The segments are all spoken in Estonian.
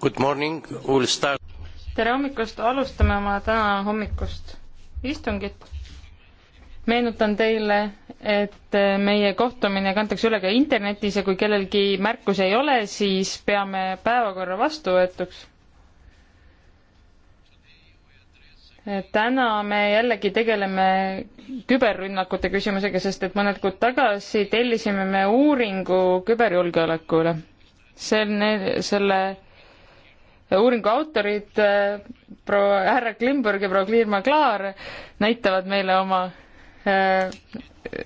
We'll start... tere hommikust, alustame oma täna hommikust istungit. meenutan teile, et meie kohtumine kantakse üle ka internetis ja kui kellelgi märkusi ei ole, siis peame päevakorra vastuvõetuks. täna me jällegi tegeleme küberrünnakute küsimusega, sest et mõned kuud tagasi tellisime me uuringu küberjulgeoleku üle. see on selle uuringu autorid äh, proua härra Klimburg ja proua Kliirma Klaar näitavad meile oma äh,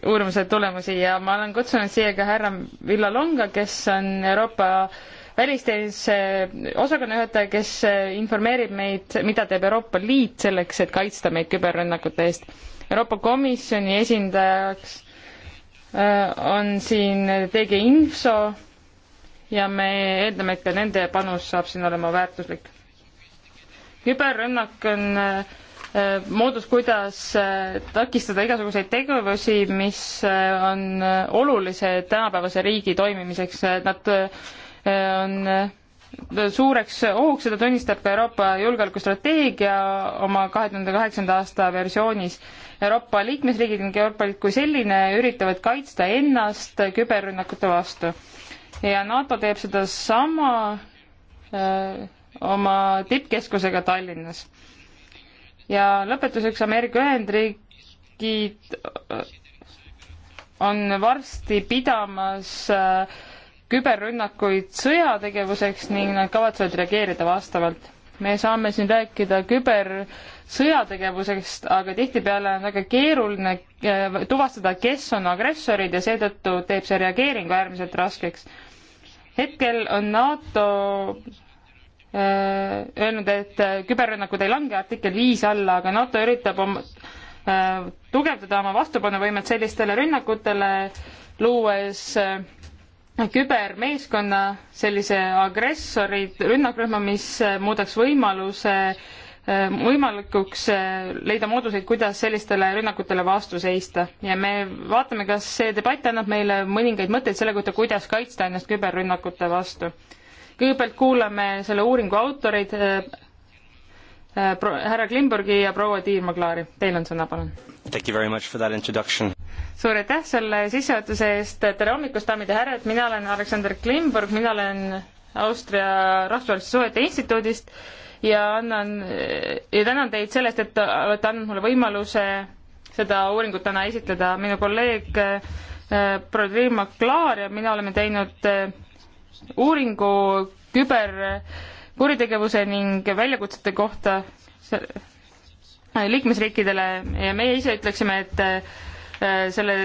uurimuse tulemusi ja ma olen kutsunud siia ka härra Villo Longa, kes on Euroopa välisteenistuse osakonna juhataja, kes äh, informeerib meid, mida teeb Euroopa Liit selleks, et kaitsta meid küberrünnakute eest. Euroopa Komisjoni esindajaks äh, on siin DG Info ja me eeldame, et ka nende panus saab siin olema väärtuslik. küberrünnak on äh, äh moodus, kuidas äh, takistada igasuguseid tegevusi, mis äh, on olulised tänapäevase riigi toimimiseks, nad on suureks ohuks, seda tunnistab ka Euroopa julgeolekustrateegia oma kahe tuhande kaheksanda aasta versioonis. Euroopa liikmesriigid ning Euroopa Liit kui selline üritavad kaitsta ennast küberrünnakute vastu ja NATO teeb sedasama äh, oma tippkeskusega Tallinnas. ja lõpetuseks Ameerika Ühendriigid äh, on varsti pidamas äh, küberrünnakuid sõjategevuseks ning nad kavatsevad reageerida vastavalt me saame siin rääkida kübersõjategevusest, aga tihtipeale on väga keeruline äh, tuvastada, kes on agressorid ja seetõttu teeb see reageering äärmiselt raskeks. hetkel on NATO äh, öelnud, et äh, küberrünnakud ei lange artikkel viis alla, aga NATO üritab oma, tugevdada oma vastupanuvõimet sellistele rünnakutele, luues kübermeeskonna, sellise agressori rünnakrühma, mis muudaks võimaluse, võimalikuks leida mooduseid, kuidas sellistele rünnakutele vastu seista. ja me vaatame, kas see debatt annab meile mõningaid mõtteid selle kohta, kuidas kaitsta ennast küberrünnakute vastu. kõigepealt kuulame selle uuringu autoreid, äh, äh, härra Klimburgi ja proua Tiir Maglaari. Teil on sõna, palun suur aitäh selle sissejuhatuse eest, tere hommikust, daamid ja härrad, mina olen Aleksander Klimburg, mina olen Austria Rahvusvaheliste Suhete Instituudist ja annan ja tänan teid sellest, et olete andnud mulle võimaluse seda uuringut täna esitleda. minu kolleeg äh, Brodri Maclar ja mina oleme teinud äh, uuringu küberkuritegevuse ning väljakutsete kohta liikmesriikidele ja meie ise ütleksime, et äh, selle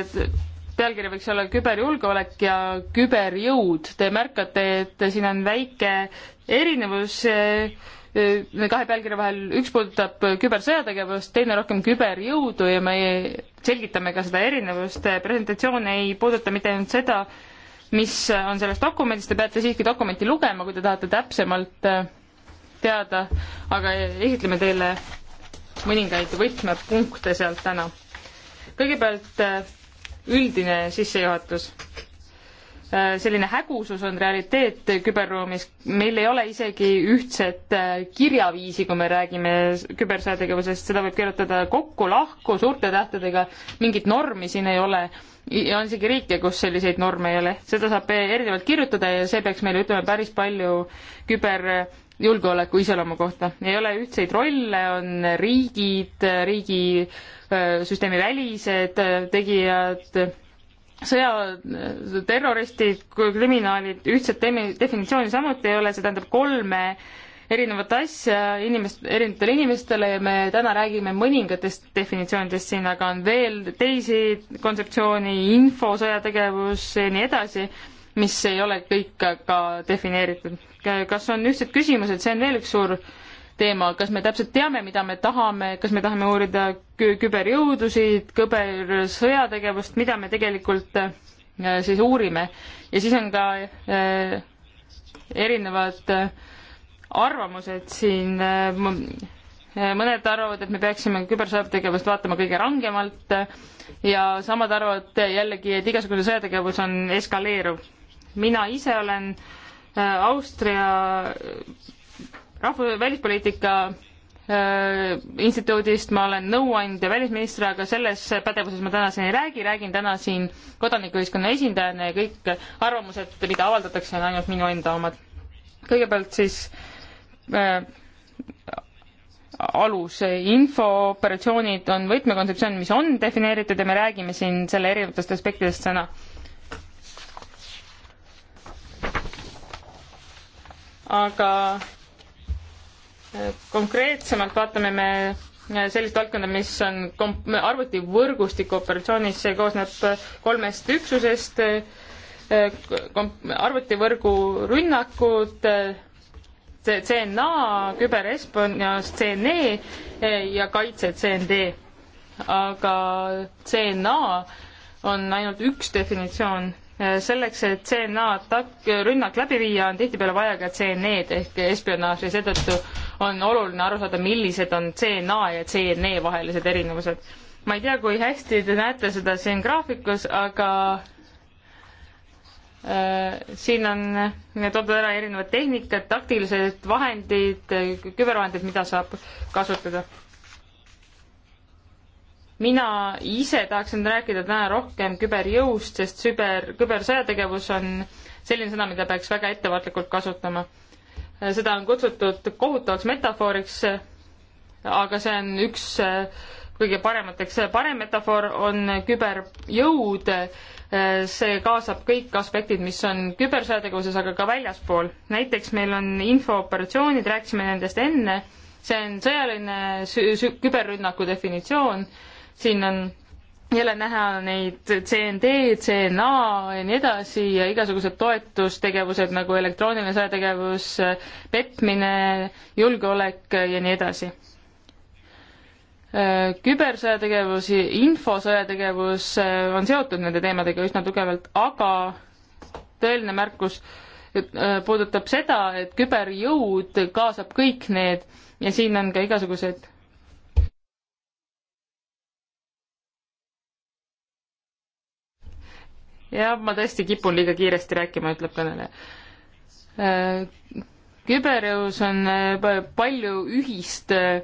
pealkiri võiks olla küberjulgeolek ja küberjõud. Te märkate, et siin on väike erinevus äh, äh, kahe pealkirja vahel, üks puudutab kübersõjategevust, teine rohkem küberjõudu ja me selgitame ka seda erinevust. presentatsioon ei puuduta mitte ainult seda, mis on selles dokumendis, te peate siiski dokumenti lugema, kui te tahate täpsemalt teada, aga esitleme teile mõningaid võtmepunkte sealt täna. kõigepealt äh, üldine sissejuhatus. Äh, selline hägusus on realiteet küberruumis, meil ei ole isegi ühtset äh, kirjaviisi, kui me räägime kübersõjategevusest, seda võib kirjutada kokku, lahku, suurte tähtedega, mingit normi siin ei ole ja on isegi riike, kus selliseid norme ei ole, seda saab erinevalt kirjutada ja see peaks meile ütlema päris palju küber julgeoleku iseloomu kohta. ei ole ühtseid rolle, on riigid, riigisüsteemi äh, välised äh, tegijad, sõja, äh, terroristid, kriminaalid, ühtset definitsiooni samuti ei ole, see tähendab kolme erinevat asja inimest, erinevatele inimestele ja me täna räägime mõningatest definitsioonidest siin, aga on veel teisi kontseptsioone, infosõjategevus ja nii edasi mis ei ole kõik ka defineeritud. kas on ühtsed küsimused, see on veel üks suur teema, kas me täpselt teame, mida me tahame, kas me tahame uurida küberjõudusid, kübersõjategevust, mida me tegelikult äh, siis uurime ja siis on ka äh, erinevad äh, arvamused siin äh, äh, mõned arvavad, et me peaksime kübersõjategevust vaatama kõige rangemalt äh, ja samad arvavad jällegi, et igasugune sõjategevus on eskaleeruv mina ise olen äh, Austria äh, rahva-, välispoliitika äh, instituudist, ma olen nõuandja välisministri, aga selles pädevuses ma täna siin ei räägi, räägin täna siin kodanikuühiskonna esindajana ja kõik arvamused, mida avaldatakse, on ainult minu enda omad. kõigepealt siis äh, alus infooperatsioonid on võtmekontseptsioon, mis on defineeritud ja me räägime siin selle erinevatest aspektidest täna äh,. aga eh, konkreetsemalt vaatame me eh, sellist valdkonda, mis on komp-, arvutivõrgustiku operatsioonis, see koosneb eh, kolmest üksusest, komp-, arvutivõrgu rünnakud, CNA, küberespionaaž CNE ja kaitse CND. aga CNA on ainult üks definitsioon Äh, selleks, et CNA atak-, rünnak läbi viia, on tihtipeale vaja ka CNE-d ehk espionaaži ja seetõttu on oluline aru saada, millised on CNA ja CNE vahelised erinevused. ma ei tea, kui hästi te näete seda siin graafikus, aga äh, siin on äh, toodud ära erinevad tehnikad, taktilised vahendid, kübervahendid, mida saab kasutada mina ise tahaksin rääkida täna rohkem küberjõust, sest süber, kübersõjategevus on selline sõna, mida peaks väga ettevaatlikult kasutama. seda on kutsutud kohutavaks metafooriks, aga see on üks kõige paremateks. parem metafoor on küberjõud, see kaasab kõik aspektid, mis on kübersõjategevuses, aga ka väljaspool. näiteks meil on infooperatsioonid, rääkisime nendest enne, see on sõjaline küberrünnaku definitsioon siin on jälle näha neid CND, CNA ja nii edasi ja igasugused toetustegevused nagu elektrooniline sõjategevus, petmine, julgeolek ja nii edasi. kübersõjategevus, infosõjategevus on seotud nende teemadega üsna tugevalt, aga tõeline märkus äh, puudutab seda, et küberjõud kaasab kõik need ja siin on ka igasugused ja ma tõesti kipun liiga kiiresti rääkima, ütleb kõneleja. Äh, küberjõus on äh, palju ühist äh,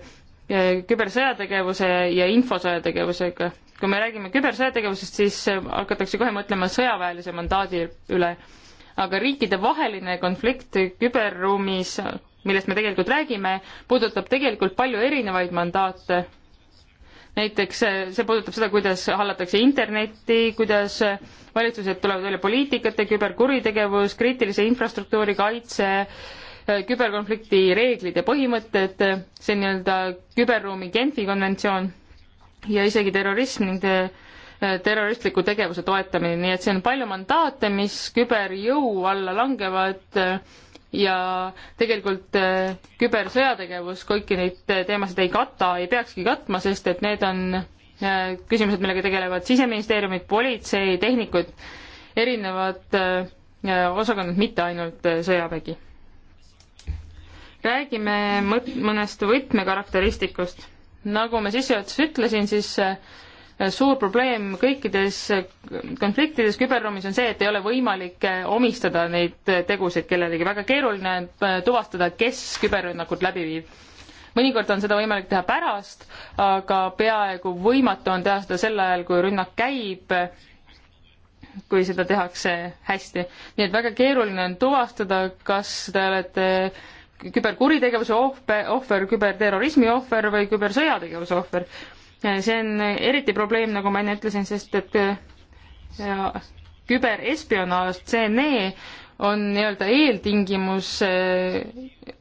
kübersõjategevuse ja infosõjategevusega. kui me räägime kübersõjategevusest, siis hakatakse kohe mõtlema sõjaväelise mandaadi üle. aga riikidevaheline konflikt küberruumis, millest me tegelikult räägime, puudutab tegelikult palju erinevaid mandaate näiteks eh, see puudutab seda, kuidas hallatakse internetti, kuidas valitsused tulevad välja poliitikate, küberkuritegevus, kriitilise infrastruktuuri kaitse, eh, küberkonflikti reeglid ja põhimõtted, see nii-öelda küberruumi Genfi konventsioon ja isegi terrorism ning te, eh, terroristliku tegevuse toetamine, nii et see on palju mandaate, mis küberjõu alla langevad äh, ja tegelikult eh, kübersõjategevus, kuigi neid eh, teemasid ei kata, ei peakski katma, sest et need on eh, küsimused, millega tegelevad siseministeeriumid, politsei, tehnikud, erinevad osakonnad, mitte ainult sõjavägi. räägime mõt-, mõnest võtmekarakteristikust. nagu ma sissejuhatuses ütlesin, siis suur probleem kõikides konfliktides küberruumis on see, et ei ole võimalik eh, omistada neid eh, tegusid kellelegi. väga keeruline on eh, tuvastada, kes küberrünnakut läbi viib. mõnikord on seda võimalik teha pärast, aga peaaegu võimatu on teha seda sel ajal, kui rünnak käib kui seda tehakse hästi. nii et väga keeruline on tuvastada, kas te olete küberkuritegevuse ohver, ohver, küberterrorismi ohver või kübersõjategevuse ohver see on eriti probleem, nagu ma enne ütlesin, sest et äh, küberespionaaž, CNE, on nii-öelda eeltingimus äh,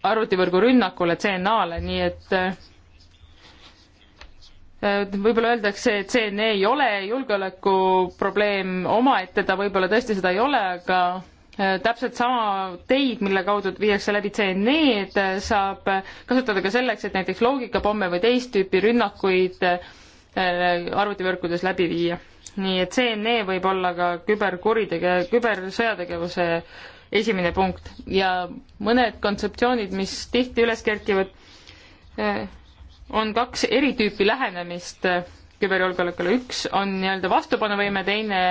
arvutivõrgu rünnakule CNA-le, nii et äh, võib-olla öeldakse, et CNE ei ole julgeolekuprobleem omaette, ta võib-olla tõesti seda ei ole, aga Äh, täpselt sama teid, mille kaudu viiakse läbi CNE-d, äh, saab kasutada ka selleks, et näiteks loogikapomme või teist tüüpi rünnakuid äh, arvutivõrkudes läbi viia. nii et CNE võib olla ka küberkuritege-, kübersõjategevuse esimene punkt ja mõned kontseptsioonid, mis tihti üles kerkivad, on kaks eri tüüpi lähenemist küberjulgeolekule, üks on nii-öelda vastupanuvõime, teine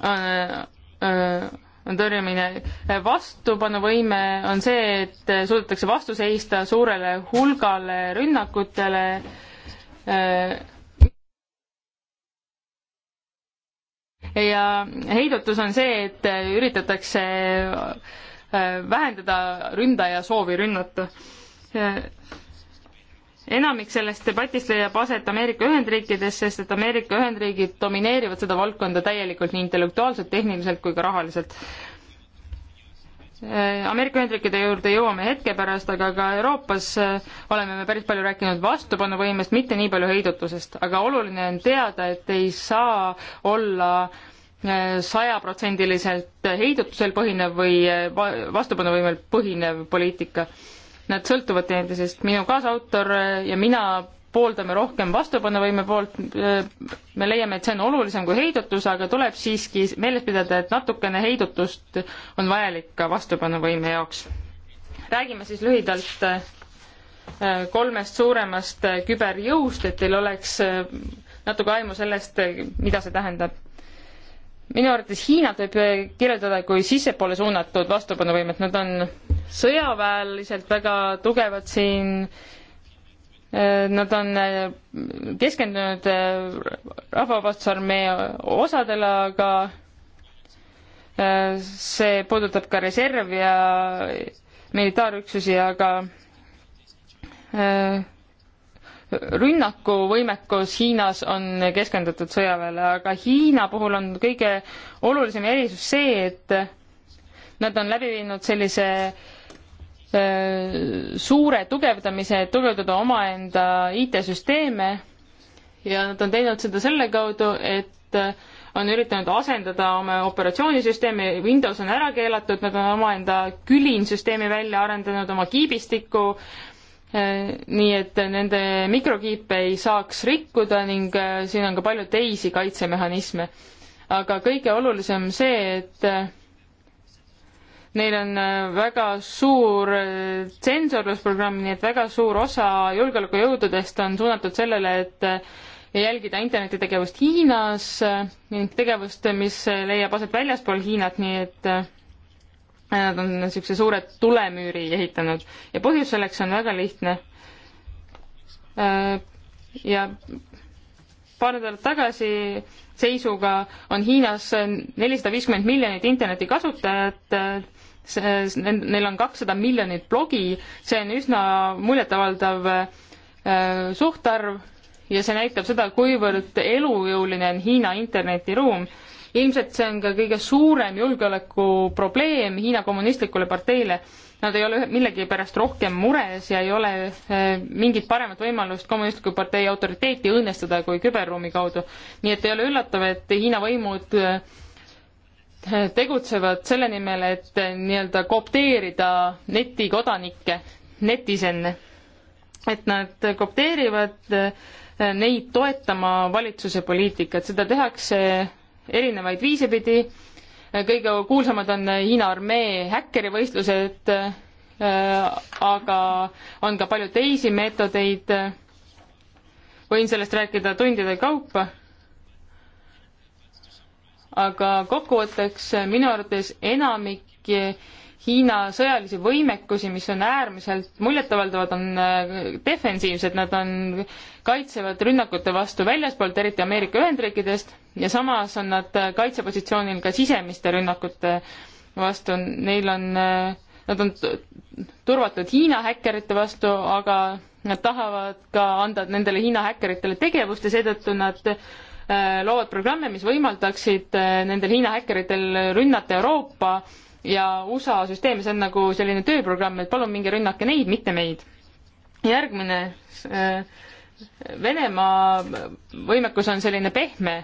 on, on äh, tõrjumine. vastupanuvõime on see, et suudetakse vastu seista suurele hulgale rünnakutele. Äh, ja heidutus on see, et üritatakse äh, vähendada ründaja soovi rünnata enamik sellest debatist leiab aset Ameerika Ühendriikides, sest et Ameerika Ühendriigid domineerivad seda valdkonda täielikult nii intellektuaalselt, tehniliselt kui ka rahaliselt. Äh, Ameerika Ühendriikide juurde jõuame hetke pärast, aga ka Euroopas äh, oleme me päris palju rääkinud vastupanuvõimest, mitte nii palju heidutusest, aga oluline on teada, et ei saa olla äh, sajaprotsendiliselt heidutusel põhinev või vastupanuvõimel põhinev poliitika nad sõltuvad teineteisest. minu kaasautor äh, ja mina pooldame rohkem vastupanuvõime poolt, äh, me leiame, et see on olulisem kui heidutus, aga tuleb siiski meeles pidada, et natukene heidutust on vajalik ka vastupanuvõime jaoks. räägime siis lühidalt äh, kolmest suuremast küberjõust, et teil oleks natuke aimu sellest, mida see tähendab. minu arvates Hiinat võib kirjeldada kui sissepoole suunatud vastupanuvõimet, nad on sõjaväeliselt väga tugevad siin. Eh, nad on eh, keskendunud eh, rahvavastusarmee osadele, aga see puudutab ka reservi ja militaarüksusi, aga rünnakuvõimekus Hiinas on keskendutud sõjaväele, aga Hiina puhul on kõige olulisem erisus see, et nad on läbi viinud sellise Äh, suure tugevdamise, et tugevdada omaenda IT-süsteeme ja nad on teinud seda selle kaudu, et äh, on üritanud asendada oma operatsioonisüsteemi, Windows on ära keelatud, nad on omaenda külinsüsteemi välja arendanud, oma kiibistiku, äh, nii et nende mikrokiipe ei saaks rikkuda ning siin on ka palju teisi kaitsemehhanisme. aga kõige olulisem see, et Neil on äh, väga suur äh, tsensorlusprogramm, nii et väga suur osa julgeolekujõududest on suunatud sellele, et äh, jälgida internetitegevust Hiinas ning tegevust, mis leiab aset väljaspool Hiinat, nii et nad on niisuguse suure tulemüüri ehitanud ja põhjus selleks on väga lihtne. ja paar nädalat tagasi seisuga on Hiinas nelisada viiskümmend miljonit internetikasutajat, neil on kakssada miljonit blogi, see on üsna muljetavaldav äh, suhtarv ja see näitab seda, kuivõrd elujõuline on Hiina internetiruum. ilmselt see on ka kõige suurem julgeolekuprobleem Hiina kommunistlikule parteile. Nad ei ole millegipärast rohkem mures ja ei ole äh, mingit paremat võimalust kommunistliku partei autoriteeti õõnestada kui küberruumi kaudu. nii et ei ole üllatav, et Hiina võimud äh, tegutsevad selle nimel, et nii-öelda koopteerida netikodanikke netis enne. et nad koopteerivad eh, neid toetama valitsuse poliitikat, seda tehakse erinevaid viise pidi, kõige kuulsamad on Hiina armee häkkerivõistlused, eh, aga on ka palju teisi meetodeid, võin sellest rääkida tundide kaupa aga kokkuvõtteks minu arvates enamik Hiina sõjalisi võimekusi, mis on äärmiselt muljetavaldavad, on äh, defensiivsed, nad on, kaitsevad rünnakute vastu väljaspoolt, eriti Ameerika Ühendriikidest, ja samas on nad äh, kaitsepositsioonil ka sisemiste rünnakute vastu, neil on, äh, nad on turvatud Hiina häkkerite vastu, aga nad tahavad ka anda nendele Hiina häkkeritele tegevust ja seetõttu nad Äh, loovad programme, mis võimaldaksid äh, nendel Hiina häkkeritel rünnata Euroopa ja USA süsteemi, see on nagu selline tööprogramm, et palun minge rünnake neid, mitte meid. järgmine, äh, Venemaa võimekus on selline pehme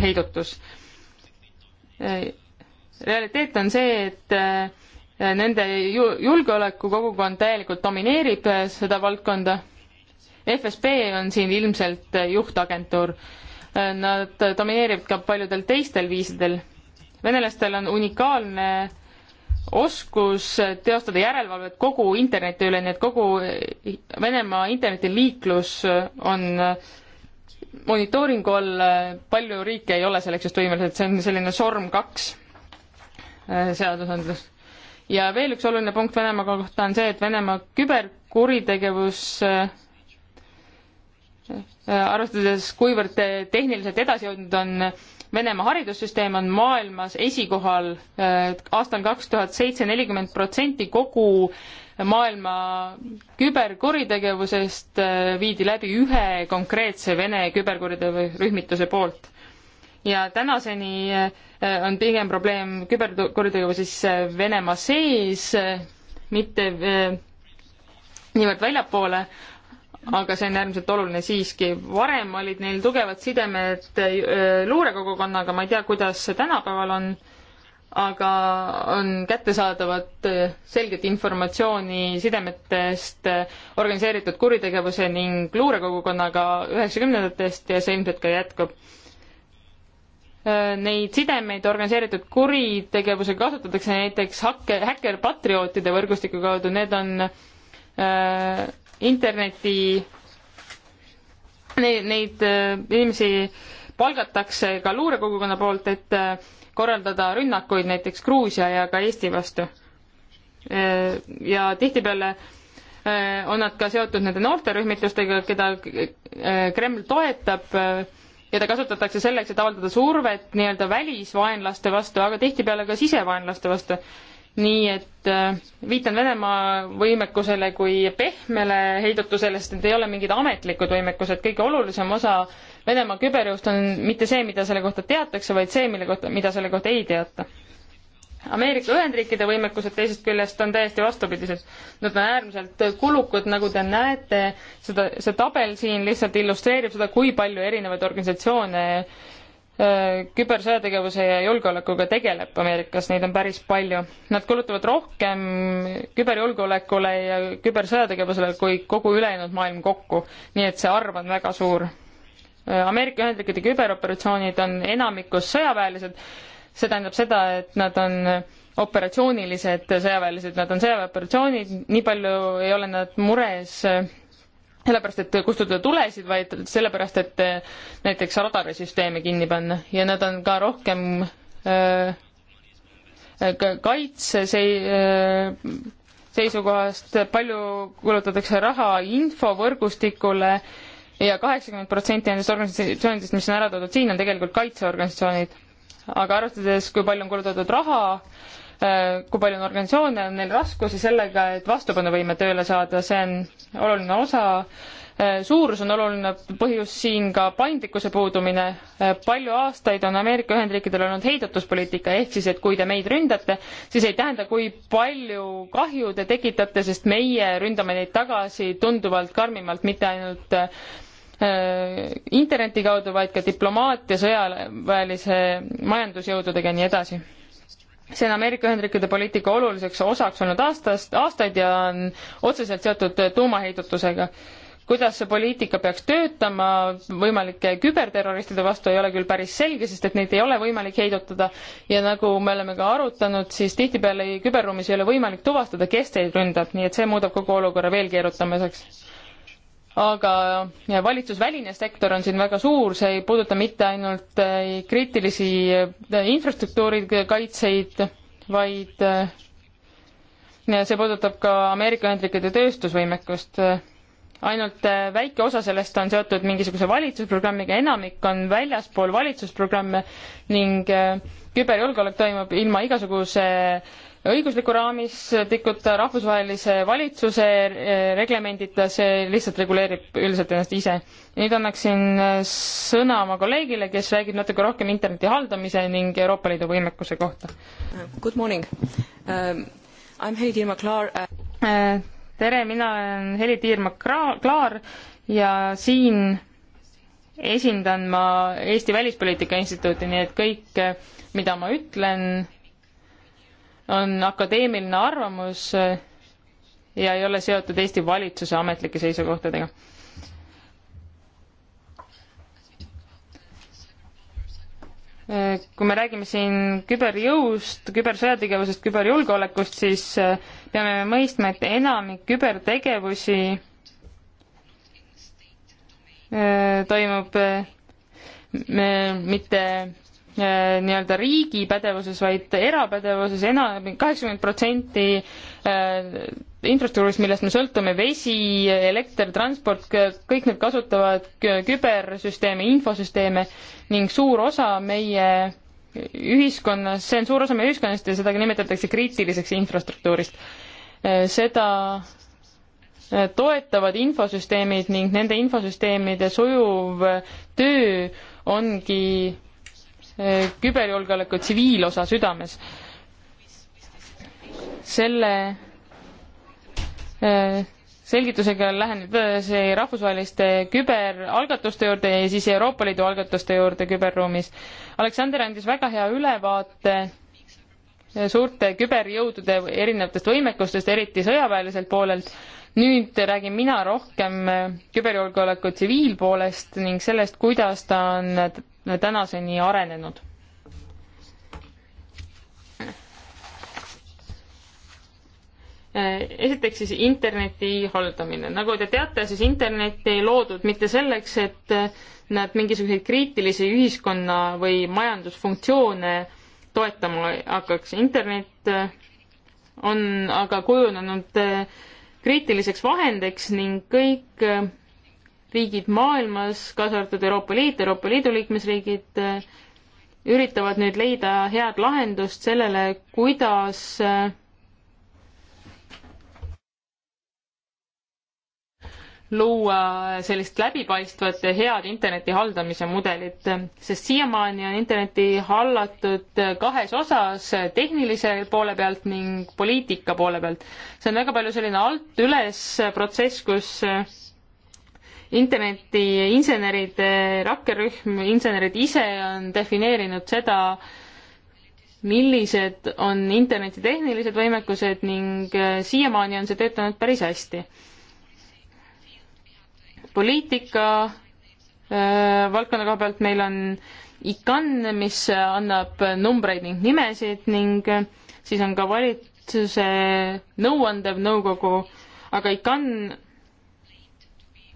heidutus. realiteet on see, et nende julgeolekukogukond täielikult domineerib seda valdkonda. FSB on siin ilmselt juhtagentuur nad domineerivad ka paljudel teistel viisidel. venelastel on unikaalne oskus teostada järelevalvet kogu interneti üle, nii et kogu Venemaa internetiliiklus on monitooringu all, palju riike ei ole selleks just võimelised, see on selline SORM kaks äh, seadusandlus. ja veel üks oluline punkt Venemaa kohta on see, et Venemaa küberkuritegevus äh, Äh, arvestades, kuivõrd äh, tehniliselt edasi jõudnud on äh, Venemaa haridussüsteem on maailmas esikohal aastal kaks tuhat seitse nelikümmend protsenti kogu maailma küberkuritegevusest viidi läbi ühe konkreetse Vene küberkuritegevusrühmituse poolt. ja tänaseni on pigem probleem küberkuritegevuses Venemaa sees, mitte niivõrd väljapoole, aga see on äärmiselt oluline siiski. varem olid neil tugevad sidemed äh, luurekogukonnaga, ma ei tea, kuidas see tänapäeval on, aga on kättesaadavat äh, selget informatsiooni sidemetest äh, organiseeritud kuritegevuse ning luurekogukonnaga üheksakümnendatest ja see ilmselt ka jätkub. Neid sidemeid organiseeritud kuritegevusega kasutatakse näiteks hakke, häkkerpatriootide võrgustiku kaudu, need on äh, interneti, neid, neid äh, inimesi palgatakse ka luurekogukonna poolt, et äh, korraldada rünnakuid näiteks Gruusia ja ka Eesti vastu. Äh, ja tihtipeale on nad ka seotud nende noorterühmitustega, keda Kreml toetab, keda kasutatakse selleks, et avaldada survet nii-öelda välisvaenlaste vastu, aga tihtipeale ka sisevaenlaste vastu nii et äh, viitan Venemaa võimekusele kui pehmele heidutusele, sest need ei ole mingid ametlikud võimekused, kõige olulisem osa Venemaa küberjõust on mitte see, mida selle kohta teatakse, vaid see, mille kohta, mida selle kohta ei teata. Ameerika Ühendriikide võimekused teisest küljest on täiesti vastupidised. Nad on äärmiselt kulukad, nagu te näete, seda, see tabel siin lihtsalt illustreerib seda, kui palju erinevaid organisatsioone kübersõjategevuse ja julgeolekuga tegeleb Ameerikas, neid on päris palju. Nad kulutavad rohkem küberjulgeolekule ja kübersõjategevusele kui kogu ülejäänud maailm kokku, nii et see arv on väga suur. Ameerika Ühendriikide küberoperatsioonid on enamikus sõjaväelised, see tähendab seda, et nad on operatsioonilised sõjaväelised, nad on sõjaväeoperatsioonid, nii palju ei ole nad mures sellepärast, et kustutada tulesid, vaid sellepärast, et eh, näiteks radarisüsteeme kinni panna ja nad on ka rohkem äh, kaitse see, äh, seisukohast, palju kulutatakse raha infovõrgustikule ja kaheksakümmend protsenti nendest organisatsioonidest, mis on ära toodud siin, on tegelikult kaitseorganisatsioonid. aga arvestades, kui palju on kulutatud raha äh, Äh, kui palju on organisatsioone, on neil raskusi sellega, et vastupanuvõime tööle saada, see on oluline osa. Äh, suurus on oluline põhjus siin ka paindlikkuse puudumine. Äh, palju aastaid on Ameerika Ühendriikidel olnud heidutuspoliitika, ehk siis, et kui te meid ründate, siis ei tähenda, kui palju kahju te tekitate, sest meie ründame neid tagasi tunduvalt karmimalt, mitte ainult interneti kaudu, vaid ka diplomaatia, sõjaväelise majandusjõududega ja nii edasi see on Ameerika Ühendriikide poliitika oluliseks osaks olnud aastast, aastaid ja on otseselt seotud tuumaheidutusega. kuidas see poliitika peaks töötama võimalike küberterroristide vastu, ei ole küll päris selge, sest et neid ei ole võimalik heidutada ja nagu me oleme ka arutanud, siis tihtipeale küberruumis ei ole võimalik tuvastada, kes teid ründab, nii et see muudab kogu olukorra veel keerutamiseks aga valitsusväline sektor on siin väga suur, see ei puuduta mitte ainult eh, kriitilisi eh, infrastruktuuri kaitseid, vaid eh, see puudutab ka Ameerika Ühendriikide tööstusvõimekust. ainult väike osa sellest on seotud mingisuguse valitsusprogrammiga, enamik on väljaspool valitsusprogramme ning küberjulgeolek toimub ilma igasuguse äh, õiguslikku raamistikut, rahvusvahelise valitsuse reglemendid, see lihtsalt reguleerib üldiselt ennast ise. nüüd annaksin sõna oma kolleegile, kes räägib natuke rohkem interneti haldamise ning Euroopa Liidu võimekuse kohta. Good morning um,. I am Heli Tiirma-Klaar uh.... Äh, tere, mina olen Heli Tiirma-Klaar ja siin esindan ma Eesti Välispoliitika Instituuti, nii et kõik, äh, mida ma ütlen, on akadeemiline arvamus eh, ja ei ole seotud Eesti valitsuse ametlike seisukohtadega. Eh, kui me räägime siin küberjõust, kübersõjategevusest, küberjulgeolekust, siis eh, peame me mõistma, et enamik kübertegevusi toimub me mitte Äh, nii-öelda riigi pädevuses, vaid erapädevuses enam, kaheksakümmend protsenti äh, infrastruktuurist, millest me sõltume, vesi, elekter, transport, kõik need kasutavad kübersüsteeme, infosüsteeme ning suur osa meie ühiskonnas, see on suur osa meie ühiskonnast ja seda nimetatakse kriitiliseks infrastruktuurist. Äh, seda toetavad infosüsteemid ning nende infosüsteemide sujuv töö ongi küberjulgeoleku tsiviilosa südames. selle äh, selgitusega lähen nüüd äh, edasi rahvusvaheliste küberalgatuste juurde ja siis Euroopa Liidu algatuste juurde küberruumis. Aleksander andis väga hea ülevaate äh, suurte küberjõudude erinevatest võimekustest, eriti sõjaväeliselt poolelt. nüüd räägin mina rohkem küberjulgeoleku tsiviilpoolest ning sellest, kuidas ta on tänaseni arenenud. esiteks siis interneti haldamine, nagu te teate, siis internetti ei loodud mitte selleks, et nad mingisuguseid kriitilisi ühiskonna või majandusfunktsioone toetama hakkaks. internet on aga kujunenud kriitiliseks vahendiks ning kõik riigid maailmas, kaasa arvatud Euroopa Liit, Euroopa Liidu liikmesriigid, eh, üritavad nüüd leida head lahendust sellele, kuidas eh, luua sellist läbipaistvat ja head interneti haldamise mudelit, sest siiamaani on interneti hallatud kahes osas, tehnilise poole pealt ning poliitika poole pealt. see on väga palju selline alt üles protsess, kus eh, internetiinseneride rakkerühm, insenerid ise on defineerinud seda, millised on interneti tehnilised võimekused ning äh, siiamaani on see töötanud päris hästi. poliitika äh, valdkonna koha pealt meil on ICAN, mis annab numbreid ning nimesid ning äh, siis on ka valitsuse nõuandev nõukogu, aga ICAN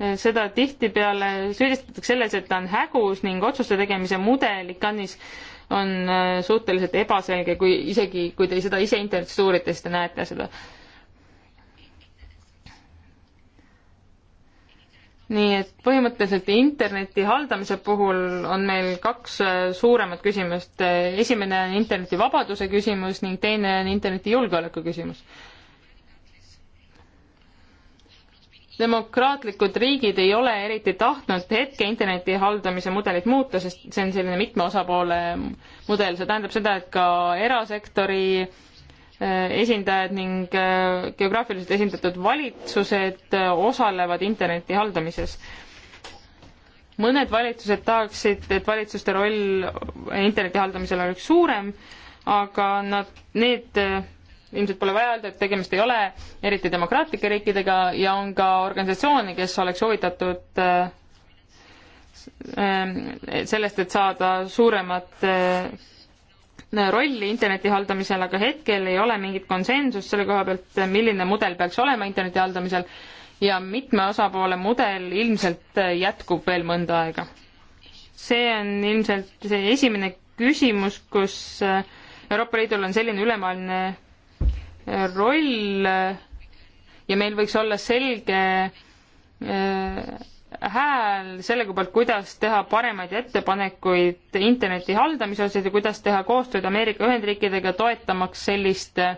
Eh, seda tihtipeale süüdistatakse selles, et ta on hägus ning otsuste tegemise mudel ICANN-is on eh, suhteliselt ebaselge, kui isegi, kui te seda ise internetist uurite, siis te näete seda. nii et põhimõtteliselt interneti haldamise puhul on meil kaks eh, suuremat küsimust. esimene on interneti vabaduse küsimus ning teine on interneti julgeoleku küsimus demokraatlikud riigid ei ole eriti tahtnud hetke interneti haldamise mudelit muuta, sest see on selline mitme osapoole mudel, see tähendab seda, et ka erasektori äh, esindajad ning äh, geograafiliselt esindatud valitsused äh, osalevad interneti haldamises. mõned valitsused tahaksid, et valitsuste roll interneti haldamisel oleks suurem, aga nad, need ilmselt pole vaja öelda, et tegemist ei ole eriti demokraatlike riikidega ja on ka organisatsioone, kes oleks huvitatud äh, äh, sellest, et saada suuremat äh, rolli interneti haldamisel, aga hetkel ei ole mingit konsensust selle koha pealt, milline mudel peaks olema interneti haldamisel ja mitme osapoole mudel ilmselt jätkub veel mõnda aega. see on ilmselt see esimene küsimus, kus Euroopa Liidul on selline ülemaailmne roll ja meil võiks olla selge äh, hääl selle koha pealt, kuidas teha paremaid ettepanekuid interneti haldamise osas ja kuidas teha koostööd Ameerika Ühendriikidega, toetamaks sellist äh,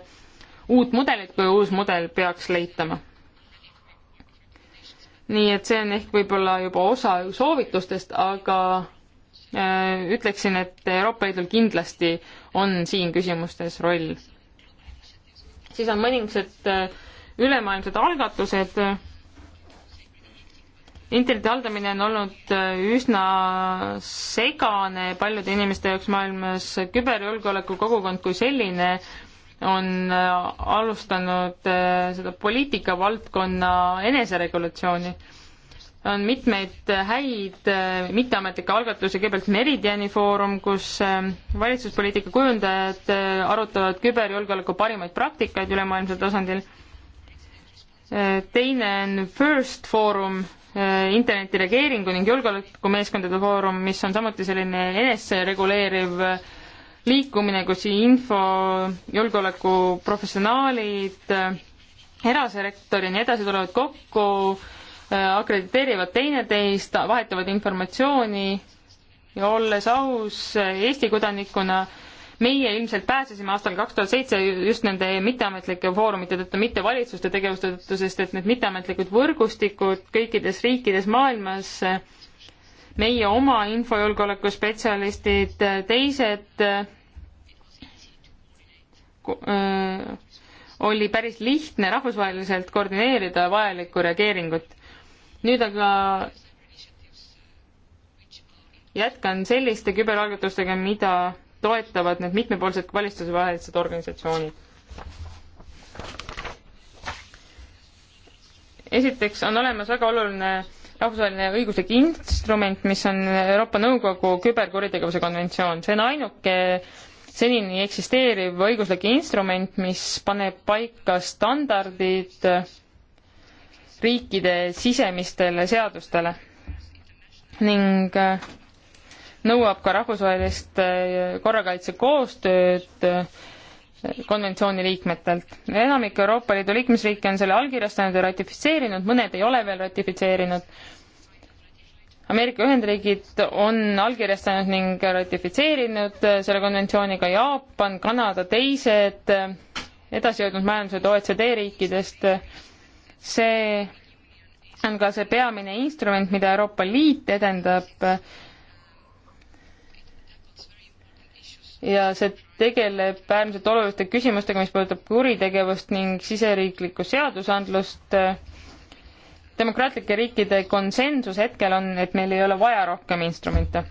uut mudelit, kui uus mudel peaks leitama. nii et see on ehk võib-olla juba osa soovitustest, aga äh, ütleksin, et Euroopa Liidul kindlasti on siin küsimustes roll siis on mõningased äh, ülemaailmsed algatused. interneti haldamine on olnud äh, üsna segane paljude inimeste jaoks maailmas, küberjulgeoleku kogukond kui selline on äh, alustanud seda poliitika valdkonna eneseregulatsiooni on mitmeid häid äh, mitteametlikke algatusi, kõigepealt Meridiani foorum, kus äh, valitsuspoliitika kujundajad äh, arutavad küberjulgeoleku parimaid praktikaid ülemaailmsel tasandil. teine on First Foorum, interneti reageeringu ning julgeolekumeeskondade foorum, mis on samuti selline enesereguleeriv liikumine, kus info, julgeoleku professionaalid, erasektor ja nii edasi tulevad kokku akrediteerivad teineteist, vahetavad informatsiooni ja olles aus Eesti kodanikuna, meie ilmselt pääsesime aastal kaks tuhat seitse just nende mitteametlike foorumite tõttu, mitte valitsuste tegevuste tõttu, sest et need mitteametlikud võrgustikud kõikides riikides maailmas, meie oma infojulgeoleku spetsialistid, teised oli päris lihtne rahvusvaheliselt koordineerida vajalikku reageeringut nüüd aga jätkan selliste küberalgatustega, mida toetavad need mitmepoolsed valitsusevahelised organisatsioonid. esiteks on olemas väga oluline rahvusvaheline õiguslik instrument, mis on Euroopa Nõukogu küberkuritegevuse konventsioon. see on ainuke senini eksisteeriv õiguslik instrument, mis paneb paika standardid riikide sisemistele seadustele ning äh, nõuab ka rahvusvahelist äh, korrakaitsekoostööd äh, konventsiooni liikmetelt. enamik Euroopa Liidu liikmesriike on selle allkirjastanud ja ratifitseerinud, mõned ei ole veel ratifitseerinud. Ameerika Ühendriigid on allkirjastanud ning ratifitseerinud selle konventsiooniga Jaapan, Kanada, teised edasijõudnud majandused OECD riikidest see on ka see peamine instrument, mida Euroopa Liit edendab. ja see tegeleb äärmiselt oluliste küsimustega, mis puudutab kuritegevust ning siseriiklikku seadusandlust. demokraatlike riikide konsensus hetkel on, et meil ei ole vaja rohkem instrumente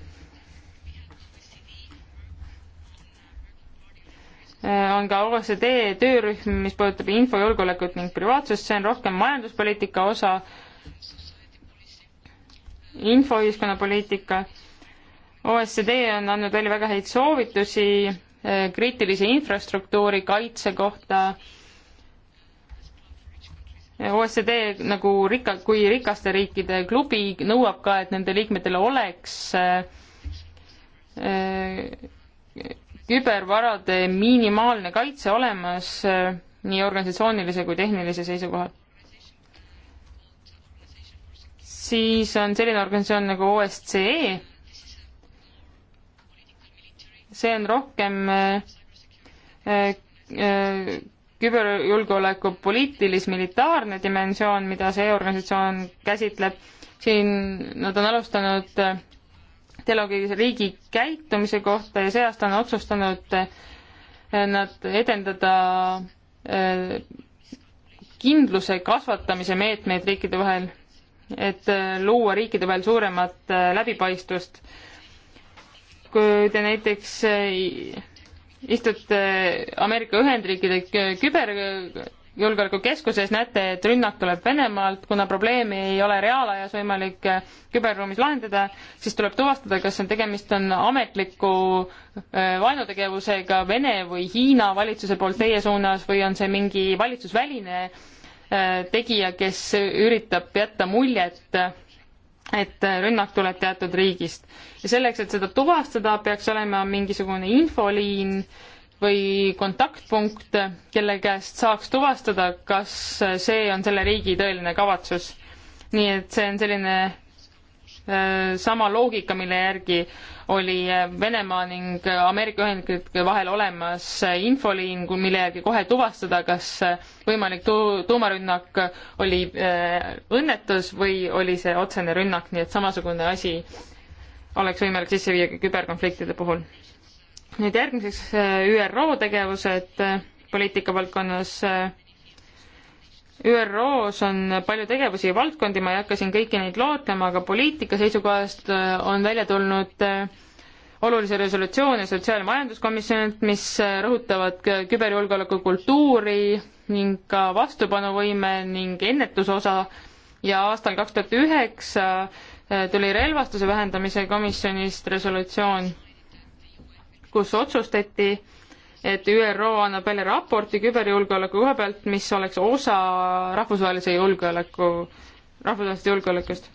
Äh, on ka OECD töörühm, mis puudutab infojulgeolekut ning privaatsust, see on rohkem majanduspoliitika osa, infoühiskonna poliitika. OECD on andnud välja väga häid soovitusi äh, kriitilise infrastruktuuri kaitse kohta. Äh, OECD nagu rikka, kui rikaste riikide klubi nõuab ka, et nende liikmetel oleks äh, kübervarade minimaalne kaitse olemas äh, nii organisatsioonilise kui tehnilise seisukohalt. siis on selline organisatsioon nagu OSCE, see on rohkem äh, äh, küberjulgeoleku poliitilis-militaarne dimensioon, mida see organisatsioon käsitleb, siin nad on alustanud dialoogilise riigi käitumise kohta ja see aasta on otsustanud eh, nad edendada eh, kindluse kasvatamise meetmeid riikide vahel, et eh, luua riikide vahel suuremat läbipaistvust. kui te näiteks istute Ameerika Ühendriikide küber julgeolekukeskuses näete, et rünnak tuleb Venemaalt, kuna probleemi ei ole reaalajas võimalik eh, küberruumis lahendada, siis tuleb tuvastada, kas on tegemist on ametliku eh, vaenutegevusega Vene või Hiina valitsuse poolt teie suunas või on see mingi valitsusväline eh, tegija, kes üritab jätta muljet, et rünnak tuleb teatud riigist. ja selleks, et seda tuvastada, peaks olema mingisugune infoliin, või kontaktpunkte, kelle käest saaks tuvastada, kas see on selle riigi tõeline kavatsus. nii et see on selline äh, sama loogika, mille järgi oli äh, Venemaa ning Ameerika Ühendriikide vahel olemas äh, infoliin, mille järgi kohe tuvastada, kas võimalik tu-, tuumarünnak oli õnnetus või oli see otsene rünnak, nii et samasugune asi oleks võimalik sisse viia küberkonfliktide puhul nüüd järgmiseks äh, ÜRO tegevused äh, poliitika valdkonnas. Äh, ÜRO-s on palju tegevusi ja valdkondi, ma ei hakka siin kõiki neid loetlema, aga poliitika seisukohast on välja tulnud olulisi resolutsioone sotsiaal- ja majanduskomisjonilt, mis rõhutavad küberjulgeoleku kultuuri ning ka vastupanuvõime ning ennetusosa ja aastal kaks tuhat üheksa tuli relvastuse vähendamise komisjonist resolutsioon kus otsustati, et ÜRO annab välja raporti küberjulgeoleku koha pealt, mis oleks osa rahvusvahelise julgeoleku, rahvusvahelisest julgeolekust.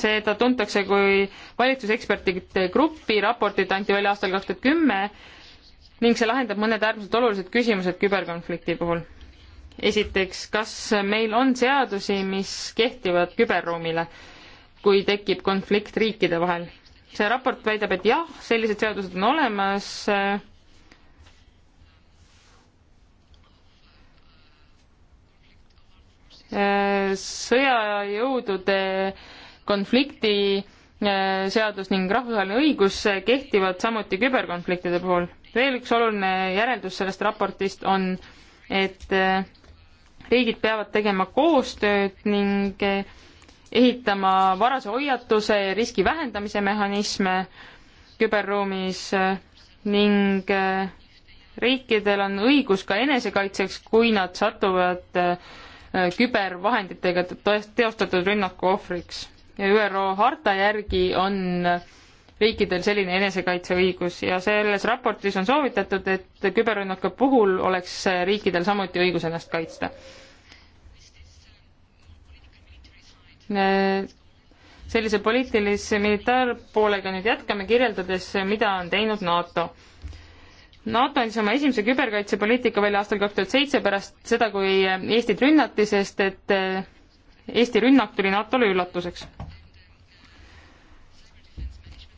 seda tuntakse kui valitsusekspertide gruppi, raportid anti välja aastal kaks tuhat kümme ning see lahendab mõned äärmiselt olulised küsimused küberkonflikti puhul. esiteks, kas meil on seadusi, mis kehtivad küberruumile, kui tekib konflikt riikide vahel see raport väidab, et jah, sellised seadused on olemas. Äh, sõjajõudude konflikti äh, seadus ning rahvusvaheline õigus äh, kehtivad samuti küberkonfliktide puhul. veel üks oluline järeldus sellest raportist on, et riigid peavad tegema koostööd ning ehitama varase hoiatuse ja riski vähendamise mehhanisme küberruumis eh, ning eh, riikidel on õigus ka enesekaitseks, kui nad satuvad eh, kübervahenditega teostatud rünnaku ohvriks. ÜRO harta järgi on riikidel selline enesekaitseõigus ja selles raportis on soovitatud, et küberrünnaku puhul oleks riikidel samuti õigus ennast kaitsta Äh, sellise poliitilise militaarpoolega nüüd jätkame, kirjeldades, mida on teinud NATO. NATO andis oma esimese küberkaitsepoliitika välja aastal kaks tuhat seitse pärast seda, kui Eestit rünnati, sest et äh, Eesti rünnak tuli NATO-le üllatuseks.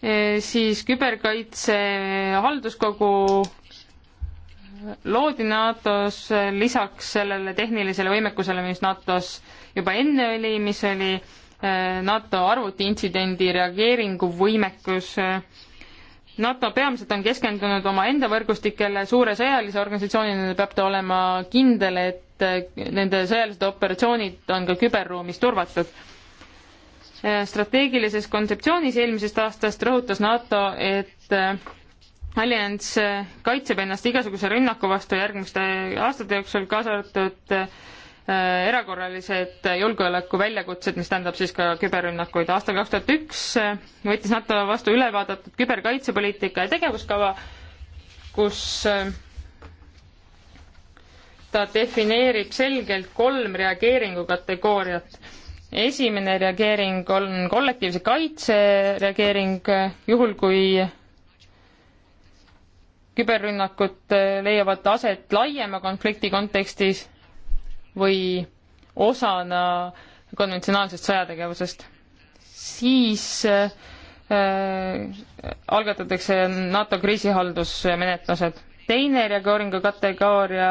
Äh, siis küberkaitse halduskogu loodi NATO-s lisaks sellele tehnilisele võimekusele, mis NATO-s juba enne oli, mis oli eh, NATO arvutiintsidendi reageeringuvõimekus. NATO peamiselt on keskendunud omaenda võrgustikele, suure sõjalise organisatsioonina peab ta olema kindel, et eh, nende sõjalised operatsioonid on ka küberruumis turvatud. Eh, strateegilises kontseptsioonis eelmisest aastast rõhutas NATO, et allianss äh, kaitseb ennast igasuguse rünnaku vastu järgmiste aastate jooksul, kaasa arvatud äh, erakorralised julgeoleku väljakutsed, mis tähendab siis ka küberrünnakuid. aastal kaks tuhat üks äh, võttis NATO vastu ülevaadatud küberkaitsepoliitika ja tegevuskava, kus ta defineerib selgelt kolm reageeringu kategooriat. esimene reageering on kollektiivse kaitse reageering, juhul kui küberrünnakud eh, leiavad aset laiema konflikti kontekstis või osana konventsionaalsest sõjategevusest. siis äh, algatatakse NATO kriisihaldusmenetlused. teine reageeringu kategooria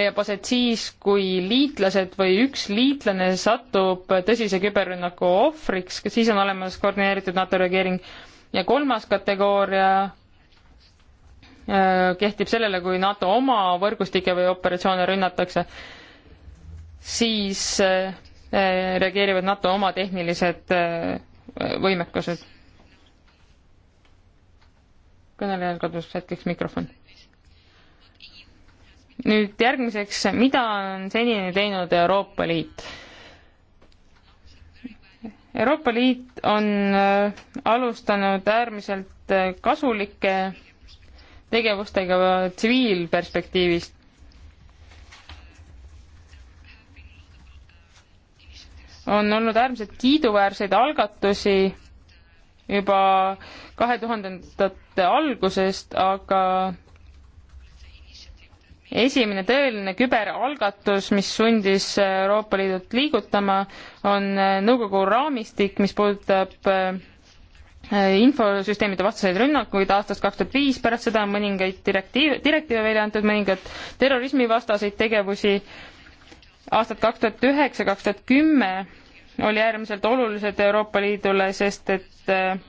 leiab aset siis, kui liitlased või üks liitlane satub tõsise küberrünnaku ohvriks, siis on olemas koordineeritud NATO reageering. ja kolmas kategooria Äh, kehtib sellele, kui NATO oma võrgustikke või operatsioone rünnatakse, siis äh, äh, reageerivad NATO oma tehnilised võimekused. kõnelejal kadus hetkeks mikrofon. nüüd järgmiseks, mida on senini teinud Euroopa Liit? Euroopa Liit on alustanud äärmiselt kasulikke tegevustega tsiviilperspektiivist. on olnud äärmiselt kiiduväärseid algatusi juba kahe tuhandendate algusest, aga esimene tõeline küberalgatus, mis sundis Euroopa Liidut liigutama, on nõukogu raamistik, mis puudutab Äh, infosüsteemide vastaseid rünnakuid aastast kaks tuhat viis, pärast seda on mõningaid direktiiv, direktiive välja antud, mõningad terrorismivastaseid tegevusi. aastad kaks tuhat üheksa, kaks tuhat kümme oli äärmiselt olulised Euroopa Liidule, sest et äh,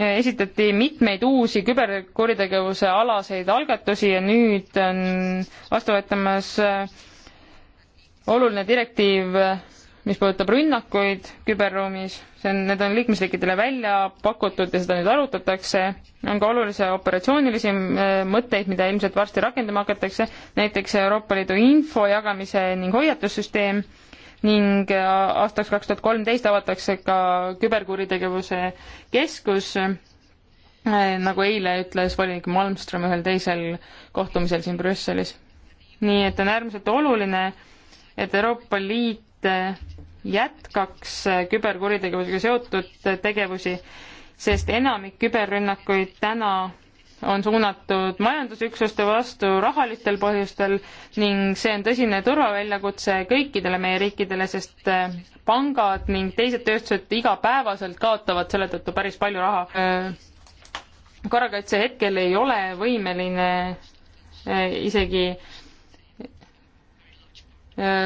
esitati mitmeid uusi küberkuritegevuse alaseid algatusi ja nüüd on vastu võetamas äh, oluline direktiiv mis puudutab rünnakuid küberruumis, see on, need on liikmesriikidele välja pakutud ja seda nüüd arutatakse, on ka olulisi operatsioonilisi äh, mõtteid, mida ilmselt varsti rakendama hakatakse, näiteks Euroopa Liidu info jagamise ning hoiatussüsteem ning äh, aastaks kaks tuhat kolmteist avatakse ka küberkuritegevuse keskus, äh, nagu eile ütles volinik Malmström ühel teisel kohtumisel siin Brüsselis. nii et on äärmiselt oluline, et Euroopa Liit jätkaks küberkuritegevusega seotud tegevusi, sest enamik küberrünnakuid täna on suunatud majandusüksuste vastu rahalistel põhjustel ning see on tõsine turvaväljakutse kõikidele meie riikidele, sest äh, pangad ning teised tööstused igapäevaselt kaotavad selle tõttu päris palju raha. Äh, korrakaitse hetkel ei ole võimeline äh, isegi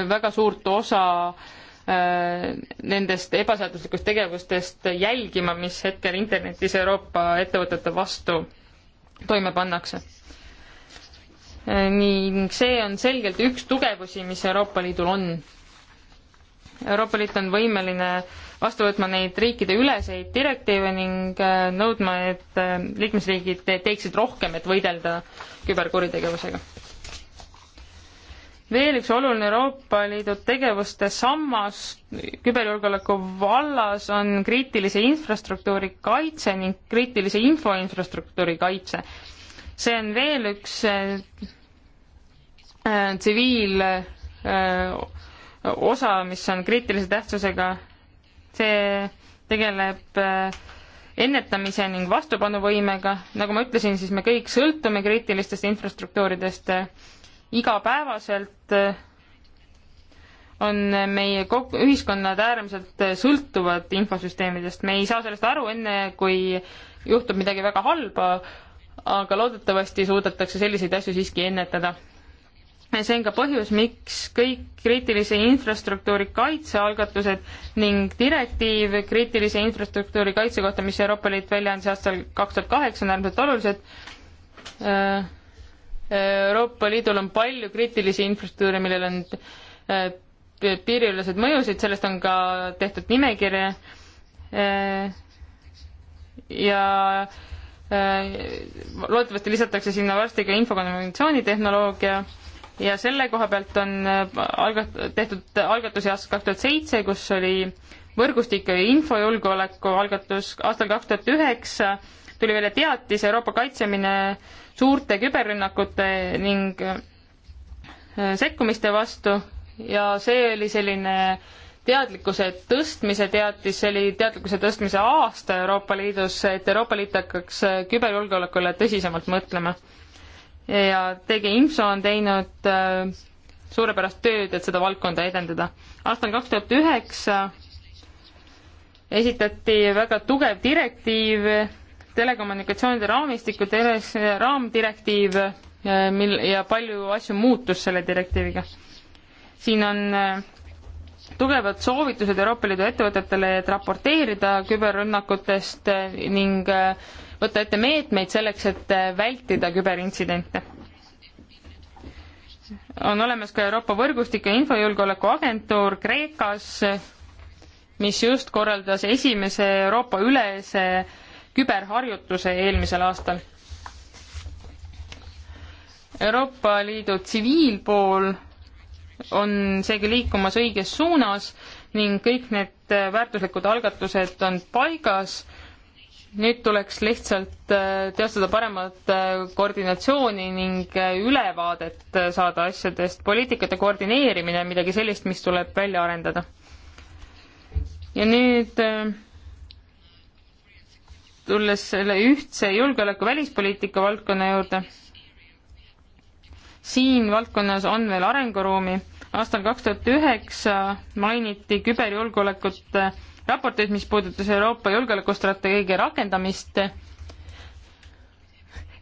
väga suurt osa äh, Äh, nendest ebaseaduslikust tegevustest jälgima, mis hetkel internetis Euroopa ettevõtete vastu toime pannakse. Äh, ning see on selgelt üks tugevusi, mis Euroopa Liidul on. Euroopa Liit on võimeline vastu võtma neid riikide üleseid direktiive ning äh, nõudma, et liikmesriigid teeksid rohkem, et võidelda küberkuritegevusega veel üks oluline Euroopa Liidu tegevuste sammas küberjulgeoleku vallas on kriitilise infrastruktuuri kaitse ning kriitilise infoinfrastruktuuri kaitse. see on veel üks äh, äh, tsiviil äh, äh, osa, mis on kriitilise tähtsusega. see tegeleb äh, ennetamise ning vastupanuvõimega, nagu ma ütlesin, siis me kõik sõltume kriitilistest infrastruktuuridest äh, igapäevaselt eh, on meie kogu, ühiskonnad äärmiselt eh, sõltuvad infosüsteemidest, me ei saa sellest aru enne, kui juhtub midagi väga halba, aga loodetavasti suudetakse selliseid asju siiski ennetada. see on ka põhjus, miks kõik kriitilise infrastruktuuri kaitsealgatused ning direktiiv kriitilise infrastruktuuri kaitse kohta, mis Euroopa Liit välja andis aastal kaks tuhat kaheksa, on äärmiselt olulised eh, Euroopa Liidul on palju kriitilisi infrastruktuure, millel on äh, piiriülesed mõjusid, sellest on ka tehtud nimekirja äh, ja äh, loodetavasti lisatakse sinna varsti ka infokonventsioonitehnoloogia ja selle koha pealt on algat-, tehtud algatusi aastast kaks tuhat seitse, kus oli võrgustik ja infojulgeoleku algatus, aastal kaks tuhat üheksa tuli välja teatis Euroopa Kaitsemine äh, suurte küberrünnakute ning äh, sekkumiste vastu ja see oli selline teadlikkuse tõstmise teatis, see oli teadlikkuse tõstmise aasta Euroopa Liidus, et Euroopa Liit hakkaks äh, küberjulgeolekule tõsisemalt mõtlema. ja TG Info on teinud äh, suurepärast tööd, et seda valdkonda edendada. aastal kaks tuhat üheksa esitati väga tugev direktiiv telekommunikatsioonide raamistikku, teles-, raamdirektiiv, eh, mil- ja palju asju muutus selle direktiiviga. siin on eh, tugevad soovitused Euroopa Liidu ettevõtetele, et raporteerida küberrünnakutest eh, ning võtta ette meetmeid selleks, et vältida küberintsidente. on olemas ka Euroopa Võrgustik ja Infojulgeoleku Agentuur Kreekas, mis just korraldas esimese Euroopa ülese küberharjutuse eelmisel aastal. Euroopa Liidu tsiviilpool on seega liikumas õiges suunas ning kõik need väärtuslikud algatused on paigas. nüüd tuleks lihtsalt äh, teostada paremat äh, koordinatsiooni ning äh, ülevaadet saada asjadest, poliitikate koordineerimine on midagi sellist, mis tuleb välja arendada. ja nüüd tulles selle ühtse julgeoleku välispoliitika valdkonna juurde, siin valdkonnas on veel arenguruumi. aastal kaks tuhat üheksa mainiti küberjulgeolekut äh, raportis, mis puudutas Euroopa julgeolekustrateegia rakendamist.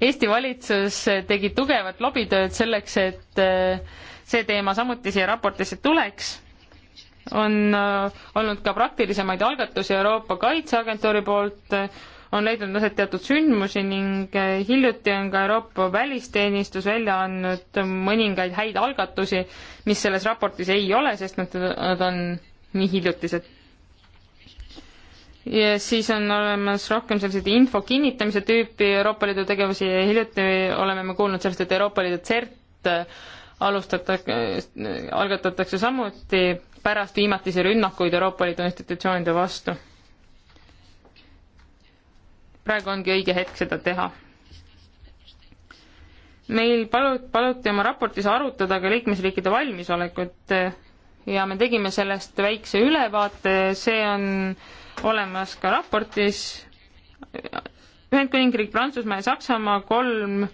Eesti valitsus tegi tugevat lobitööd selleks, et äh, see teema samuti siia raportisse tuleks on äh, olnud ka praktilisemaid algatusi Euroopa Kaitseagentuuri poolt, on leidnud aset teatud sündmusi ning eh, hiljuti on ka Euroopa välisteenistus välja andnud mõningaid häid algatusi, mis selles raportis ei ole, sest nad, nad on nii hiljutised. ja siis on olemas rohkem selliseid info kinnitamise tüüpi Euroopa Liidu tegevusi ja hiljuti oleme me kuulnud sellest, et Euroopa Liidu CERT eh, alustatakse, eh, algatatakse samuti pärast viimatisi rünnakuid Euroopa Liidu institutsioonide vastu praegu ongi õige hetk seda teha. meil palut-, paluti oma raportis arutada ka liikmesriikide valmisolekut ja me tegime sellest väikse ülevaate, see on olemas ka raportis. Ühendkuningriik, Prantsusmaa ja Saksamaa, kolm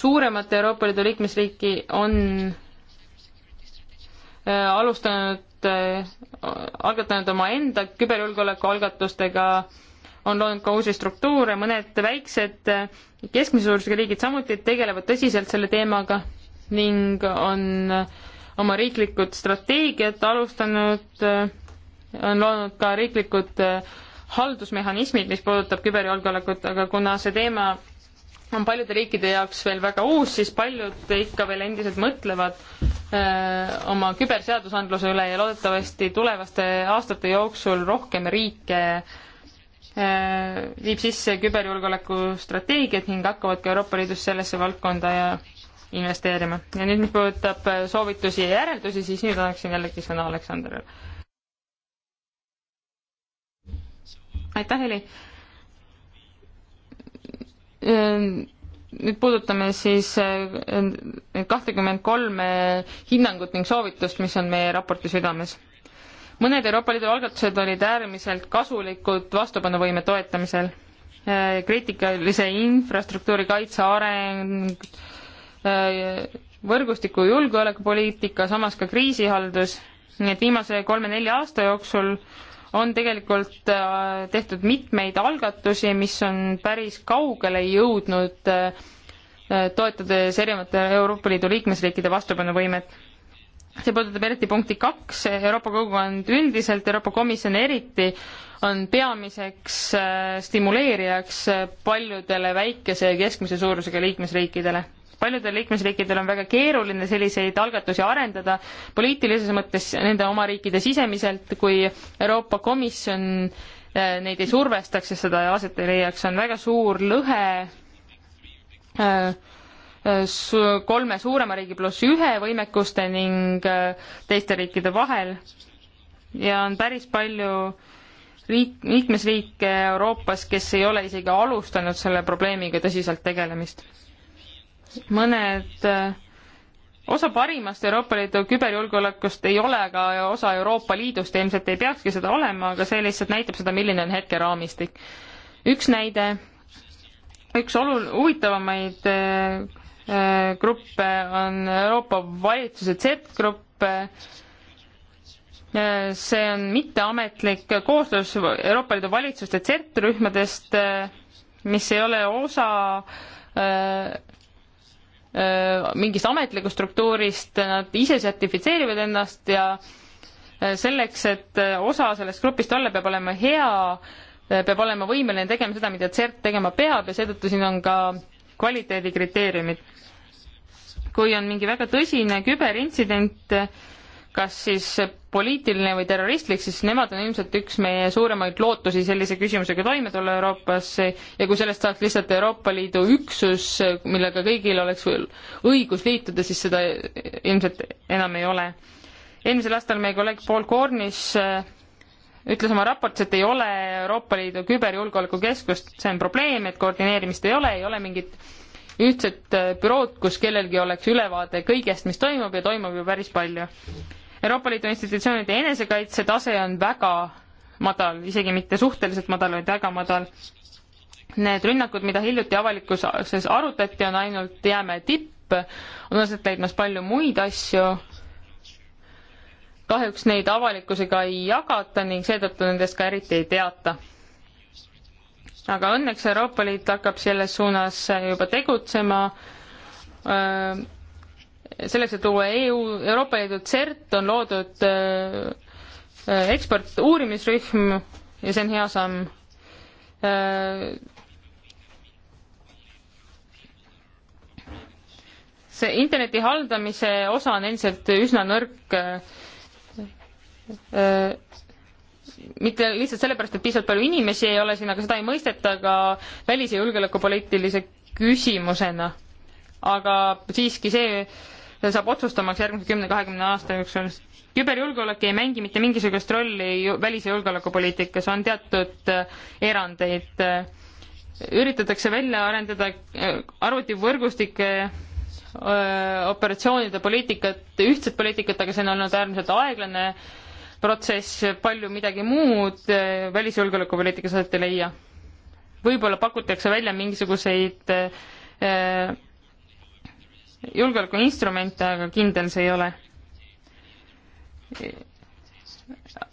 suuremat Euroopa Liidu liikmesriiki on äh, alustanud, äh, algatanud omaenda küberjulgeoleku algatustega on loonud ka uusi struktuure, mõned väiksed keskmise suurusega riigid samuti tegelevad tõsiselt selle teemaga ning on oma riiklikud strateegiad alustanud, on loonud ka riiklikud haldusmehhanismid, mis puudutab küberjulgeolekut, aga kuna see teema on paljude riikide jaoks veel väga uus, siis paljud ikka veel endiselt mõtlevad öö, oma küberseadusandluse üle ja loodetavasti tulevaste aastate jooksul rohkem riike öö, Äh, viib sisse küberjulgeoleku strateegiat ning hakkavad ka Euroopa Liidus sellesse valdkonda ja investeerima. ja nüüd, mis puudutab äh, soovitusi ja järeldusi, siis nüüd annaksin jällegi sõna Aleksandrile. aitäh, Heli! Äh, nüüd puudutame siis kahtekümmend kolme hinnangut ning soovitust, mis on meie raporti südames mõned Euroopa Liidu algatused olid äärmiselt kasulikud vastupanuvõime toetamisel. Äh, kriitikalise infrastruktuuri kaitse areng, äh, võrgustiku julgeolekupoliitika, samas ka kriisihaldus, nii et viimase kolme-nelja aasta jooksul on tegelikult äh, tehtud mitmeid algatusi, mis on päris kaugele jõudnud, toetades erinevate Euroopa Liidu liikmesriikide vastupanuvõimet see puudutab eriti punkti kaks, Euroopa kogukond üldiselt, Euroopa Komisjon eriti, on peamiseks äh, stimuleerijaks äh, paljudele väikese ja keskmise suurusega liikmesriikidele. paljudel liikmesriikidel on väga keeruline selliseid algatusi arendada poliitilises mõttes nende oma riikide sisemiselt, kui Euroopa Komisjon äh, neid ei survestaks ja seda aset ei leiaks, on väga suur lõhe äh, kolme suurema riigi pluss ühe võimekuste ning äh, teiste riikide vahel ja on päris palju riik, liikmesriike Euroopas, kes ei ole isegi alustanud selle probleemiga tõsiselt tegelemist. mõned äh, osa parimast Euroopa Liidu küberjulgeolekust ei ole aga osa Euroopa Liidust ja ilmselt ei peakski seda olema, aga see lihtsalt näitab seda, milline on hetkeraamistik. üks näide, üks olu-, huvitavamaid äh, Äh, gruppe, on Euroopa valitsuse Z-grupp, äh, see on mitteametlik kooslus Euroopa Liidu valitsuste Z-rühmadest, äh, mis ei ole osa mingist ametlikust struktuurist, nad ise sertifitseerivad ennast ja selleks, et osa sellest grupist olla, peab olema hea, peab olema võimeline tegema seda, mida CERT tegema peab ja seetõttu siin on ka kvaliteedikriteeriumid. kui on mingi väga tõsine küberintsident, kas siis poliitiline või terroristlik, siis nemad on ilmselt üks meie suuremaid lootusi sellise küsimusega toime tulla Euroopas ja kui sellest saaks lihtsalt Euroopa Liidu üksus, millega kõigil oleks õigus liituda, siis seda ilmselt enam ei ole. eelmisel aastal meie kolleeg Paul Cornish ütles oma raportis, et ei ole Euroopa Liidu küberjulgeolekukeskust, see on probleem, et koordineerimist ei ole, ei ole mingit ühtset äh, bürood, kus kellelgi oleks ülevaade kõigest, mis toimub ja toimub ju päris palju. Euroopa Liidu institutsioonide enesekaitse tase on väga madal, isegi mitte suhteliselt madal, vaid väga madal. Need rünnakud, mida hiljuti avalikkuses arutati, on ainult jäämäe tipp, on aset leidmas palju muid asju kahjuks neid avalikkusega ei jagata ning seetõttu nendest ka eriti ei teata. aga õnneks Euroopa Liit hakkab selles suunas juba tegutsema. selleks, et luua EU, Euroopa Liidu CERT, on loodud eksportuurimisrühm ja see on hea samm. see interneti haldamise osa on endiselt üsna nõrk Äh, mitte lihtsalt sellepärast, et piisavalt palju inimesi ei ole siin, aga seda ei mõisteta ka välis- ja julgeolekupoliitilise küsimusena. aga siiski see, see saab otsustamaks järgmise kümne-kahekümne aasta jooksul. küberjulgeolek ei mängi mitte mingisugust rolli välis- ja julgeolekupoliitikas, on teatud äh, erandeid. Äh, üritatakse välja arendada arvutivõrgustike operatsioonide poliitikat, ühtset poliitikat, aga see on olnud äärmiselt aeglane protsess palju midagi muud eh, välisjulgeolekupoliitikas aset ei leia. võib-olla pakutakse välja mingisuguseid äh, julgeolekuinstrumente, aga kindel see ei ole.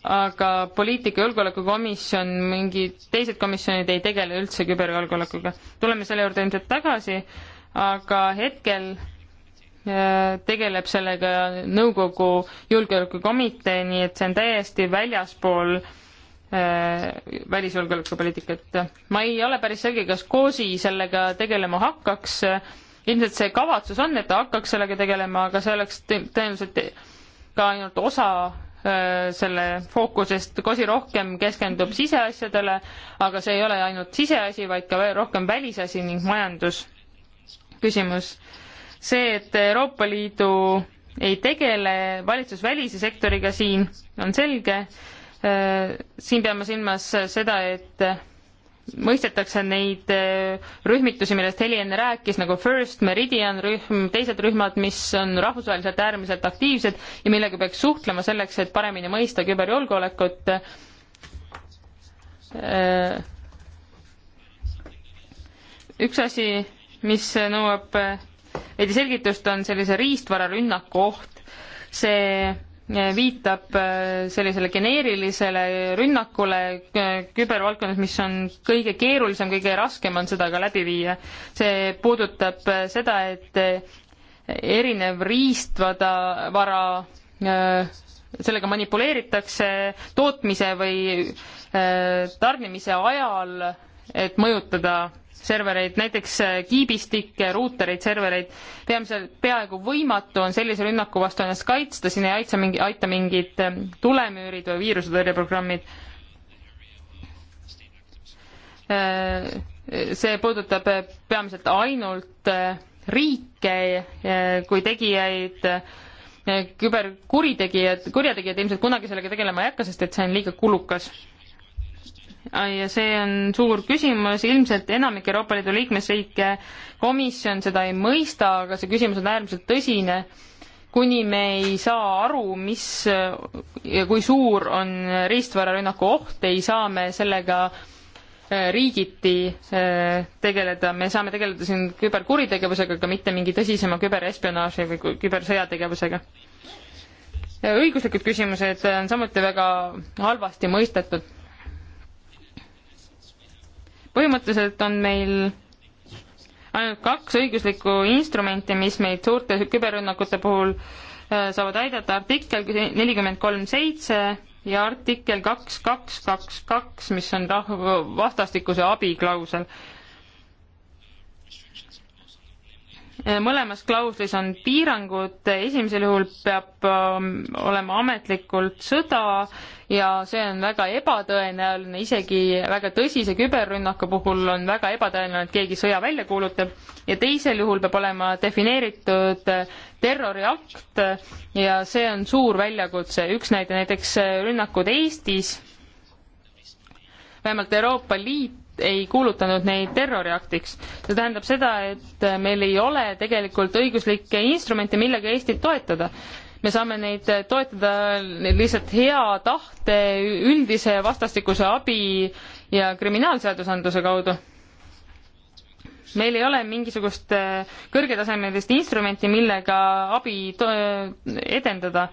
aga poliitika julgeolekukomisjon, mingid teised komisjonid ei tegele üldse küberjulgeolekuga. tuleme selle juurde ilmselt tagasi, aga hetkel tegeleb sellega nõukogu julgeolekukomitee, nii et see on täiesti väljaspool eh, välisjulgeolekupoliitikat. ma ei ole päris selge, kas COSI sellega tegelema hakkaks, ilmselt see kavatsus on, et ta hakkaks sellega tegelema, aga see oleks tõenäoliselt ka ainult osa eh, selle fookusest, COSI rohkem keskendub siseasjadele, aga see ei ole ainult siseasi, vaid ka rohkem välisasi ning majandusküsimus see, et Euroopa Liidu ei tegele valitsusvälise sektoriga siin, on selge. siin peame silmas seda, et mõistetakse neid rühmitusi, millest Heli enne rääkis, nagu First Meridian rühm, teised rühmad, mis on rahvusvaheliselt äärmiselt aktiivsed ja millega peaks suhtlema selleks, et paremini mõista küberjulgeolekut üks asi, mis nõuab veidi selgitust, on sellise riistvararünnaku oht. see eh, viitab eh, sellisele geneerilisele rünnakule eh, kübervaldkonnas, mis on kõige keerulisem, kõige raskem on seda ka läbi viia. see puudutab seda, et erinev riistvada, vara, sellega manipuleeritakse tootmise või tarnimise ajal, et mõjutada servereid, näiteks äh, kiibistikke, ruutereid, servereid. peamiselt peaaegu võimatu on sellise rünnaku vastu ennast kaitsta, siin ei aita mingi, aita mingid ähm, tulemüürid või viirusetõrjeprogrammid. Äh, see puudutab äh, peamiselt ainult riike kui tegijaid küberkuritegijad, kurjategijad ilmselt kunagi sellega tegelema ei hakka, sest et see on liiga kulukas ja see on suur küsimus, ilmselt enamik Euroopa Liidu liikmesriike, komisjon seda ei mõista, aga see küsimus on äärmiselt tõsine, kuni me ei saa aru, mis ja kui suur on riistvararünnaku oht, ei saa me sellega äh, riigiti äh, tegeleda, me saame tegeleda siin küberkuritegevusega, aga mitte mingi tõsisema küberespionaaži või kübersõjategevusega õiguslikud küsimused on samuti väga halvasti mõistetud põhimõtteliselt on meil ainult kaks õiguslikku instrumenti, mis meid suurte küberrünnakute puhul äh, saavad aidata, artikkel nelikümmend kolm seitse ja artikkel kaks kaks kaks kaks, mis on rahva vastastikuse abiklausel. Äh, mõlemas klauslis on piirangud, esimesel juhul peab ähm, olema ametlikult sõda, ja see on väga ebatõenäoline, isegi väga tõsise küberrünnaku puhul on väga ebatõenäoline, et keegi sõja välja kuulutab ja teisel juhul peab olema defineeritud terroriakt ja see on suur väljakutse. üks näide näiteks rünnakud Eestis, vähemalt Euroopa Liit ei kuulutanud neid terroriaktiks. see tähendab seda, et meil ei ole tegelikult õiguslikke instrumente, millega Eestit toetada me saame neid toetada lihtsalt hea tahte, üldise vastastikuse abi ja kriminaalseadusandluse kaudu. meil ei ole mingisugust eh, kõrgetasemelist instrumenti, millega abi edendada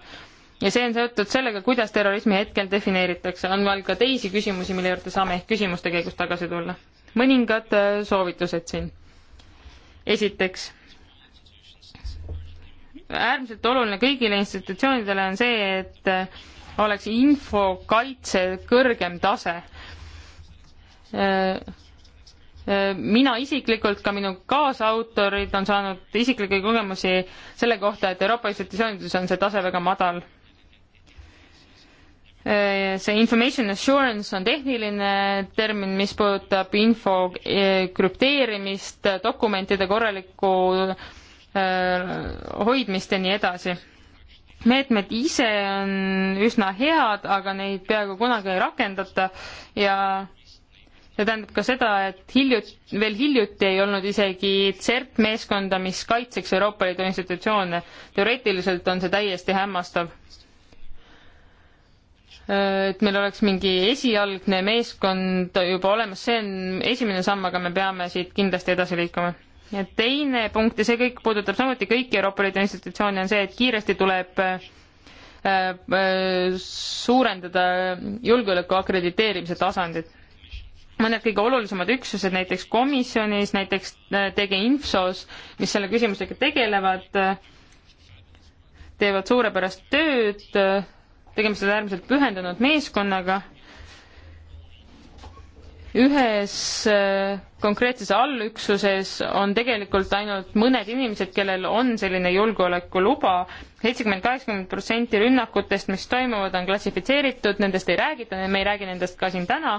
ja see on seotud sellega, kuidas terrorismi hetkel defineeritakse. on veel ka teisi küsimusi, mille juurde saame ehk küsimuste käigus tagasi tulla. mõningad eh, soovitused siin. esiteks äärmiselt oluline kõigile institutsioonidele on see, et äh, oleks infokaitse kõrgem tase. Äh, äh, mina isiklikult, ka minu kaasautorid on saanud isiklikke kogemusi selle kohta, et Euroopa institutsioonides on see tase väga madal see information assurance on tehniline termin, mis puudutab info krüpteerimist, dokumentide korralikku Äh, hoidmist ja nii edasi. meetmed ise on üsna head, aga neid peaaegu kunagi ei rakendata ja see tähendab ka seda, et hiljut-, veel hiljuti ei olnud isegi CERT meeskonda, mis kaitseks Euroopa Liidu institutsioone. teoreetiliselt on see täiesti hämmastav. Äh, et meil oleks mingi esialgne meeskond juba olemas, see on esimene samm, aga me peame siit kindlasti edasi liikuma ja teine punkt ja see kõik puudutab samuti kõiki Euroopa Liidu institutsioone, on see, et kiiresti tuleb äh, äh, suurendada julgeoleku akrediteerimise tasandit. mõned kõige olulisemad üksused näiteks komisjonis, näiteks äh, TG Infos, mis selle küsimusega tegelevad, teevad suurepärast tööd, tegemist on äärmiselt pühendunud meeskonnaga ühes äh, konkreetses allüksuses on tegelikult ainult mõned inimesed, kellel on selline julgeolekuluba. seitsekümmend, kaheksakümmend protsenti rünnakutest, mis toimuvad, on klassifitseeritud, nendest ei räägita, me ei räägi nendest ka siin täna.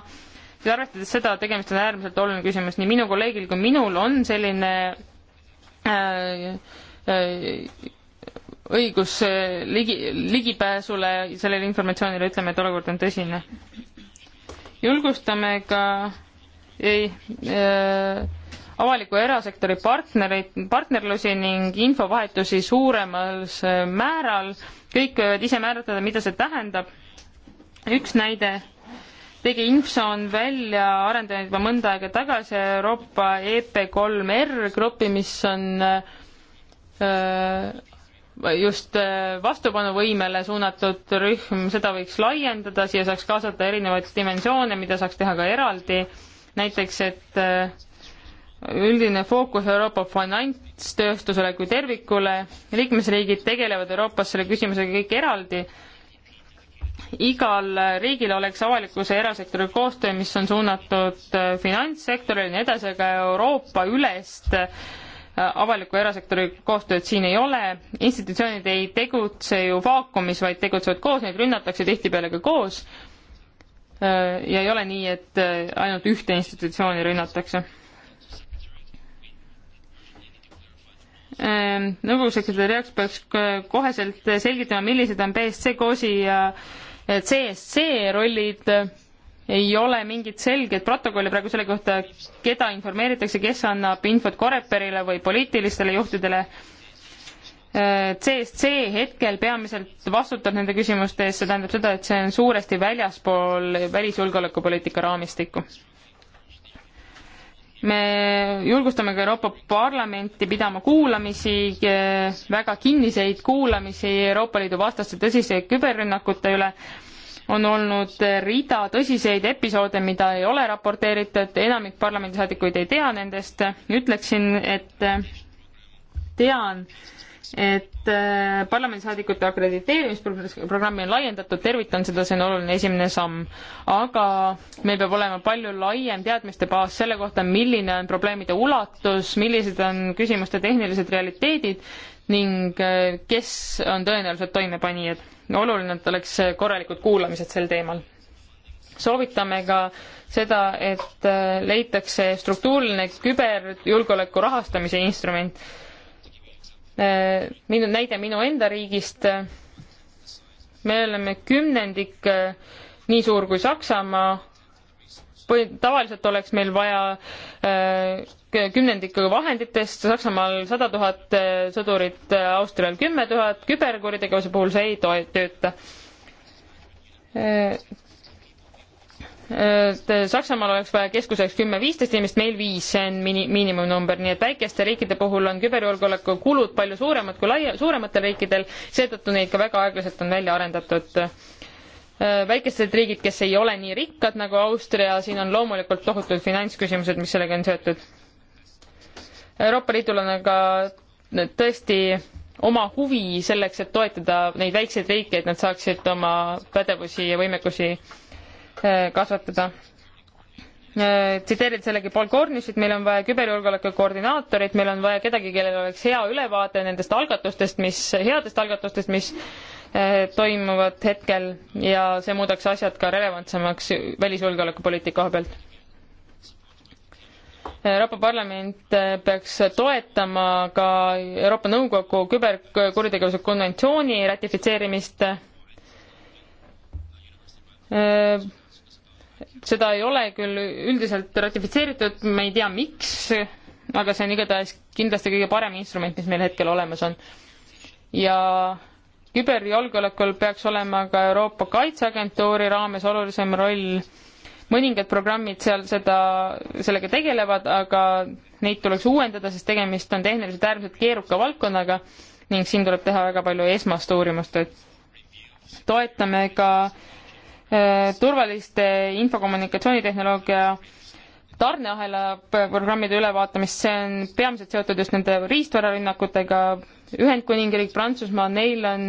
siis arvestades seda, tegemist on äärmiselt oluline küsimus, nii minu kolleegil kui minul on selline äh, äh, õigus äh, ligi, ligipääsule sellele informatsioonile, ütleme, et olukord on tõsine julgustame ka ei, äh, avaliku ja erasektori partnereid, partnerlusi ning infovahetusi suuremas äh, määral. kõik võivad ise määratleda, mida see tähendab. üks näide tegi Infson välja arendanud juba mõnda aega tagasi Euroopa EP3R grupi, mis on äh, just äh, vastupanuvõimele suunatud rühm, seda võiks laiendada, siia saaks kaasata erinevaid dimensioone, mida saaks teha ka eraldi, näiteks et äh, üldine fookus Euroopa finantstööstusele kui tervikule, liikmesriigid tegelevad Euroopas selle küsimusega kõik eraldi, igal riigil oleks avalikkuse ja erasektori koostöö, mis on suunatud äh, finantssektorile ja nii edasi, aga Euroopa ülest äh, avaliku erasektori koostööd siin ei ole, institutsioonid ei tegutse ju vaakumis, vaid tegutsevad koos, neid rünnatakse tihtipeale ka koos. Äh, ja ei ole nii, et äh, ainult ühte institutsiooni rünnatakse. Äh, nõukogu sekretäriaks peaks koheselt selgitama, millised on BSC, COSI ja CSC rollid ei ole mingit selget protokolli praegu selle kohta, keda informeeritakse, kes annab infot Coreperile või poliitilistele juhtidele. CSC hetkel peamiselt vastutab nende küsimuste eest, see tähendab seda, et see on suuresti väljaspool välisjulgeolekupoliitika raamistikku. me julgustame ka Euroopa Parlamenti pidama kuulamisi, eh, väga kinniseid kuulamisi Euroopa Liidu vastaste tõsise küberrünnakute üle on olnud rida tõsiseid episoode, mida ei ole raporteeritud, enamik parlamendisaadikuid ei tea nendest. ütleksin, et tean, et äh, parlamendisaadikute akrediteerimisprogrammi on laiendatud, tervitan seda, see on oluline esimene samm. aga meil peab olema palju laiem teadmiste baas selle kohta, milline on probleemide ulatus, millised on küsimuste tehnilised realiteedid ning äh, kes on tõenäoliselt toimepanijad. oluline, et oleks äh, korralikud kuulamised sel teemal. soovitame ka seda, et äh, leitakse struktuuriline küberjulgeoleku rahastamise instrument. minu, näide minu enda riigist, me oleme kümnendik nii suur kui Saksamaa, tavaliselt oleks meil vaja Äh, kümnendikuga vahenditest, Saksamaal sada tuhat äh, sõdurit, äh, Austrial kümme tuhat, küberkuritegevuse puhul see ei tööta. Saksamaal oleks vaja keskuseks kümme-viisteist inimest, meil viis, see on mini-, miinimumnumber, nii et väikeste riikide puhul on küberjulgeoleku kulud palju suuremad kui laia, suurematel riikidel, seetõttu neid ka väga aeglaselt on välja arendatud Äh, väikesed riigid, kes ei ole nii rikkad nagu Austria, siin on loomulikult tohutud finantsküsimused, mis sellega on seotud. Euroopa Liidul on aga tõesti oma huvi selleks, et toetada neid väikseid riike, et nad saaksid oma pädevusi ja võimekusi äh, kasvatada. Äh, tsiteerin jällegi Paul Cornishit, meil on vaja küberjulgeoleku koordinaatorit, meil on vaja kedagi, kellel oleks hea ülevaade nendest algatustest, mis, headest algatustest, mis Äh, toimuvad hetkel ja see muudaks asjad ka relevantsemaks välisjulgeolekupoliitika koha pealt. Euroopa Parlament äh, peaks toetama ka Euroopa Nõukogu küberkuritegevuse konventsiooni ratifitseerimist. Äh, seda ei ole küll üldiselt ratifitseeritud, me ei tea, miks, aga see on igatahes kindlasti kõige parem instrument, mis meil hetkel olemas on. ja küberjulgeolekul peaks olema ka Euroopa Kaitseagentuuri raames olulisem roll. mõningad programmid seal seda, sellega tegelevad, aga neid tuleks uuendada, sest tegemist on tehniliselt äärmiselt keeruka valdkonnaga ning siin tuleb teha väga palju esmast uurimust, et toetame ka äh, turvaliste infokommunikatsioonitehnoloogia tarneahela programmide ülevaatamist, see on peamiselt seotud just nende riistvararünnakutega, Ühendkuningriik, Prantsusmaa, neil on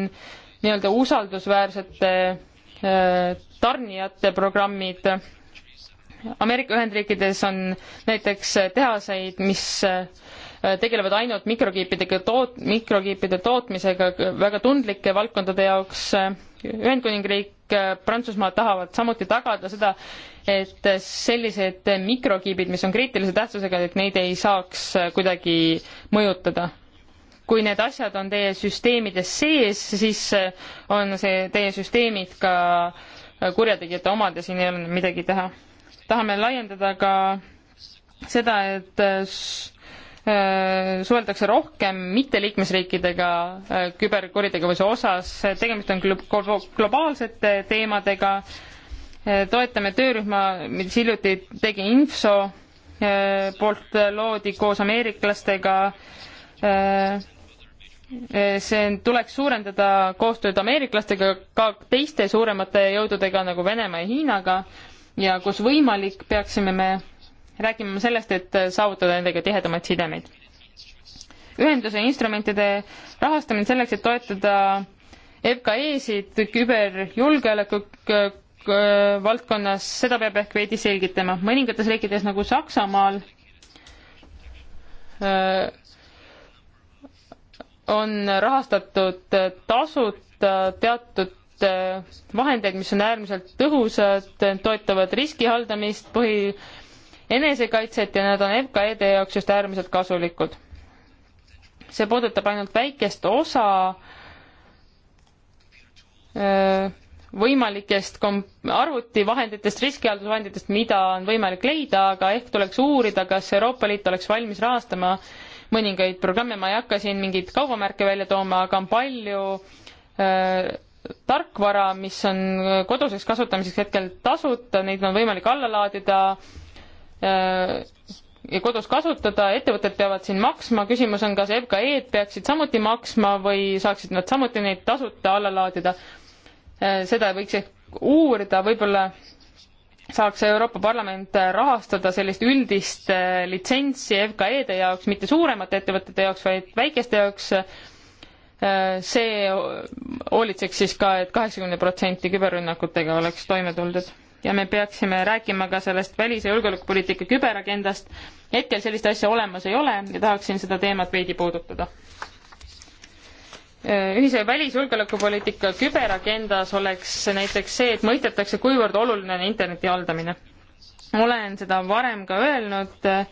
nii-öelda usaldusväärsete äh, tarnijate programmid. Ameerika Ühendriikides on näiteks tehaseid, mis äh, Äh, tegelevad ainult mikrokiipidega toot-, mikrokiipide tootmisega väga tundlike valdkondade jaoks. Äh, Ühendkuningriik, äh, Prantsusmaa tahavad samuti tagada seda, et sellised mikrokiibid, mis on kriitilise tähtsusega, et neid ei saaks kuidagi mõjutada. kui need asjad on teie süsteemides sees, siis on see teie süsteemid ka kurjategijate omad ja siin ei ole midagi teha. tahame laiendada ka seda, et Äh, suheldakse rohkem mitteliikmesriikidega äh, küberkuritegevuse osas, tegemist on globaalsete teemadega, äh, toetame töörühma, mis hiljuti tegi Info poolt loodi koos ameeriklastega. see tuleks suurendada koostööd ameeriklastega, ka teiste suuremate jõududega nagu Venemaa ja Hiinaga ja kus võimalik, peaksime me räägime sellest, et saavutada nendega tihedamaid sidemeid. ühenduse instrumentide rahastamine selleks, et toetada FKE-sid küberjulgeoleku valdkonnas, seda peab ehk veidi selgitama. mõningates riikides nagu Saksamaal öö, äh, on rahastatud tasuta teatud äh, vahendeid, mis on äärmiselt tõhusad, toetavad riski haldamist, põhi enesekaitset ja nad on FKE-de jaoks just äärmiselt kasulikud. see puudutab ainult väikest osa võimalikest kom-, arvutivahenditest, riskihaldusvahenditest, mida on võimalik leida, aga ehk tuleks uurida, kas Euroopa Liit oleks valmis rahastama mõningaid programme, ma ei hakka siin mingeid kaubamärke välja tooma, aga on palju äh, tarkvara, mis on koduseks kasutamiseks hetkel tasuta, neid on võimalik alla laadida äh,, Äh, ja kodus kasutada, ettevõtted peavad siin maksma, küsimus on, kas FKE-d peaksid samuti maksma või saaksid nad samuti neid tasuta alla laadida. Äh, seda võiks ehk uurida, võib-olla saaks Euroopa Parlament rahastada sellist üldist äh, litsentsi FKE-de jaoks, mitte suuremate ettevõtete jaoks, vaid väikeste jaoks. see hoolitseks siis ka et, et kaheksakümne protsenti küberrünnakutega oleks toime tuldud ja me peaksime rääkima ka sellest välis- ja julgeolekupoliitika küberagendast. hetkel sellist asja olemas ei ole ja tahaksin seda teemat veidi puudutada. ühise välis- ja julgeolekupoliitika küberagendas oleks näiteks see, et mõistetakse, kuivõrd oluline on interneti haldamine. olen seda varem ka öelnud,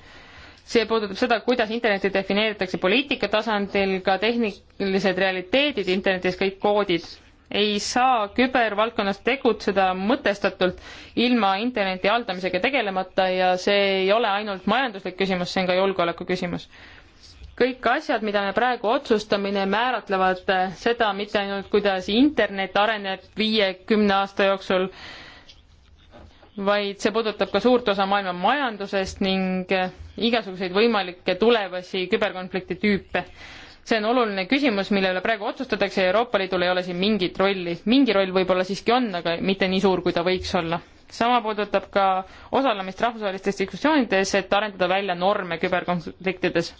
see puudutab seda, kuidas internetti defineeritakse poliitika tasandil, ka tehnilised realiteedid internetis, kõik koodid ei saa kübervaldkonnas tegutseda mõtestatult ilma interneti haldamisega tegelemata ja see ei ole ainult majanduslik küsimus, see on ka julgeoleku küsimus. kõik asjad, mida me praegu otsustamine, määratlevad eh, seda mitte ainult, kuidas internet areneb viie-kümne aasta jooksul, vaid see puudutab ka suurt osa maailma majandusest ning eh, igasuguseid võimalikke tulevasi küberkonflikti tüüpe see on oluline küsimus, mille üle praegu otsustatakse ja Euroopa Liidul ei ole siin mingit rolli. mingi roll võib-olla siiski on, aga mitte nii suur, kui ta võiks olla. sama puudutab ka osalemist rahvusvahelistes diskussioonides, et arendada välja norme küberkonfliktides.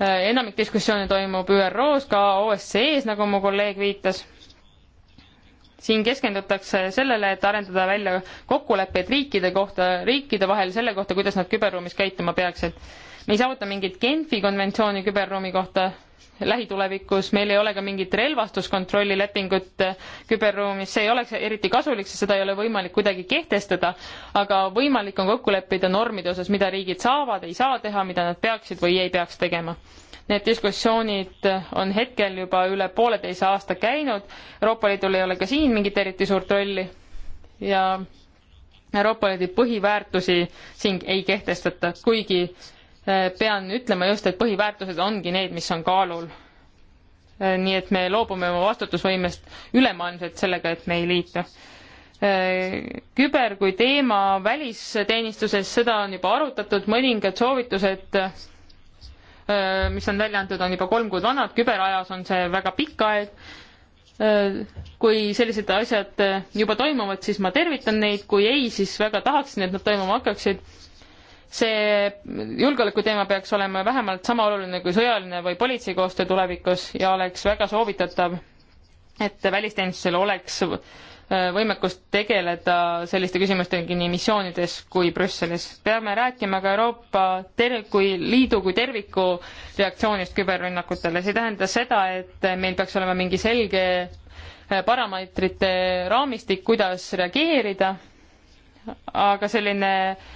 Äh, enamik diskussioone toimub ÜRO-s, ka OSCE-s, nagu mu kolleeg viitas siin keskendutakse sellele, et arendada välja kokkuleppeid riikide kohta, riikide vahel selle kohta, kuidas nad küberruumis käituma peaksid me ei saavuta mingit Genfi konventsiooni küberruumi kohta lähitulevikus, meil ei ole ka mingit relvastuskontrolli lepingut küberruumis, see ei oleks eriti kasulik, sest seda ei ole võimalik kuidagi kehtestada, aga võimalik on kokku leppida normide osas, mida riigid saavad, ei saa teha, mida nad peaksid või ei peaks tegema. Need diskussioonid on hetkel juba üle pooleteise aasta käinud, Euroopa Liidul ei ole ka siin mingit eriti suurt rolli ja Euroopa Liidu põhiväärtusi siin ei kehtestata, kuigi Eh, pean ütlema just, et põhiväärtused ongi need, mis on kaalul. Eh, nii et me loobume oma vastutusvõimest ülemaailmselt sellega, et me ei liitu. Eh, küber kui teema välisteenistuses, seda on juba arutatud, mõningad soovitused, mis on välja antud, on juba kolm kuud vanad, küberajas on see väga pikk aeg kui sellised asjad juba toimuvad, siis ma tervitan neid, kui ei, siis väga tahaksin, et nad toimuma hakkaksid see julgeolekuteema peaks olema vähemalt sama oluline kui sõjaline või politseikoostöö tulevikus ja oleks väga soovitatav, et välisteenistusel oleks äh, võimekust tegeleda selliste küsimustega nii missioonides kui Brüsselis. peame rääkima ka Euroopa ter-, kui liidu kui terviku reaktsioonist küberrünnakutele, see ei tähenda seda, et meil peaks olema mingi selge äh, parameetrite raamistik, kuidas reageerida, aga selline äh,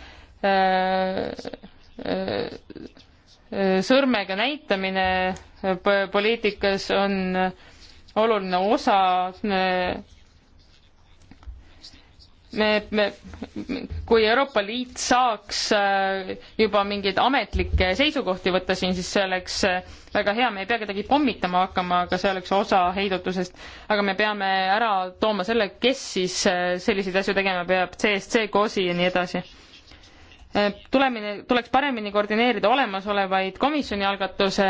sõrmega näitamine poliitikas on oluline osa me, me, kui Euroopa Liit saaks äh, juba mingeid ametlikke seisukohti võtta siin, siis see oleks äh, väga hea, me ei pea kedagi pommitama hakkama, aga see oleks osa heidutusest. aga me peame ära tooma selle, kes siis äh, selliseid asju tegema peab, CSC, COSI ja nii edasi Äh, tulemine, tuleks paremini koordineerida olemasolevaid komisjoni algatuse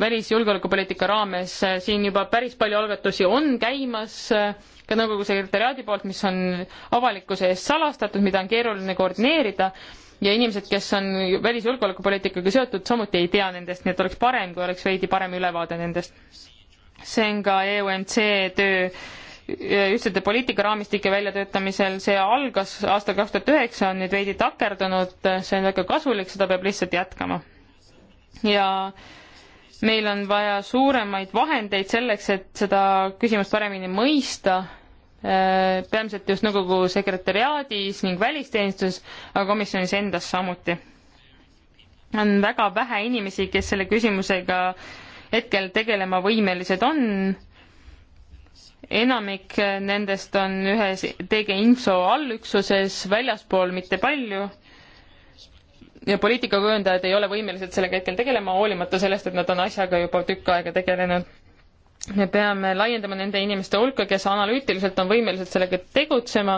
välisjulgeolekupoliitika raames, äh, siin juba päris palju algatusi on käimas äh, ka nõukogu sekretäriaadi poolt, mis on avalikkuse eest salastatud, mida on keeruline koordineerida ja inimesed, kes on välisjulgeolekupoliitikaga seotud, samuti ei tea nendest, nii et oleks parem, kui oleks veidi parem ülevaade nendest. see on ka EUMC töö ühtsete poliitikaraamistike väljatöötamisel, see algas aastal kaks tuhat üheksa, on nüüd veidi takerdunud, see on väga kasulik, seda peab lihtsalt jätkama. ja meil on vaja suuremaid vahendeid selleks, et seda küsimust paremini mõista, äh, peamiselt just nõukogu sekretäriaadis ning välisteenistuses, aga komisjonis endas samuti. on väga vähe inimesi, kes selle küsimusega hetkel tegelema võimelised on enamik nendest on ühes TG Info allüksuses, väljaspool mitte palju. ja poliitikakujundajad ei ole võimelised sellega hetkel tegelema, hoolimata sellest, et nad on asjaga juba tükk aega tegelenud me peame laiendama nende inimeste hulka, kes analüütiliselt on võimelised sellega tegutsema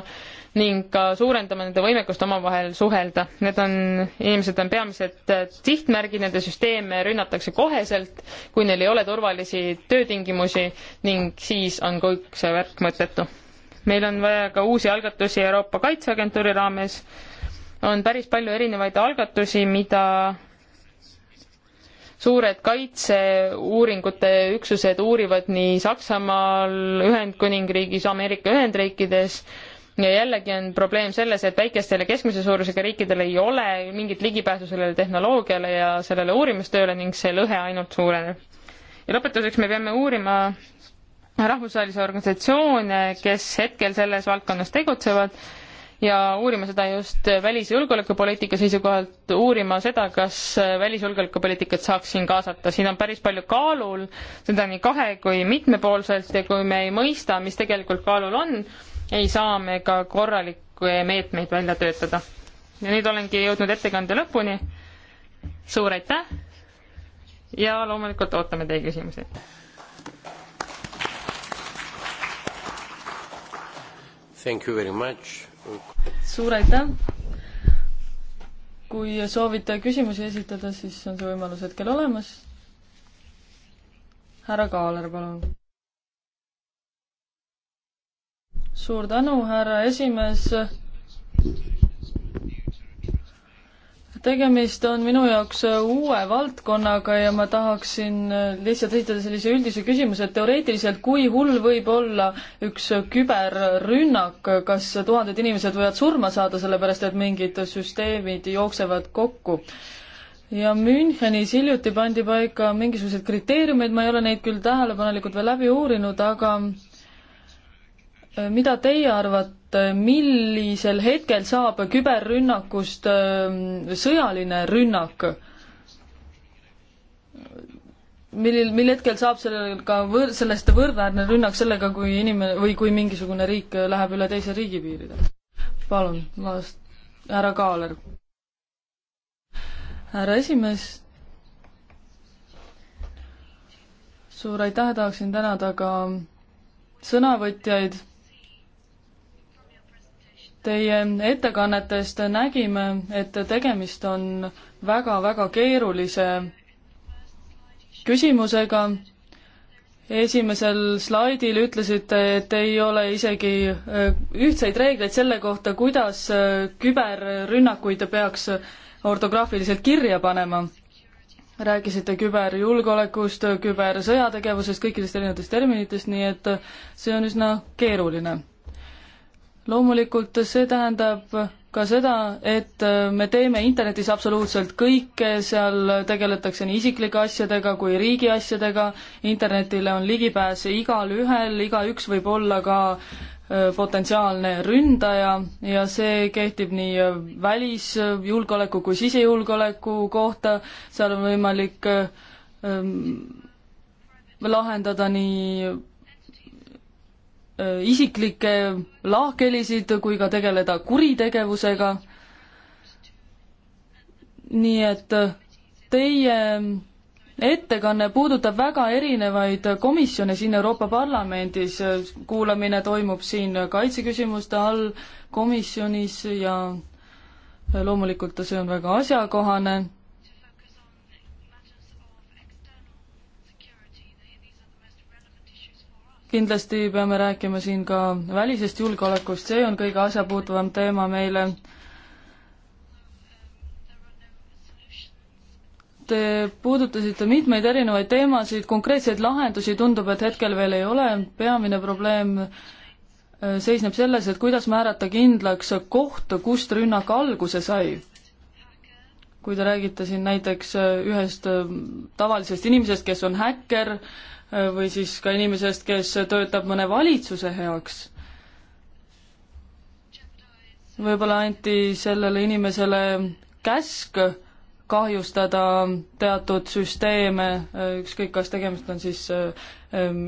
ning ka suurendama nende võimekust omavahel suhelda. Need on, inimesed on peamised sihtmärgid, nende süsteeme rünnatakse koheselt, kui neil ei ole turvalisi töötingimusi ning siis on kõik see värk mõttetu. meil on vaja ka uusi algatusi Euroopa Kaitseagentuuri raames, on päris palju erinevaid algatusi, mida suured kaitseuuringute üksused uurivad nii Saksamaal, Ühendkuningriigis, Ameerika Ühendriikides ja jällegi on probleem selles, et väikestele keskmise suurusega riikidel ei ole mingit ligipääsu sellele tehnoloogiale ja sellele uurimistööle ning see lõhe ainult suureneb. ja lõpetuseks me peame uurima rahvusvahelisi organisatsioone, kes hetkel selles valdkonnas tegutsevad ja uurima seda just välis- ja julgeolekupoliitika seisukohalt, uurima seda, kas välisjulgeolekupoliitikat saaks siin kaasata. siin on päris palju kaalul, seda nii kahe- kui mitmepoolselt ja kui me ei mõista, mis tegelikult kaalul on, ei saa me ka korralikke meetmeid välja töötada. ja nüüd olengi jõudnud ettekande lõpuni. suur aitäh ja loomulikult ootame teie küsimusi. Thank you very much suur aitäh! kui soovite küsimusi esitada, siis on see võimalus hetkel olemas. härra Kaaler, palun. suur tänu, härra esimees tegemist on minu jaoks uue valdkonnaga ja ma tahaksin äh, lihtsalt esitada sellise üldise küsimuse, et teoreetiliselt kui hull võib olla üks küberrünnak, kas tuhanded inimesed võivad surma saada, sellepärast et mingid süsteemid jooksevad kokku? ja Münchenis hiljuti pandi paika mingisuguseid kriteeriumeid, ma ei ole neid küll tähelepanelikult veel läbi uurinud, aga äh, mida teie arvate, et äh, millisel hetkel saab küberrünnakust ähm, sõjaline rünnak? millil, mil hetkel saab sellega võr-, sellest võrdväärne rünnak sellega, kui inimene või kui mingisugune riik läheb üle teise riigi piiride? palun, vast-, härra Kaaler. härra esimees suur aitäh, tahaksin tänada ka sõnavõtjaid Teie ettekannetest nägime, et tegemist on väga-väga keerulise küsimusega. esimesel slaidil ütlesite, et ei ole isegi äh, ühtseid reegleid selle kohta, kuidas äh, küberrünnakuid peaks ortograafiliselt kirja panema. rääkisite küberjulgeolekust, kübersõjategevusest, kõikidest erinevatest terminitest, nii et see on üsna keeruline loomulikult see tähendab ka seda, et me teeme internetis absoluutselt kõike, seal tegeletakse nii isiklike asjadega kui riigi asjadega, internetile on ligipääs igalühel, igaüks võib olla ka äh, potentsiaalne ründaja ja see kehtib nii äh, välisjulgeoleku kui sisejulgeoleku kohta, seal on võimalik äh, ähm, lahendada nii Äh, isiklikke lahkhelisid kui ka tegeleda kuritegevusega. nii et äh, teie ettekanne puudutab väga erinevaid komisjone siin Euroopa Parlamendis, kuulamine toimub siin kaitseküsimuste all komisjonis ja loomulikult see on väga asjakohane kindlasti peame rääkima siin ka välisest julgeolekust, see on kõige asjapuutuvam teema meile. Te puudutasite mitmeid erinevaid teemasid, konkreetseid lahendusi tundub, et hetkel veel ei ole, peamine probleem äh, seisneb selles, et kuidas määrata kindlaks kohta, kust rünnak alguse sai. kui te räägite siin näiteks äh, ühest äh, tavalisest inimesest, kes on häkker, või siis ka inimesest, kes töötab mõne valitsuse heaks. võib-olla anti sellele inimesele käsk kahjustada teatud süsteeme, ükskõik, kas tegemist on siis eh,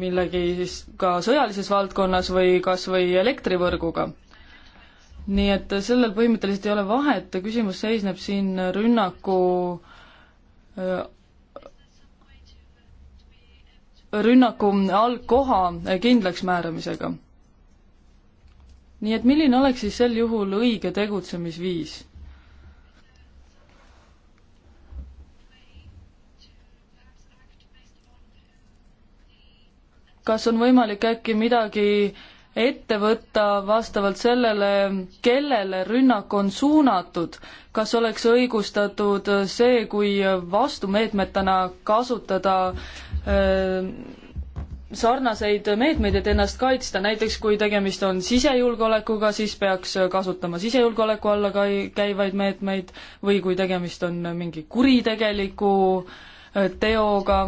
millegi siis ka sõjalises valdkonnas või kas või elektrivõrguga. nii et sellel põhimõtteliselt ei ole vahet, küsimus seisneb siin rünnaku eh, rünnaku algkoha kindlaksmääramisega. nii et milline oleks siis sel juhul õige tegutsemisviis? kas on võimalik äkki midagi ette võtta vastavalt sellele, kellele rünnak on suunatud. kas oleks õigustatud see, kui vastumeetmetena kasutada sarnaseid meetmeid, et ennast kaitsta, näiteks kui tegemist on sisejulgeolekuga, siis peaks kasutama sisejulgeoleku alla käivaid meetmeid või kui tegemist on mingi kuritegeliku teoga,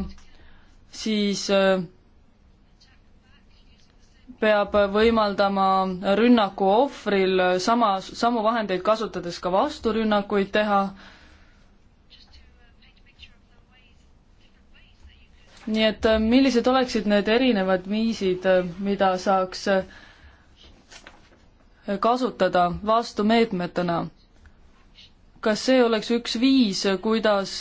siis peab võimaldama rünnaku ohvril sama, samu vahendeid kasutades ka vasturünnakuid teha nii et äh, millised oleksid need erinevad viisid, äh, mida saaks äh, kasutada vastumeetmetena? kas see oleks üks viis, kuidas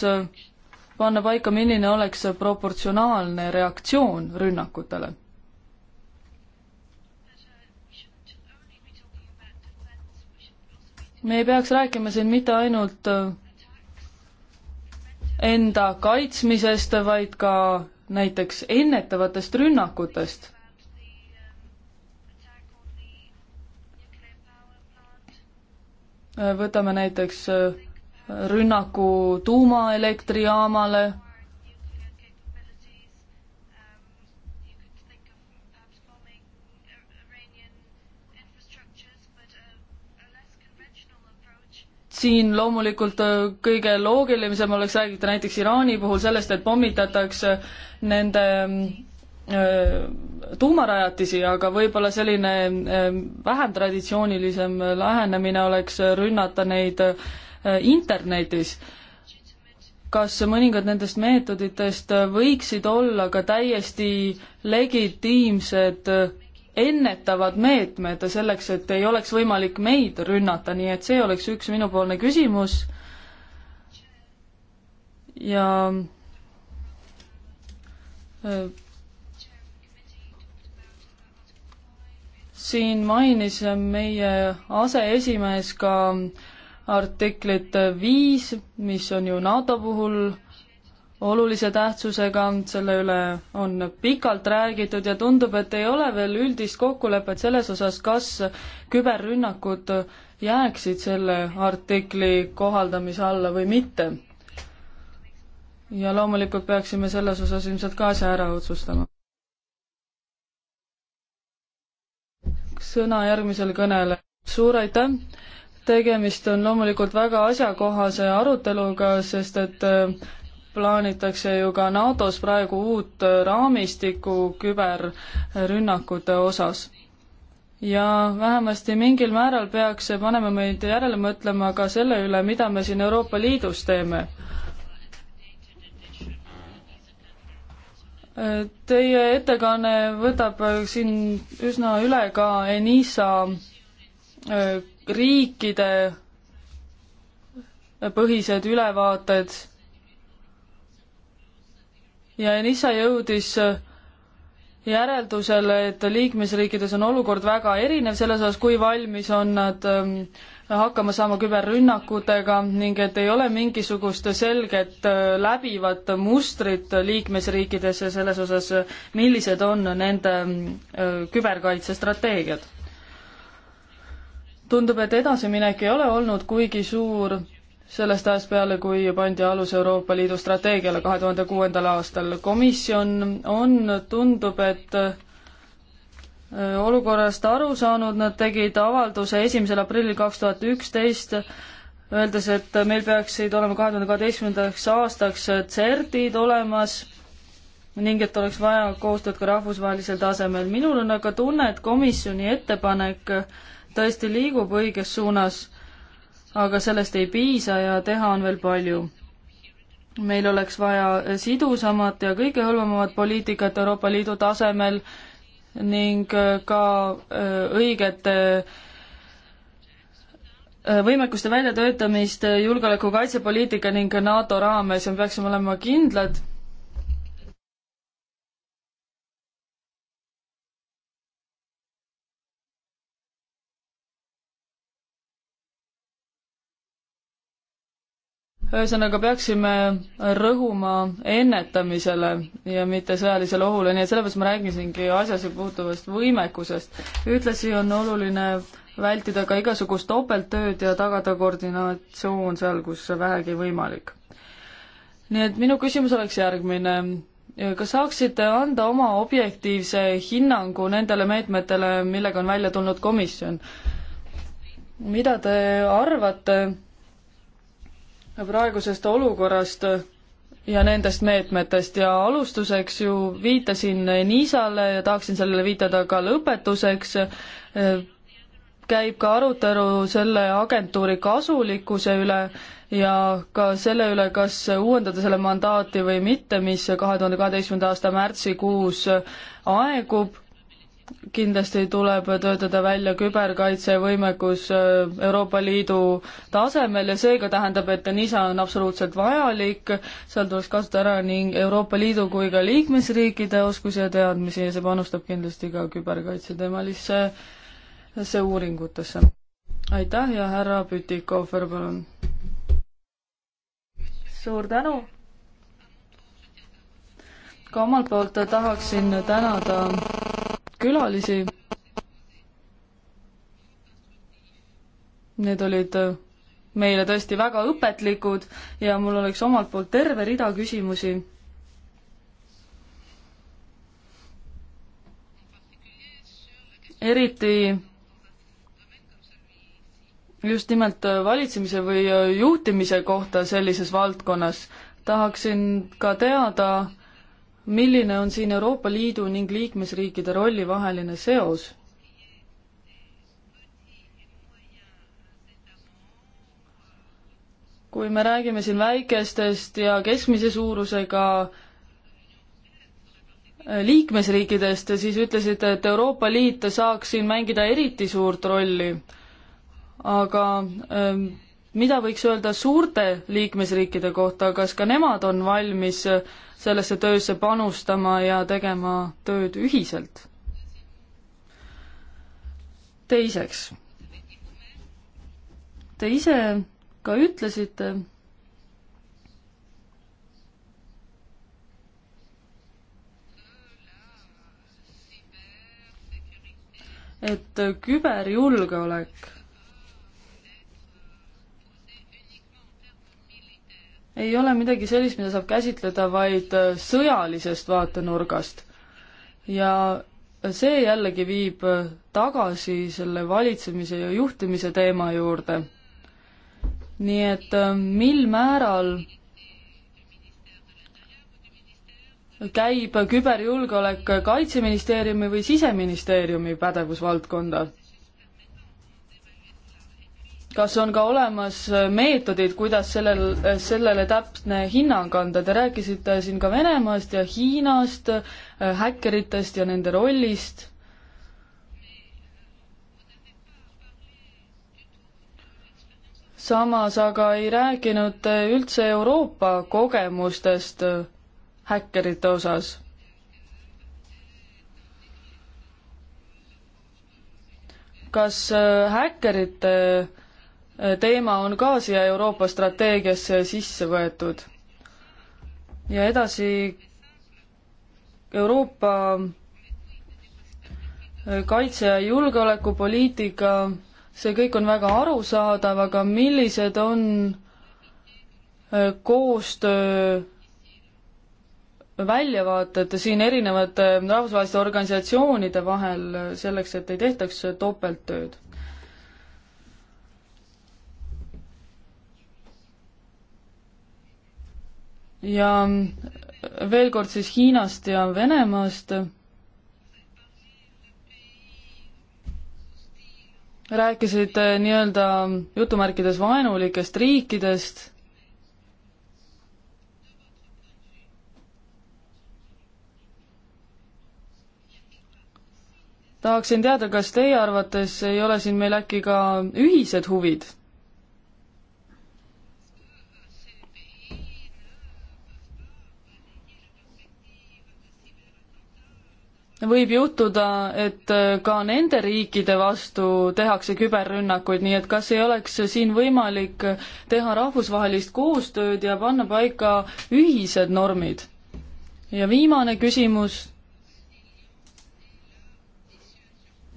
panna paika, milline oleks proportsionaalne reaktsioon rünnakutele? me ei peaks rääkima siin mitte ainult enda kaitsmisest, vaid ka näiteks ennetavatest rünnakutest. võtame näiteks äh, rünnaku tuumaelektrijaamale siin loomulikult äh, kõige loogilisem oleks räägida näiteks Iraani puhul sellest, et pommitatakse nende mm, äh, tuumarajatisi, aga võib-olla selline äh, vähem traditsioonilisem lähenemine oleks rünnata neid internetis. kas mõningad nendest meetoditest võiksid olla ka täiesti legitiimsed ennetavad meetmed selleks, et ei oleks võimalik meid rünnata, nii et see oleks üks minupoolne küsimus. ja siin mainis meie aseesimees ka artiklit viis, mis on ju NATO puhul olulise tähtsusega, selle üle on pikalt räägitud ja tundub, et ei ole veel üldist kokkulepet selles osas, kas küberrünnakud jääksid selle artikli kohaldamise alla või mitte. ja loomulikult peaksime selles osas ilmselt ka asja ära otsustama. sõna järgmisele kõnele. suur aitäh! tegemist on loomulikult väga asjakohase aruteluga, sest et plaanitakse ju ka NATO-s praegu uut raamistikku küberrünnakute osas. ja vähemasti mingil määral peaks see panema meid järele mõtlema ka selle üle, mida me siin Euroopa Liidus teeme. Teie ettekanne võtab siin üsna üle ka ENISA äh, riikide põhised ülevaated ja Enisa jõudis äh, järeldusele, et liikmesriikides on olukord väga erinev selles osas, kui valmis on nad ähm, hakkama saama küberrünnakutega ning et ei ole mingisugust selget äh, läbivat mustrit liikmesriikides selles osas, millised on nende ähm, äh, küberkaitsestrateegiad. tundub, et edasiminek ei ole olnud kuigi suur sellest ajast peale, kui pandi alus Euroopa Liidu strateegiale kahe tuhande kuuendal aastal. komisjon on, tundub, et äh, olukorrast aru saanud, nad tegid avalduse esimesel aprillil kaks tuhat üksteist, öeldes, et meil peaksid olema kahe tuhande kaheteistkümnendaks aastaks CERT-id olemas ning et oleks vaja koostööd ka rahvusvahelisel tasemel. minul on aga tunne, et komisjoni ettepanek tõesti liigub õiges suunas aga sellest ei piisa ja teha on veel palju. meil oleks vaja sidusamat ja kõigehõlvamamat poliitikat Euroopa Liidu tasemel ning äh, ka äh, õigete äh, võimekuste väljatöötamist julgeoleku kaitsepoliitika ning NATO raames ja me peaksime olema kindlad ühesõnaga peaksime rõhuma ennetamisele ja mitte sõjalisele ohule, nii et sellepärast ma rääkisingi asjasse puutuvast võimekusest. ühtlasi on oluline vältida ka igasugust topelttööd ja tagada koordinatsioon seal, kus vähegi võimalik. nii et minu küsimus oleks järgmine. kas saaksite anda oma objektiivse hinnangu nendele meetmetele, millega on välja tulnud komisjon? mida te arvate praegusest olukorrast ja nendest meetmetest ja alustuseks ju viitasin Niisale ja tahaksin sellele viitada ka lõpetuseks, käib ka arutelu selle agentuuri kasulikkuse üle ja ka selle üle, kas uuendada selle mandaati või mitte, mis kahe tuhande kaheteistkümnenda aasta märtsikuus aegub kindlasti tuleb töötada välja küberkaitsevõimekus äh, Euroopa Liidu tasemel ja seega tähendab, et NISA on absoluutselt vajalik, seal tuleks kasutada ära nii Euroopa Liidu kui ka liikmesriikide oskusi ja teadmisi ja see panustab kindlasti ka küberkaitse teemalisse see uuringutesse. aitäh ja härra Pütikofer, palun. suur tänu. ka omalt poolt tahaksin tänada külalisi. Need olid äh, meile tõesti väga õpetlikud ja mul oleks omalt poolt terve rida küsimusi. eriti just nimelt äh, valitsemise või äh, juhtimise kohta sellises valdkonnas tahaksin ka teada, milline on siin Euroopa Liidu ning liikmesriikide rolli vaheline seos? kui me räägime siin väikestest ja keskmise suurusega äh, liikmesriikidest, siis ütlesite, et Euroopa Liit saaks siin mängida eriti suurt rolli. aga ähm, mida võiks öelda suurte liikmesriikide kohta, kas ka nemad on valmis äh, sellesse töösse panustama ja tegema tööd ühiselt. teiseks, te ise ka ütlesite, et küberjulgeolek ei ole midagi sellist, mida saab käsitleda vaid äh, sõjalisest vaatenurgast. ja see jällegi viib äh, tagasi selle valitsemise ja juhtimise teema juurde. nii et äh, mil määral käib küberjulgeolek Kaitseministeeriumi või Siseministeeriumi pädevusvaldkonda? kas on ka olemas äh, meetodid, kuidas sellel, äh, sellele täpne hinnang anda, te rääkisite siin ka Venemaast ja Hiinast, äh, häkkeritest ja nende rollist. samas aga ei rääkinud üldse Euroopa kogemustest häkkerite osas kas häkkerite äh, teema on ka siia Euroopa strateegiasse sisse võetud. ja edasi Euroopa kaitse- ja julgeolekupoliitika, see kõik on väga arusaadav, aga millised on äh, koostöö väljavaated siin erinevate rahvusvaheliste organisatsioonide vahel selleks, et ei tehtaks topelttööd? ja veel kord siis Hiinast ja Venemaast. rääkisid eh, nii-öelda jutumärkides vaenulikest riikidest tahaksin teada, kas teie arvates ei ole siin meil äkki ka ühised huvid? võib juhtuda, et äh, ka nende riikide vastu tehakse küberrünnakuid, nii et kas ei oleks siin võimalik teha rahvusvahelist koostööd ja panna paika ühised normid? ja viimane küsimus.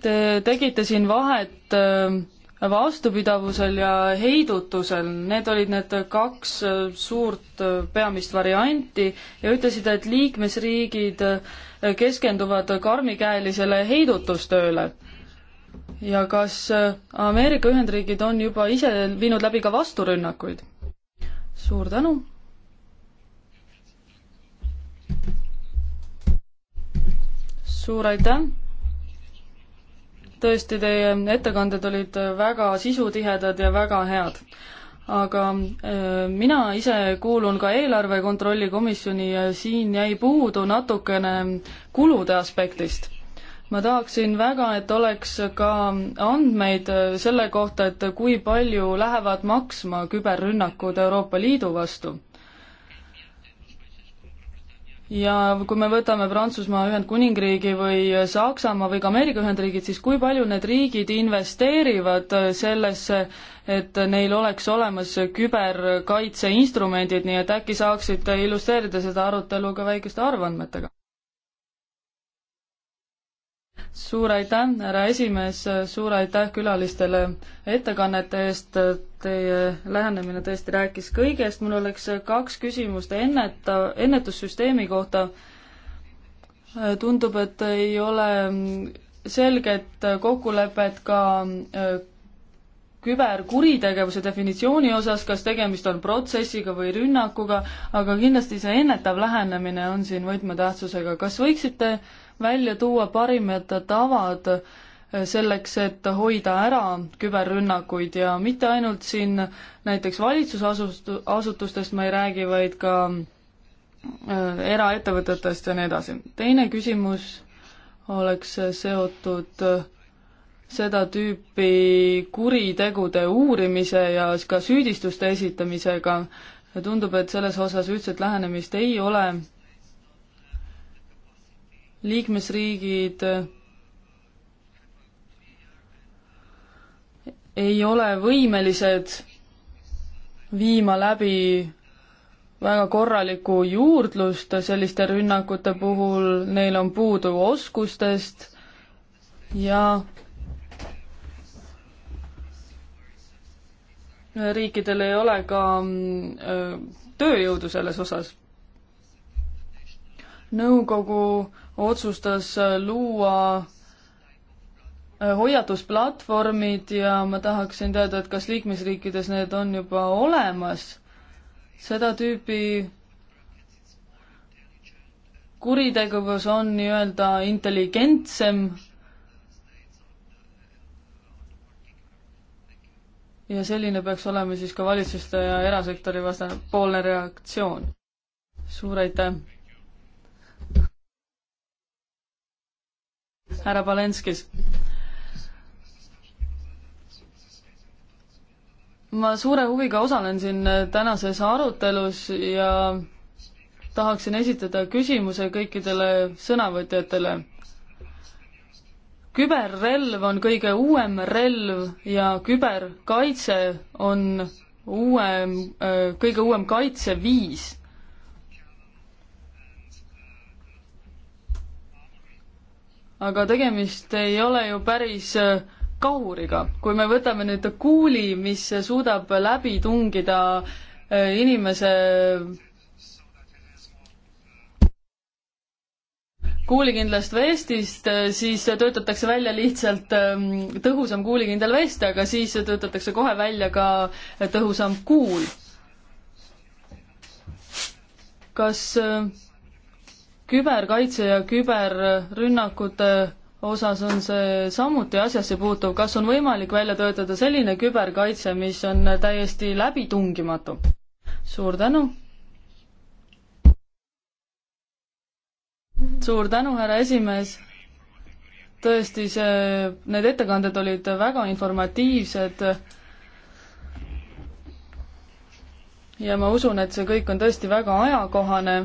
Te tegite siin vahet äh, vastupidavusel ja heidutusel, need olid need kaks äh, suurt äh, peamist varianti ja ütlesid, et liikmesriigid äh, keskenduvad karmikäelisele heidutustööle. ja kas Ameerika Ühendriigid on juba ise viinud läbi ka vasturünnakuid? suur tänu! suur aitäh! tõesti, teie ettekanded olid väga sisutihedad ja väga head. aga äh, mina ise kuulun ka eelarve kontrolli komisjoni ja siin jäi puudu natukene kulude aspektist ma tahaksin väga, et oleks ka andmeid selle kohta, et kui palju lähevad maksma küberrünnakud Euroopa Liidu vastu ja kui me võtame Prantsusmaa, Ühendkuningriigi või Saksamaa või ka Ameerika Ühendriigid, siis kui palju need riigid investeerivad sellesse, et neil oleks olemas küberkaitseinstrumendid, nii et äkki saaksite illustreerida seda arutelu ka väikeste arvandmetega? suur aitäh, härra esimees, suur aitäh külalistele ettekannete eest, teie lähenemine tõesti rääkis kõigest, mul oleks kaks küsimust enneta, ennetussüsteemi kohta. tundub, et ei ole selget kokkulepet ka äh, küberkuritegevuse definitsiooni osas, kas tegemist on protsessiga või rünnakuga, aga kindlasti see ennetav lähenemine on siin võtmetähtsusega. kas võiksite äh, välja tuua parimad tavad selleks, et hoida ära küberrünnakuid ja mitte ainult siin näiteks valitsusasust-, asutustest ma ei räägi, vaid ka äh, eraettevõtetest ja nii edasi. teine küsimus oleks seotud äh, seda tüüpi kuritegude uurimise ja ka süüdistuste esitamisega. tundub, et selles osas ühtset lähenemist ei ole liikmesriigid ei ole võimelised viima läbi väga korralikku juurdlust selliste rünnakute puhul, neil on puudu oskustest ja riikidel ei ole ka mm, tööjõudu selles osas. nõukogu otsustas äh, luua äh, hoiatusplatvormid ja ma tahaksin teada, et kas liikmesriikides need on juba olemas. seda tüüpi kuritegevus on nii-öelda intelligentsem ja selline peaks olema siis ka valitsuste ja erasektori vastane poolne reaktsioon. suur aitäh! härra Palenskis. ma suure huviga osalen siin tänases arutelus ja tahaksin esitada küsimuse kõikidele sõnavõtjatele. küberrelv on kõige uuem relv ja küberkaitse on uuem, kõige uuem kaitseviis aga tegemist ei ole ju päris äh, kahuriga. kui me võtame nüüd kuuli, mis suudab läbi tungida äh, inimese kuulikindlast vestist, äh, siis töötatakse välja lihtsalt ähm, tõhusam kuulikindel vest, aga siis töötatakse kohe välja ka tõhusam kuul. kas äh, küberkaitse ja küberrünnakute osas on see samuti asjasse puutuv, kas on võimalik välja töötada selline küberkaitse, mis on täiesti läbitungimatu? suur tänu! suur tänu, härra esimees! tõesti, see, need ettekanded olid väga informatiivsed ja ma usun, et see kõik on tõesti väga ajakohane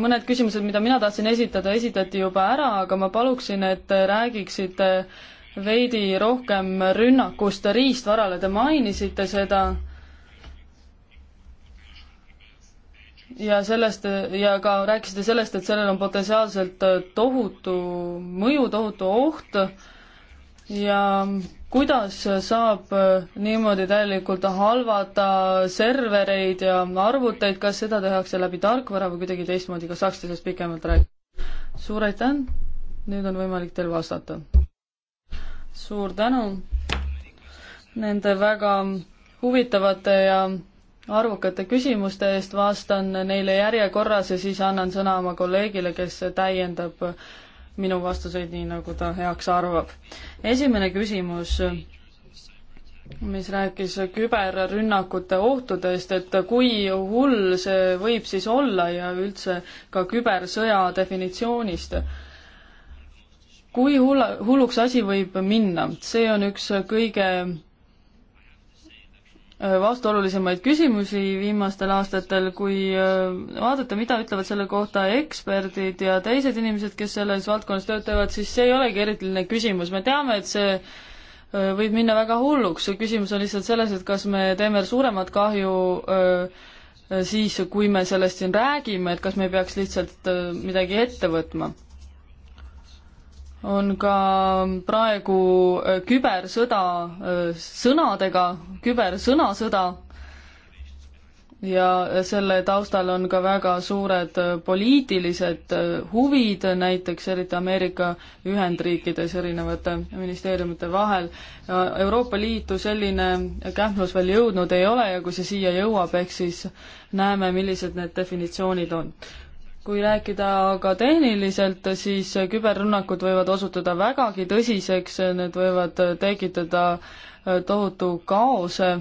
mõned küsimused, mida mina tahtsin esitada, esitati juba ära, aga ma paluksin, et räägiksite veidi rohkem rünnakust riistvarale, te mainisite seda ja sellest ja ka rääkisite sellest, et sellel on potentsiaalselt tohutu mõju, tohutu oht ja kuidas saab äh, niimoodi täielikult halvata servereid ja arvuteid, kas seda tehakse läbi tarkvara või kuidagi teistmoodi, kas saaksite sellest pikemalt rääkida? suur aitäh, nüüd on võimalik teil vastata. suur tänu nende väga huvitavate ja arvukate küsimuste eest, vastan neile järjekorras ja siis annan sõna oma kolleegile, kes täiendab minu vastuseid nii, nagu ta heaks arvab. esimene küsimus, mis rääkis küberrünnakute ohtudest, et kui hull see võib siis olla ja üldse ka kübersõja definitsioonist. kui hull, hulluks asi võib minna, see on üks kõige vastuolulisemaid küsimusi viimastel aastatel, kui äh, vaadata, mida ütlevad selle kohta eksperdid ja teised inimesed, kes selles valdkonnas tööd teevad, siis see ei olegi eriline küsimus, me teame, et see äh, võib minna väga hulluks, küsimus on lihtsalt selles, et kas me teeme suuremat kahju äh, siis, kui me sellest siin räägime, et kas me ei peaks lihtsalt midagi ette võtma on ka praegu äh, kübersõda äh, sõnadega, kübersõnasõda ja äh, selle taustal on ka väga suured poliitilised huvid, näiteks eriti Ameerika Ühendriikides erinevate ministeeriumite vahel. Euroopa Liitu selline kähmlus veel jõudnud ei ole ja kui see siia jõuab, ehk siis näeme, millised need definitsioonid on kui rääkida aga tehniliselt, siis küberrünnakud võivad osutuda vägagi tõsiseks, need võivad tekitada äh, tohutu kaose,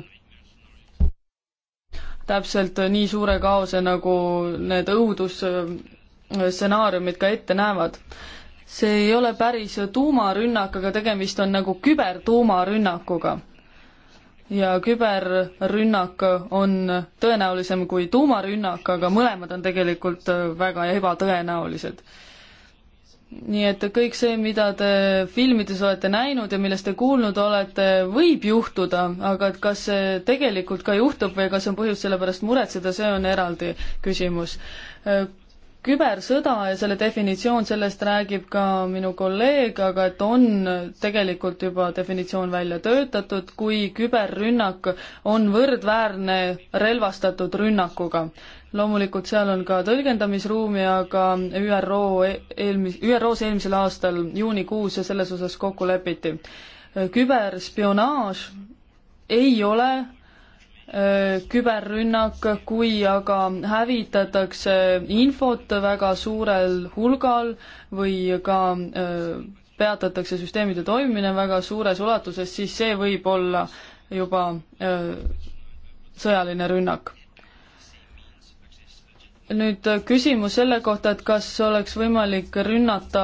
täpselt nii suure kaose, nagu need õudusstsenaariumid ka ette näevad. see ei ole päris tuumarünnak, aga tegemist on nagu kübertuumarünnakuga ja küberrünnak on tõenäolisem kui tuumarünnak, aga mõlemad on tegelikult väga ebatõenäolised. nii et kõik see, mida te filmides olete näinud ja millest te kuulnud olete, võib juhtuda, aga et kas see tegelikult ka juhtub või kas on põhjust selle pärast muretseda, see on eraldi küsimus kübersõda ja selle definitsioon, sellest räägib ka minu kolleeg, aga et on tegelikult juba definitsioon välja töötatud, kui küberrünnak on võrdväärne relvastatud rünnakuga. loomulikult seal on ka tõlgendamisruumi, aga ÜRO e-, eelmis-, ÜRO-s eelmisel aastal juunikuus selles osas kokku lepiti. küberspionaaž ei ole küberrünnak, kui aga hävitatakse infot väga suurel hulgal või ka äh, peatatakse süsteemide toimimine väga suures ulatuses, siis see võib olla juba äh, sõjaline rünnak nüüd äh, küsimus selle kohta, et kas oleks võimalik rünnata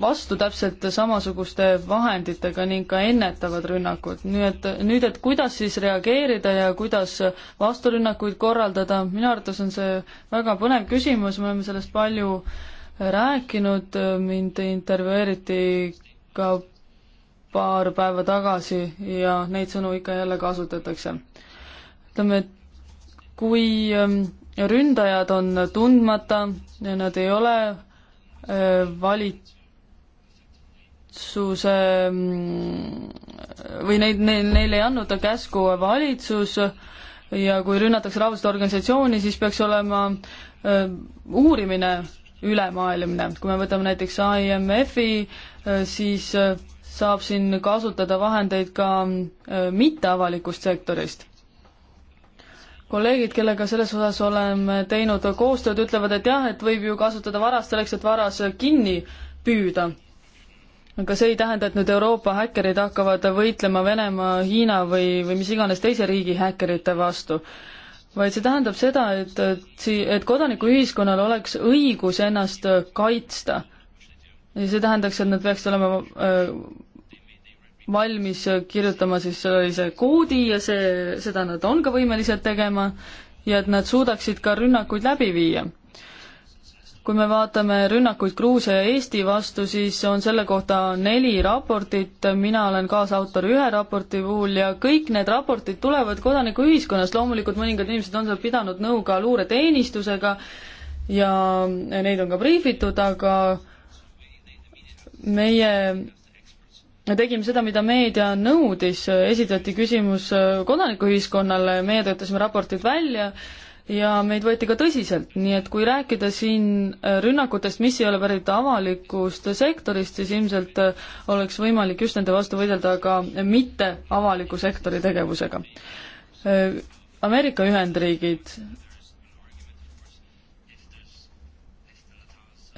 vastu täpselt samasuguste vahenditega ning ka ennetavad rünnakud. nii et nüüd, et kuidas siis reageerida ja kuidas vasturünnakuid korraldada, minu arvates on see väga põnev küsimus, me oleme sellest palju rääkinud, mind intervjueeriti ka paar päeva tagasi ja neid sõnu ikka jälle kasutatakse. ütleme, et kui ähm, ründajad on tundmata, nad ei ole valitsuse mm, või neid, neil, neile ei annuta käsku valitsus ja kui rünnatakse rahvusvahelist organisatsiooni, siis peaks olema uurimine ülemaailmne. kui me võtame näiteks IMF-i, siis saab siin kasutada vahendeid ka mitteavalikust sektorist kolleegid, kellega selles osas oleme teinud koostööd, ütlevad, et jah, et võib ju kasutada varas selleks, et varas kinni püüda. aga see ei tähenda, et nüüd Euroopa häkkerid hakkavad võitlema Venemaa, Hiina või, või mis iganes teise riigi häkkerite vastu. vaid see tähendab seda, et, et, et kodanikuühiskonnal oleks õigus ennast kaitsta. ja see tähendaks, et nad peaksid olema öö, äh, valmis kirjutama siis sellise koodi ja see, seda nad on ka võimelised tegema ja et nad suudaksid ka rünnakuid läbi viia. kui me vaatame rünnakuid Gruusia ja Eesti vastu, siis on selle kohta neli raportit, mina olen kaasautor ühe raporti puhul ja kõik need raportid tulevad kodanikuühiskonnast, loomulikult mõningad inimesed on seal pidanud nõu ka luureteenistusega ja neid on ka briifitud, aga meie tegime seda, mida meedia nõudis, esitati küsimus äh, kodanikuühiskonnale, meie töötasime raportid välja ja meid võeti ka tõsiselt, nii et kui rääkida siin äh, rünnakutest, mis ei ole pärit avalikust sektorist, siis ilmselt äh, oleks võimalik just nende vastu võidelda ka mitte avaliku sektori tegevusega. Ameerika Ühendriigid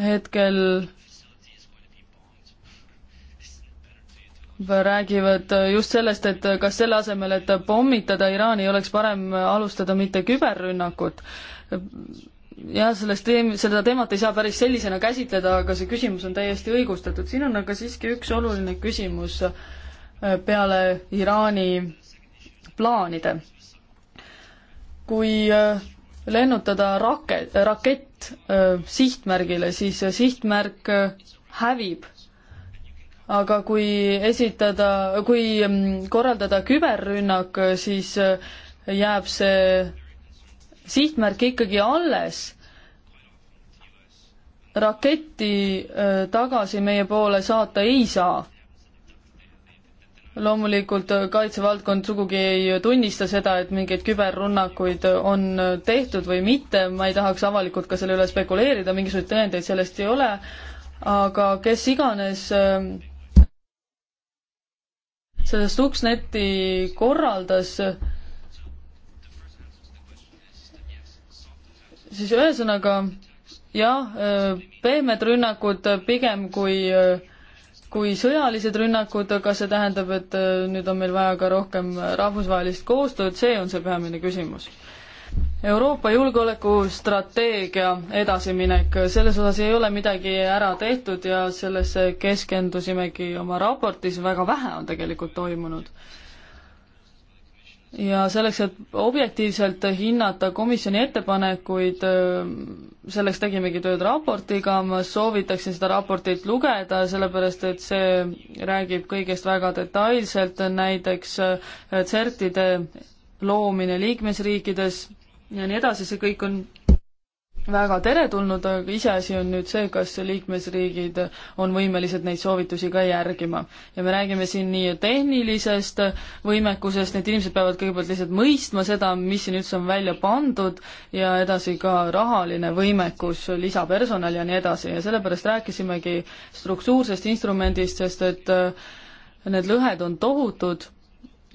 hetkel räägivad just sellest, et kas selle asemel, et pommitada Iraani, oleks parem alustada mitte küberrünnakut. jah, sellest teem-, seda teemat ei saa päris sellisena käsitleda, aga see küsimus on täiesti õigustatud. siin on aga siiski üks oluline küsimus peale Iraani plaanide. kui äh, lennutada rake-, rakett äh, sihtmärgile, siis sihtmärk äh, hävib aga kui esitada, kui mm, korraldada küberrünnak, siis äh, jääb see sihtmärk ikkagi alles. raketti äh, tagasi meie poole saata ei saa. loomulikult äh, kaitsevaldkond sugugi ei tunnista seda, et mingeid küberrünnakuid on tehtud või mitte, ma ei tahaks avalikult ka selle üle spekuleerida, mingisuguseid tõendeid sellest ei ole, aga kes iganes äh, seda Stuxneti korraldas, siis ühesõnaga jah, pehmed rünnakud pigem kui, kui sõjalised rünnakud, aga see tähendab, et nüüd on meil vaja ka rohkem rahvusvahelist koostööd, see on see peamine küsimus Euroopa julgeolekustrateegia edasiminek, selles osas ei ole midagi ära tehtud ja sellesse keskendusimegi oma raportis, väga vähe on tegelikult toimunud. ja selleks, et objektiivselt hinnata komisjoni ettepanekuid, selleks tegimegi tööd raportiga, ma soovitaksin seda raportit lugeda, sellepärast et see räägib kõigest väga detailselt, näiteks äh, CERT-ide loomine liikmesriikides ja nii edasi, see kõik on väga teretulnud, aga iseasi on nüüd see, kas liikmesriigid on võimelised neid soovitusi ka järgima. ja me räägime siin nii tehnilisest võimekusest, need inimesed peavad kõigepealt lihtsalt mõistma seda, mis siin üldse on välja pandud, ja edasi ka rahaline võimekus, lisapersonal ja nii edasi ja sellepärast rääkisimegi struktuursest instrumendist, sest et äh, need lõhed on tohutud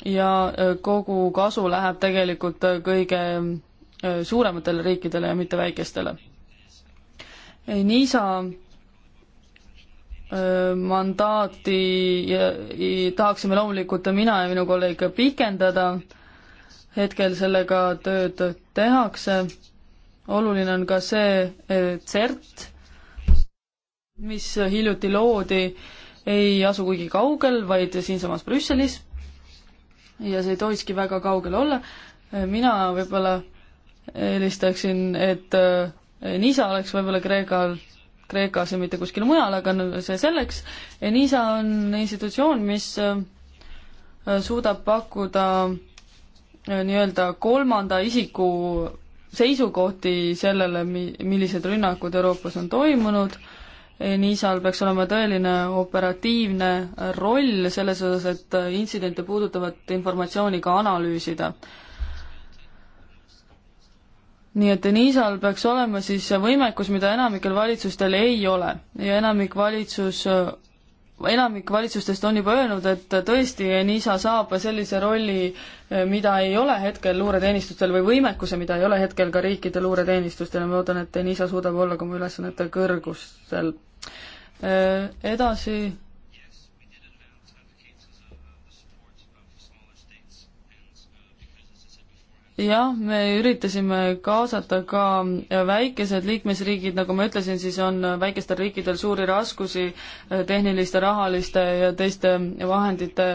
ja äh, kogu kasu läheb tegelikult äh, kõige Äh, suurematele riikidele ja mitte väikestele. Niisa äh, mandaati ja, ja tahaksime loomulikult mina ja minu kolleeg pikendada, hetkel sellega tööd tehakse, oluline on ka see CERT, mis hiljuti loodi, ei asu kuigi kaugel, vaid siinsamas Brüsselis ja see ei tohikski väga kaugel olla, äh, mina võib-olla eelistaksin, et Enisa äh, oleks võib-olla Kreekal, Kreekas ja mitte kuskil mujal, aga no see selleks. Enisa on institutsioon, mis äh, suudab pakkuda äh, nii-öelda kolmanda isiku seisukohti sellele, mi-, millised rünnakud Euroopas on toimunud. NISA-l peaks olema tõeline operatiivne roll selles osas, et intsidente puudutavat informatsiooni ka analüüsida nii et Denisal peaks olema siis võimekus, mida enamikel valitsustel ei ole ja enamik valitsus, enamik valitsustest on juba öelnud, et tõesti, Enisa saab sellise rolli, mida ei ole hetkel luureteenistustel või võimekuse, mida ei ole hetkel ka riikide luureteenistustel ja ma loodan, et Enisa suudab olla ka oma ülesannete kõrgustel. Edasi jah, me üritasime kaasata ka väikesed liikmesriigid, nagu ma ütlesin, siis on väikestel riikidel suuri raskusi eh, tehniliste, rahaliste ja teiste vahendite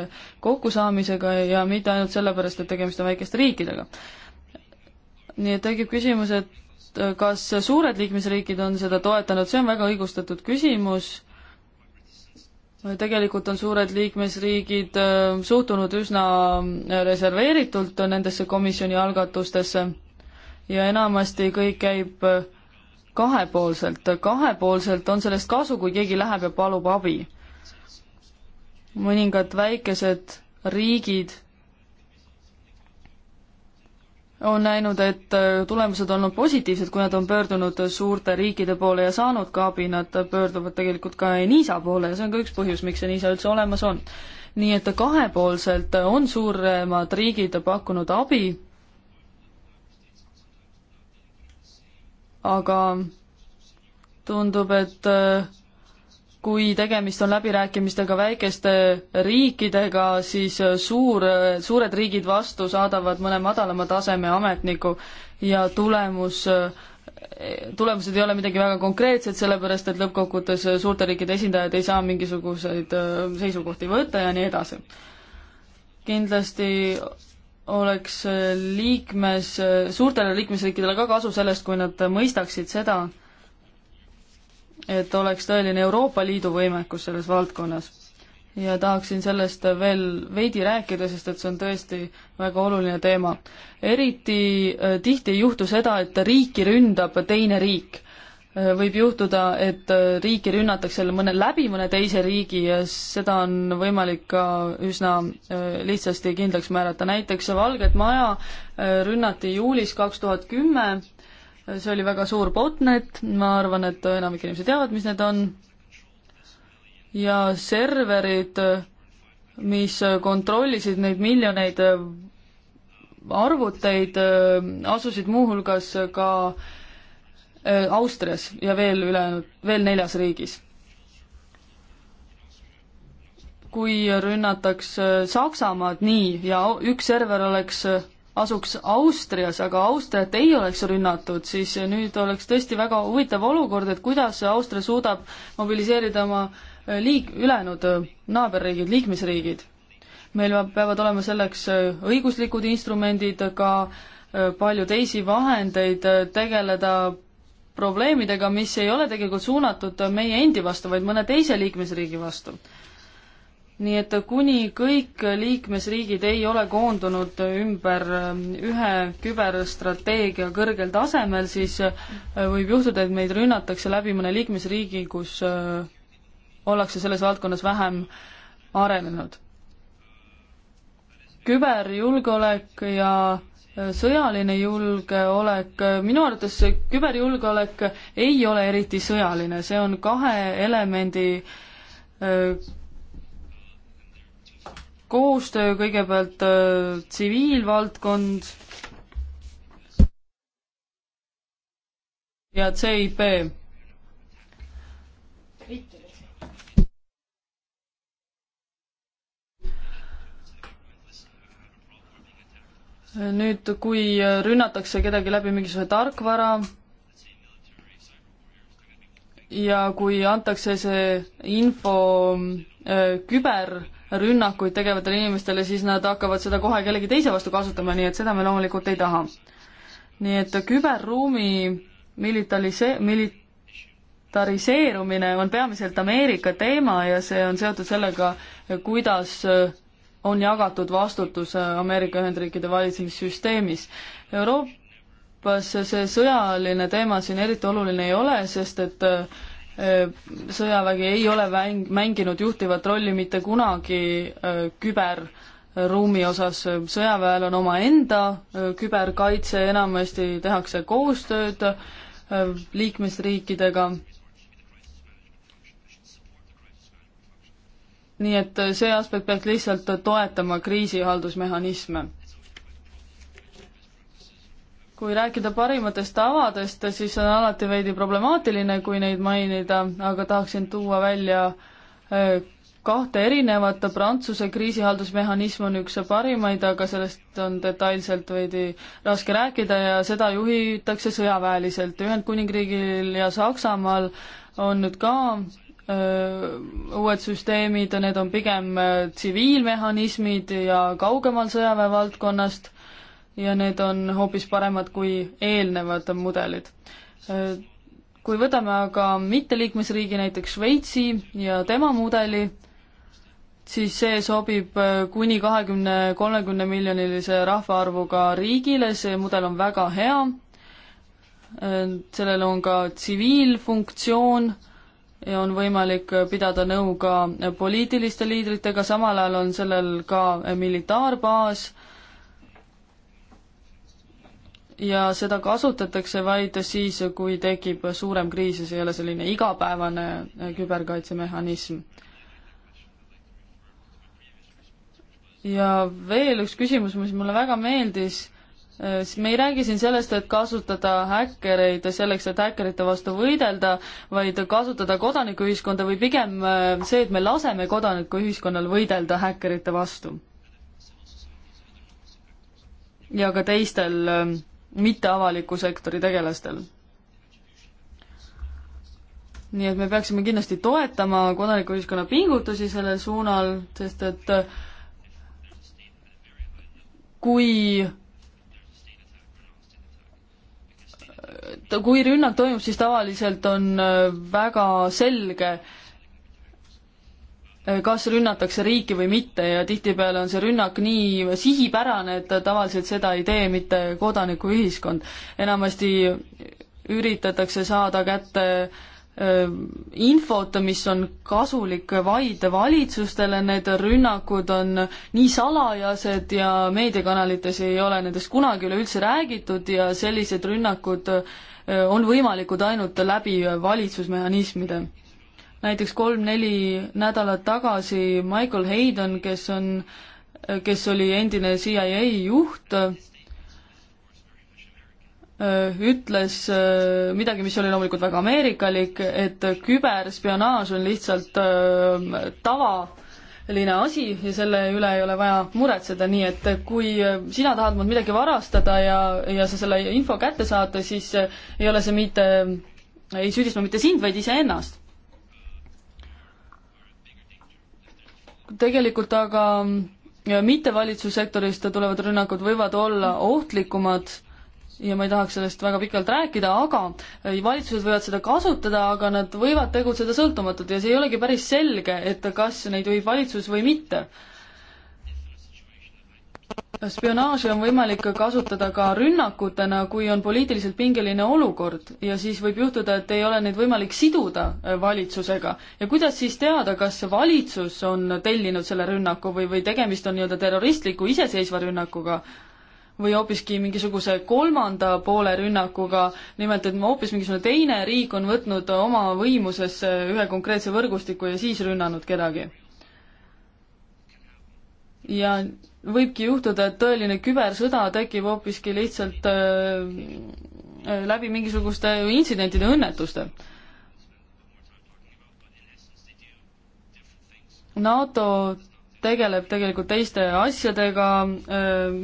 kokkusaamisega ja mitte ainult sellepärast, et tegemist on väikeste riikidega. nii et tekib küsimus, et eh, kas suured liikmesriigid on seda toetanud, see on väga õigustatud küsimus tegelikult on suured liikmesriigid äh, suhtunud üsna äh, reserveeritult nendesse komisjoni algatustesse ja enamasti kõik käib äh, kahepoolselt, kahepoolselt on sellest kasu, kui keegi läheb ja palub abi. mõningad väikesed riigid on näinud, et äh, tulemused olnud positiivsed, kui nad on pöördunud suurte riikide poole ja saanud ka abi, nad pöörduvad tegelikult ka Enisa poole ja see on ka üks põhjus, miks Enisa üldse olemas on. nii et kahepoolselt on suuremad riigid pakkunud abi, aga tundub, et äh, kui tegemist on läbirääkimistega väikeste riikidega, siis suur, suured riigid vastu saadavad mõne madalama taseme ametniku ja tulemus, tulemused ei ole midagi väga konkreetset, sellepärast et lõppkokkuvõttes suurte riikide esindajad ei saa mingisuguseid äh, seisukohti võtta ja nii edasi. kindlasti oleks liikmes, suurtele liikmesriikidele ka kasu sellest, kui nad mõistaksid seda, et oleks tõeline Euroopa Liidu võimekus selles valdkonnas. ja tahaksin sellest veel veidi rääkida, sest et see on tõesti väga oluline teema. eriti äh, tihti ei juhtu seda, et riiki ründab teine riik. Äh, võib juhtuda, et äh, riiki rünnatakse mõne, läbi mõne teise riigi ja seda on võimalik ka üsna lihtsasti kindlaks määrata. näiteks Valget Maja rünnati juulis kaks tuhat kümme see oli väga suur botnet, ma arvan, et enamik inimesi teavad, mis need on, ja serverid, mis kontrollisid neid miljoneid arvuteid, asusid muuhulgas ka äh, Austrias ja veel ülejäänud, veel neljas riigis. kui rünnataks äh, Saksamaad nii ja üks server oleks asuks Austrias, aga Austriat ei oleks rünnatud, siis nüüd oleks tõesti väga huvitav olukord, et kuidas Austria suudab mobiliseerida oma äh, liik-, ülejäänud äh, naaberriigid, liikmesriigid. meil peavad olema selleks äh, õiguslikud instrumendid, ka palju teisi vahendeid tegeleda probleemidega, mis ei ole tegelikult suunatud meie endi vastu, vaid mõne teise liikmesriigi vastu nii et kuni kõik liikmesriigid ei ole koondunud ümber ähm, ühe küberstrateegia kõrgel tasemel, siis äh, võib juhtuda, et meid rünnatakse läbi mõne liikmesriigi, kus äh, ollakse selles valdkonnas vähem arenenud. küberjulgeolek ja äh, sõjaline julgeolek, minu arvates see küberjulgeolek ei ole eriti sõjaline, see on kahe elemendi koostöö, kõigepealt äh, tsiviilvaldkond ja CIP. nüüd, kui rünnatakse kedagi läbi mingisuguse tarkvara, ja kui antakse see info äh, küber äh, rünnakuid tegevatele inimestele, siis nad hakkavad seda kohe kellegi teise vastu kasutama, nii et seda me loomulikult ei taha. nii et küberruumi militalise-, militariseerumine on peamiselt Ameerika teema ja see on seotud sellega, kuidas on jagatud vastutus Ameerika Ühendriikide valitsemissüsteemis. Euroopas see sõjaline teema siin eriti oluline ei ole, sest et äh, Äh, sõjavägi ei ole mäng-, mänginud juhtivat rolli mitte kunagi äh, küberruumi osas, sõjaväel on omaenda äh, küberkaitse, enamasti tehakse koostööd liikmesriikidega nii et see aspekt peaks lihtsalt toetama kriisihaldusmehhanisme kui rääkida parimatest tavadest, siis on alati veidi problemaatiline, kui neid mainida, aga tahaksin tuua välja äh, kahte erinevat, Prantsuse kriisihaldusmehhanism on üks parimaid, aga sellest on detailselt veidi raske rääkida ja seda juhitakse sõjaväeliselt. Ühendkuningriigil ja Saksamaal on nüüd ka äh, uued süsteemid, need on pigem äh, tsiviilmehhanismid ja kaugemal sõjaväe valdkonnast ja need on hoopis paremad kui eelnevad mudelid. kui võtame aga mitteliikmesriigi, näiteks Šveitsi ja tema mudeli, siis see sobib kuni kahekümne, kolmekümne miljonilise rahvaarvuga riigile, see mudel on väga hea, sellel on ka tsiviilfunktsioon ja on võimalik pidada nõu ka poliitiliste liidritega, samal ajal on sellel ka militaarbaas ja seda kasutatakse vaid siis, kui tekib suurem kriis ja see ei ole selline igapäevane äh, küberkaitsemehhanism. ja veel üks küsimus, mis mulle väga meeldis, äh, me ei räägi siin sellest, et kasutada häkkereid selleks, et häkkerite vastu võidelda, vaid kasutada kodanikuühiskonda või pigem äh, see, et me laseme kodanikuühiskonnal võidelda häkkerite vastu ja ka teistel mitte avaliku sektori tegelastel. nii et me peaksime kindlasti toetama kodanikuühiskonna pingutusi sellel suunal, sest et kui kui rünnak toimub, siis tavaliselt on väga selge äh, Äh, kas rünnatakse riiki või mitte ja tihtipeale on see rünnak nii sihipärane, et tavaliselt seda ei tee mitte kodanikuühiskond. enamasti üritatakse saada kätte äh, infot, mis on kasulik vaid valitsustele, need rünnakud on nii salajased ja meediakanalites ei ole nendest kunagi üleüldse räägitud ja sellised rünnakud äh, on võimalikud ainult läbi valitsusmehhanismide näiteks kolm-neli nädalat tagasi Michael Hayden, kes on, kes oli endine CIA juht, ütles äh, midagi, mis oli loomulikult väga ameerikalik, et küberspionaaž on lihtsalt äh, tavaline asi ja selle üle ei ole vaja muretseda, nii et kui sina tahad mult midagi varastada ja, ja sa selle info kätte saad, siis ei ole see mitte, ei süüdista mitte sind, vaid iseennast tegelikult aga mittevalitsussektorist tulevad rünnakud võivad olla ohtlikumad ja ma ei tahaks sellest väga pikalt rääkida, aga äh, valitsused võivad seda kasutada, aga nad võivad tegutseda sõltumatult ja see ei olegi päris selge, et kas neid juhib valitsus või mitte spionaaži on võimalik kasutada ka rünnakutena, kui on poliitiliselt pingeline olukord ja siis võib juhtuda, et ei ole neid võimalik siduda äh, valitsusega. ja kuidas siis teada, kas valitsus on tellinud selle rünnaku või, või tegemist on nii-öelda terroristliku iseseisva rünnakuga või hoopiski mingisuguse kolmanda poole rünnakuga, nimelt et hoopis mingisugune teine riik on võtnud oma võimusesse ühe konkreetse võrgustiku ja siis rünnanud kedagi. ja võibki juhtuda, et tõeline kübersõda tekib hoopiski lihtsalt äh, äh, läbi mingisuguste intsidentide, õnnetuste. NATO tegeleb tegelikult teiste asjadega äh,,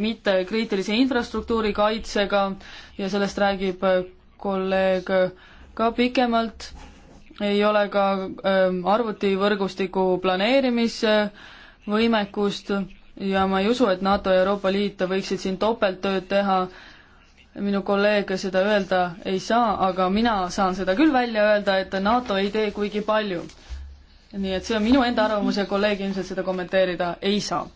mitte kriitilise infrastruktuuri kaitsega ja sellest räägib äh, kolleeg ka pikemalt. ei ole ka äh, arvutivõrgustiku planeerimisvõimekust äh, ja ma ei usu, et NATO ja Euroopa Liit võiksid siin topelttööd teha, minu kolleeg seda öelda ei saa, aga mina saan seda küll välja öelda, et NATO ei tee kuigi palju. nii et see on minu enda arvamus ja kolleeg ilmselt seda kommenteerida ei saa.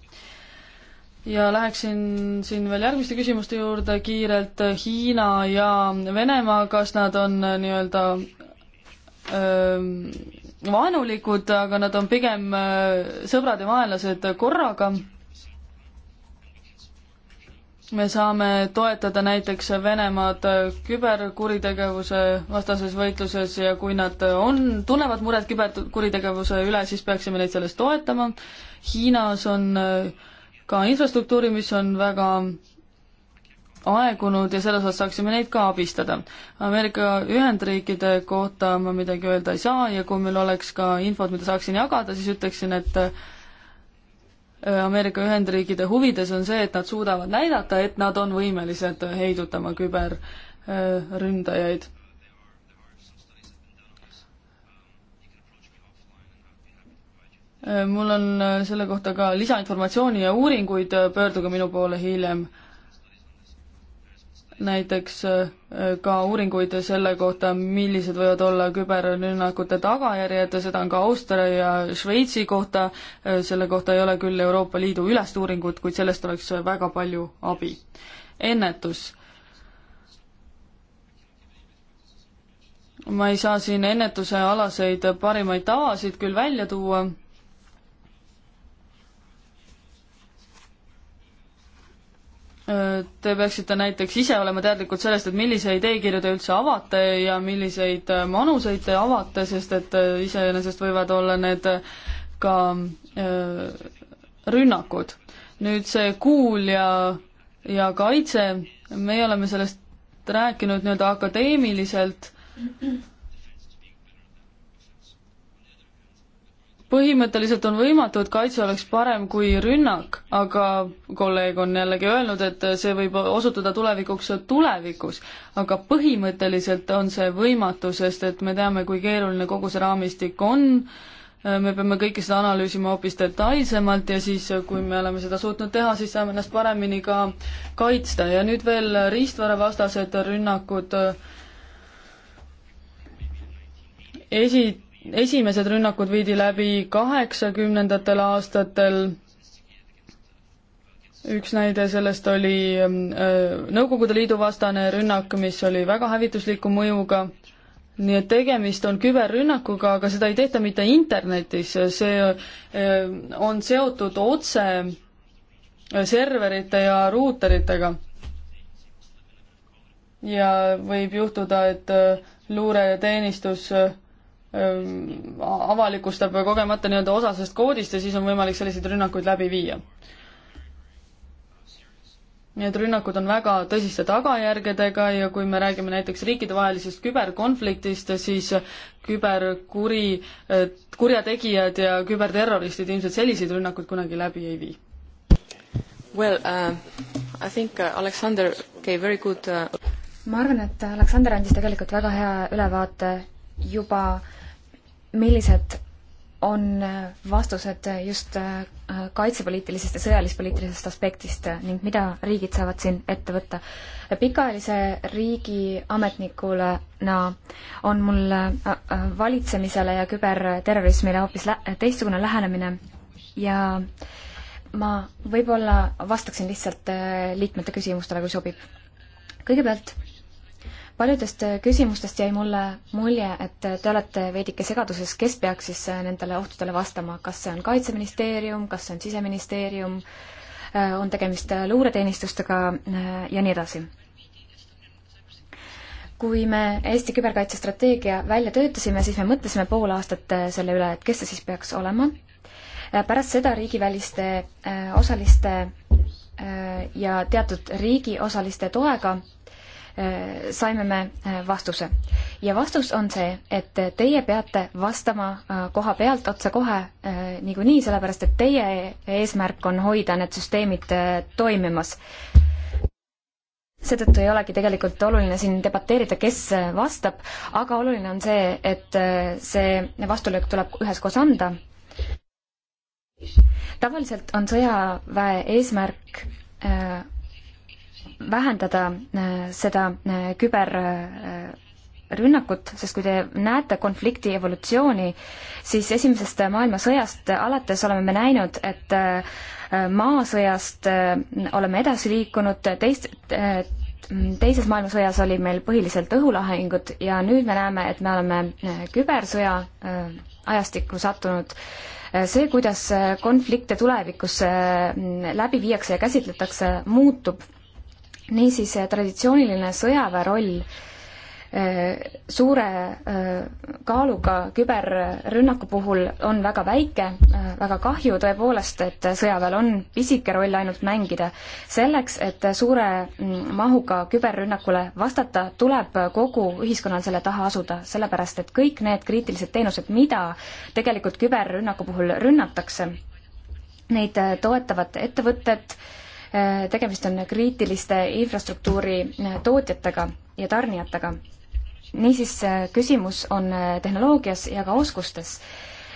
ja läheksin siin veel järgmiste küsimuste juurde kiirelt, Hiina ja Venemaa, kas nad on äh, nii-öelda ähm, vaenulikud, aga nad on pigem äh, sõbrad ja vaenlased korraga me saame toetada näiteks Venemaad küberkuritegevuse vastases võitluses ja kui nad on, tunnevad muret küberkuritegevuse üle, siis peaksime neid selles toetama. Hiinas on äh, ka infrastruktuuri, mis on väga aegunud ja selles osas saaksime neid ka abistada. Ameerika Ühendriikide kohta ma midagi öelda ei saa ja kui meil oleks ka infot, mida saaksin jagada, siis ütleksin, et Äh, Ameerika Ühendriikide huvides on see, et nad suudavad näidata, et nad on võimelised heidutama küberründajaid. Äh, mul on äh, selle kohta ka lisainformatsiooni ja uuringuid, pöörduge minu poole hiljem näiteks äh, ka uuringuid selle kohta, millised võivad olla küberrünnakute tagajärjed, seda on ka Austria ja Šveitsi kohta, äh, selle kohta ei ole küll Euroopa Liidu ülest uuringut, kuid sellest oleks väga palju abi. ennetus. ma ei saa siin ennetuse alaseid parimaid tavasid küll välja tuua Te peaksite näiteks ise olema teadlikud sellest, et milliseid e-kirju te üldse avate ja milliseid äh, manuseid te avate, sest et äh, iseenesest võivad olla need äh, ka rünnakud. nüüd see kuul ja, ja kaitse, meie oleme sellest rääkinud nii-öelda akadeemiliselt põhimõtteliselt on võimatu, et kaitse oleks parem kui rünnak, aga kolleeg on jällegi öelnud, et see võib osutuda tulevikuks tulevikus. aga põhimõtteliselt on see võimatu, sest et me teame, kui keeruline kogu see raamistik on, me peame kõike seda analüüsima hoopis detailsemalt ja siis, kui me oleme seda suutnud teha, siis saame ennast paremini ka kaitsta ja nüüd veel riistvaravastased rünnakud esit-, esimesed rünnakud viidi läbi kaheksakümnendatel aastatel, üks näide sellest oli ähm, äh, Nõukogude Liidu vastane rünnak, mis oli väga hävitusliku mõjuga, nii et tegemist on küberrünnakuga, aga seda ei tehta mitte internetis, see äh, on seotud otse äh, serverite ja ruuteritega. ja võib juhtuda, et luureteenistus avalikustab kogemata nii-öelda osa sellest koodist ja siis on võimalik selliseid rünnakuid läbi viia. Need rünnakud on väga tõsiste tagajärgedega ja kui me räägime näiteks riikidevahelisest küberkonfliktist, siis küberkuri, kurjategijad ja küberterroristid ilmselt selliseid rünnakuid kunagi läbi ei vii. Well uh, I think uh, Aleksander gave very good uh... ma arvan, et Aleksander andis tegelikult väga hea ülevaate juba uh, millised on vastused just äh, kaitsepoliitilisest ja sõjalispoliitilisest aspektist ning mida riigid saavad siin ette võtta. pikaajalise riigiametnikuna on mul äh, äh, valitsemisele ja küberterrorismile hoopis lä teistsugune lähenemine ja ma võib-olla vastaksin lihtsalt liikmete küsimustele, kui sobib. kõigepealt paljudest äh, küsimustest jäi mulle mulje, et äh, te olete veidike segaduses, kes peaks siis äh, nendele ohtudele vastama, kas see on Kaitseministeerium, kas see on Siseministeerium, on tegemist luureteenistustega ja nii edasi kui me Eesti küberkaitsestrateegia välja töötasime, siis me mõtlesime pool aastat selle üle, et kes see siis peaks olema. pärast seda riigiväliste osaliste ja teatud riigi osaliste toega Äh, saime me äh, vastuse. ja vastus on see, et teie peate vastama äh, koha pealt otsekohe niikuinii, sellepärast et teie eesmärk on hoida need süsteemid toimimas. seetõttu ei olegi tegelikult oluline siin debateerida, kes vastab, aga oluline on see, et see vastulöök tuleb üheskoos anda. tavaliselt on sõjaväe eesmärk vähendada äh, seda äh, küberrünnakut, äh, sest kui te näete konflikti evolutsiooni, siis esimesest maailmasõjast alates oleme me näinud, et maasõjast oleme edasi liikunud, teist, teises maailmasõjas oli meil põhiliselt õhulahingud ja nüüd me näeme, et me oleme kübersõja ajastikku sattunud see, kuidas konflikte tulevikus läbi viiakse ja käsitletakse, muutub niisiis, eh, traditsiooniline sõjaväe roll eh, suure eh, kaaluga küberrünnaku puhul on väga väike, väga kahju tõepoolest, et sõjaväel on pisike roll ainult mängida. selleks, et suure mm, mahuga küberrünnakule vastata, tuleb kogu ühiskonnal selle taha asuda, sellepärast et kõik need kriitilised teenused, mida tegelikult küberrünnaku puhul rünnatakse, neid toetavad ettevõtted et, tegemist on kriitiliste infrastruktuuri eh, tootjatega ja tarnijatega. niisiis, eh, küsimus on eh, tehnoloogias ja ka oskustes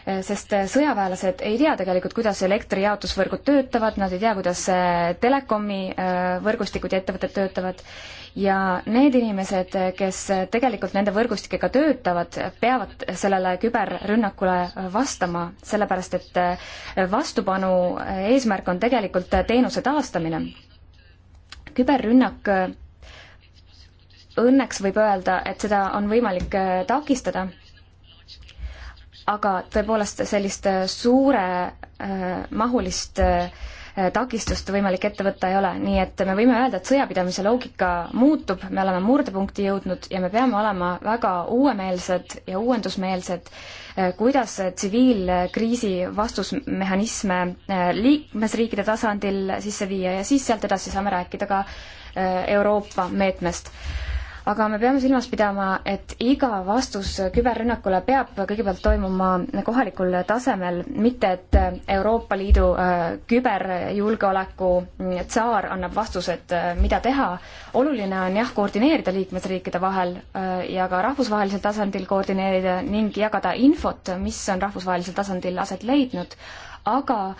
Eh, sest eh, sõjaväelased ei tea tegelikult, kuidas elektrijaotusvõrgud töötavad, nad ei tea, kuidas eh, telekomi võrgustikud ja ettevõtted töötavad ja need inimesed, kes tegelikult nende võrgustikega töötavad, peavad sellele küberrünnakule vastama, sellepärast et vastupanu eesmärk on tegelikult teenuse taastamine. küberrünnak õnneks võib öelda, et seda on võimalik takistada aga tõepoolest sellist äh, suuremahulist äh, äh, takistust võimalik ette võtta ei ole, nii et me võime öelda, et sõjapidamise loogika muutub, me oleme murdepunkti jõudnud ja me peame olema väga uuemeelsed ja uuendusmeelsed, äh, kuidas tsiviilkriisi vastusmehhanisme liikmesriikide tasandil sisse viia ja siis sealt edasi saame rääkida ka Euroopa meetmest aga me peame silmas pidama, et iga vastus küberrünnakule peab kõigepealt toimuma kohalikul tasemel, mitte et Euroopa Liidu äh, küberjulgeoleku tsaar annab vastused, äh, mida teha. oluline on jah, koordineerida liikmesriikide vahel äh, ja ka rahvusvahelisel tasandil koordineerida ning jagada infot, mis on rahvusvahelisel tasandil aset leidnud aga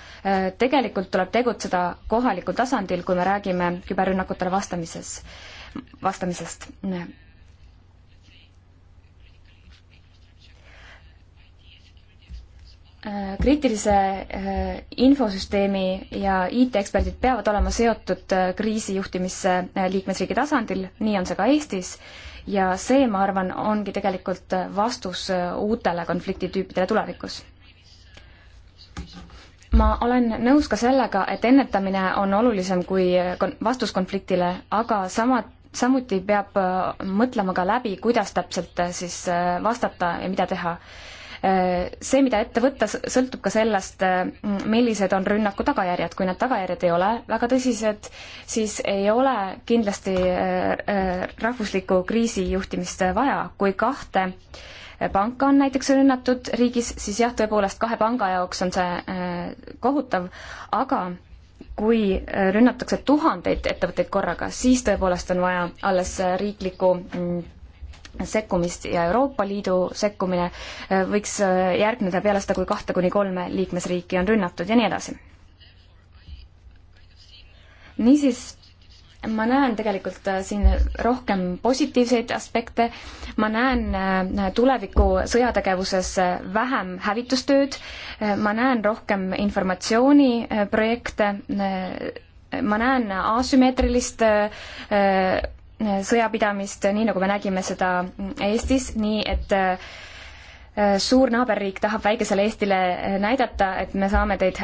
tegelikult tuleb tegutseda kohalikul tasandil, kui me räägime küberrünnakutele vastamises vastamisest. kriitilise eh, infosüsteemi ja IT-eksperdid peavad olema seotud eh, kriisijuhtimisse eh, liikmesriigi tasandil, nii on see ka Eestis, ja see, ma arvan, ongi tegelikult vastus uutele konfliktitüüpidele tulevikus ma olen nõus ka sellega, et ennetamine on olulisem kui vastus konfliktile, aga samad samuti peab äh, mõtlema ka läbi, kuidas täpselt äh, siis äh, vastata ja mida teha. See, mida ette võtta, sõltub ka sellest, millised on rünnaku tagajärjed. kui need tagajärjed ei ole väga tõsised, siis ei ole kindlasti rahvuslikku kriisijuhtimist vaja. kui kahte panka on näiteks rünnatud riigis, siis jah, tõepoolest kahe panga jaoks on see kohutav, aga kui äh, rünnatakse tuhandeid ettevõtteid korraga, siis tõepoolest on vaja alles äh, riiklikku mm, sekkumist ja Euroopa Liidu sekkumine äh, võiks järgneda peale seda, kui kahte kuni kolme liikmesriiki on rünnatud ja nii edasi. niisiis ma näen tegelikult äh, siin rohkem positiivseid aspekte, ma näen äh, tuleviku sõjategevuses äh, vähem hävitustööd, ma näen rohkem informatsiooniprojekte, ma näen asümmeetrilist sõjapidamist, nii nagu me nägime seda Eestis, nii et suur naaberriik tahab väikesele Eestile näidata, et me saame teid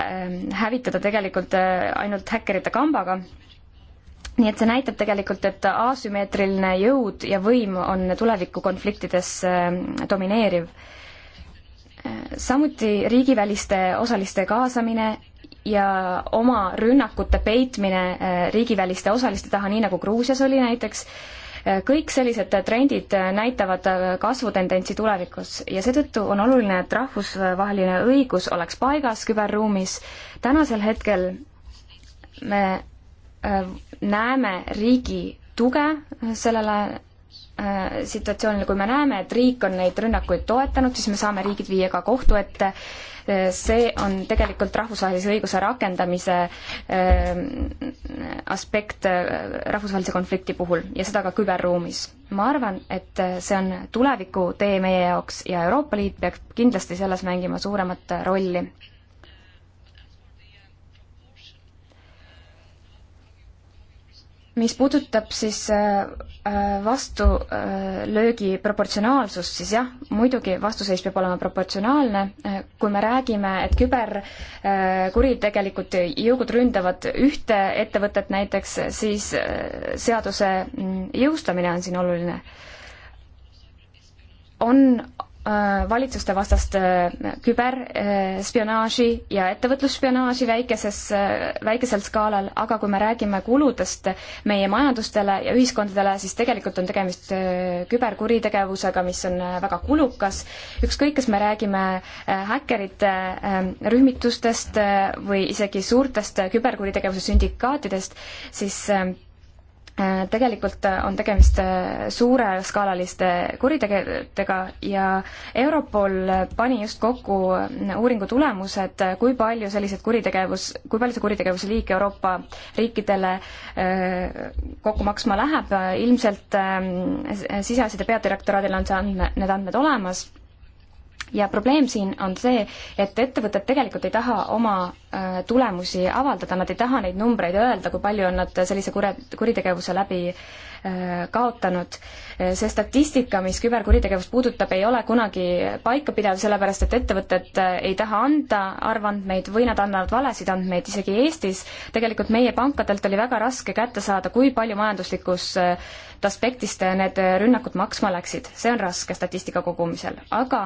hävitada tegelikult ainult häkkerite kambaga nii et see näitab tegelikult, et asümmeetriline jõud ja võim on tulevikukonfliktides äh, domineeriv. Äh, samuti riigiväliste osaliste kaasamine ja oma rünnakute peitmine äh, riigiväliste osaliste taha, nii nagu Gruusias oli näiteks, kõik sellised trendid näitavad kasvutendentsi tulevikus ja seetõttu on oluline, et rahvusvaheline õigus oleks paigas küberruumis. tänasel hetkel me Äh, näeme riigi tuge sellele äh, situatsioonile, kui me näeme, et riik on neid rünnakuid toetanud, siis me saame riigid viia ka kohtu ette. Äh, see on tegelikult rahvusvahelise õiguse rakendamise aspekt rahvusvahelise konflikti puhul ja seda ka küberruumis. ma arvan, et see on tuleviku tee meie jaoks ja Euroopa Liit peaks kindlasti selles mängima suuremat rolli mis puudutab siis äh, äh, vastulöögi äh, proportsionaalsust, siis jah, muidugi vastuseis peab olema proportsionaalne, kui me räägime, et küberkuritegelikud jõugud ründavad ühte ettevõtet näiteks, siis seaduse mm, jõustamine on siin oluline. on Äh, valitsuste vastast äh, küberspionaaži äh, ja ettevõtlusspionaaži väikeses, väikesel skaalal, aga kui me räägime kuludest meie majandustele ja ühiskondadele, siis tegelikult on tegemist küberkuritegevusega, mis on väga kulukas. ükskõik, kas me räägime häkkerite rühmitustest või isegi suurtest küberkuritegevuse sündikaatidest, siis Äh, tegelikult äh, on tegemist äh, suureskaalaliste kuritegudega ja Europol pani just kokku uuringu tulemused, kui palju selliseid kuritegevus, kui palju see kuritegevuse liik Euroopa riikidele kokku maksma läheb, ilmselt ähm, siseasjade peadirektoraadil on see andme, need andmed olemas ja probleem siin on see, et ettevõtted tegelikult ei taha oma äh, tulemusi avaldada, nad ei taha neid numbreid öelda, kui palju on nad sellise kure, kuritegevuse läbi äh, kaotanud Eh, see statistika, mis küberkuritegevust puudutab, ei ole kunagi paikapidev, sellepärast et ettevõtted eh, ei taha anda arvandmeid või nad annavad valesid andmeid, isegi Eestis. tegelikult meie pankadelt oli väga raske kätte saada, kui palju majanduslikust eh, aspektist need rünnakud maksma läksid. see on raske statistika kogumisel. aga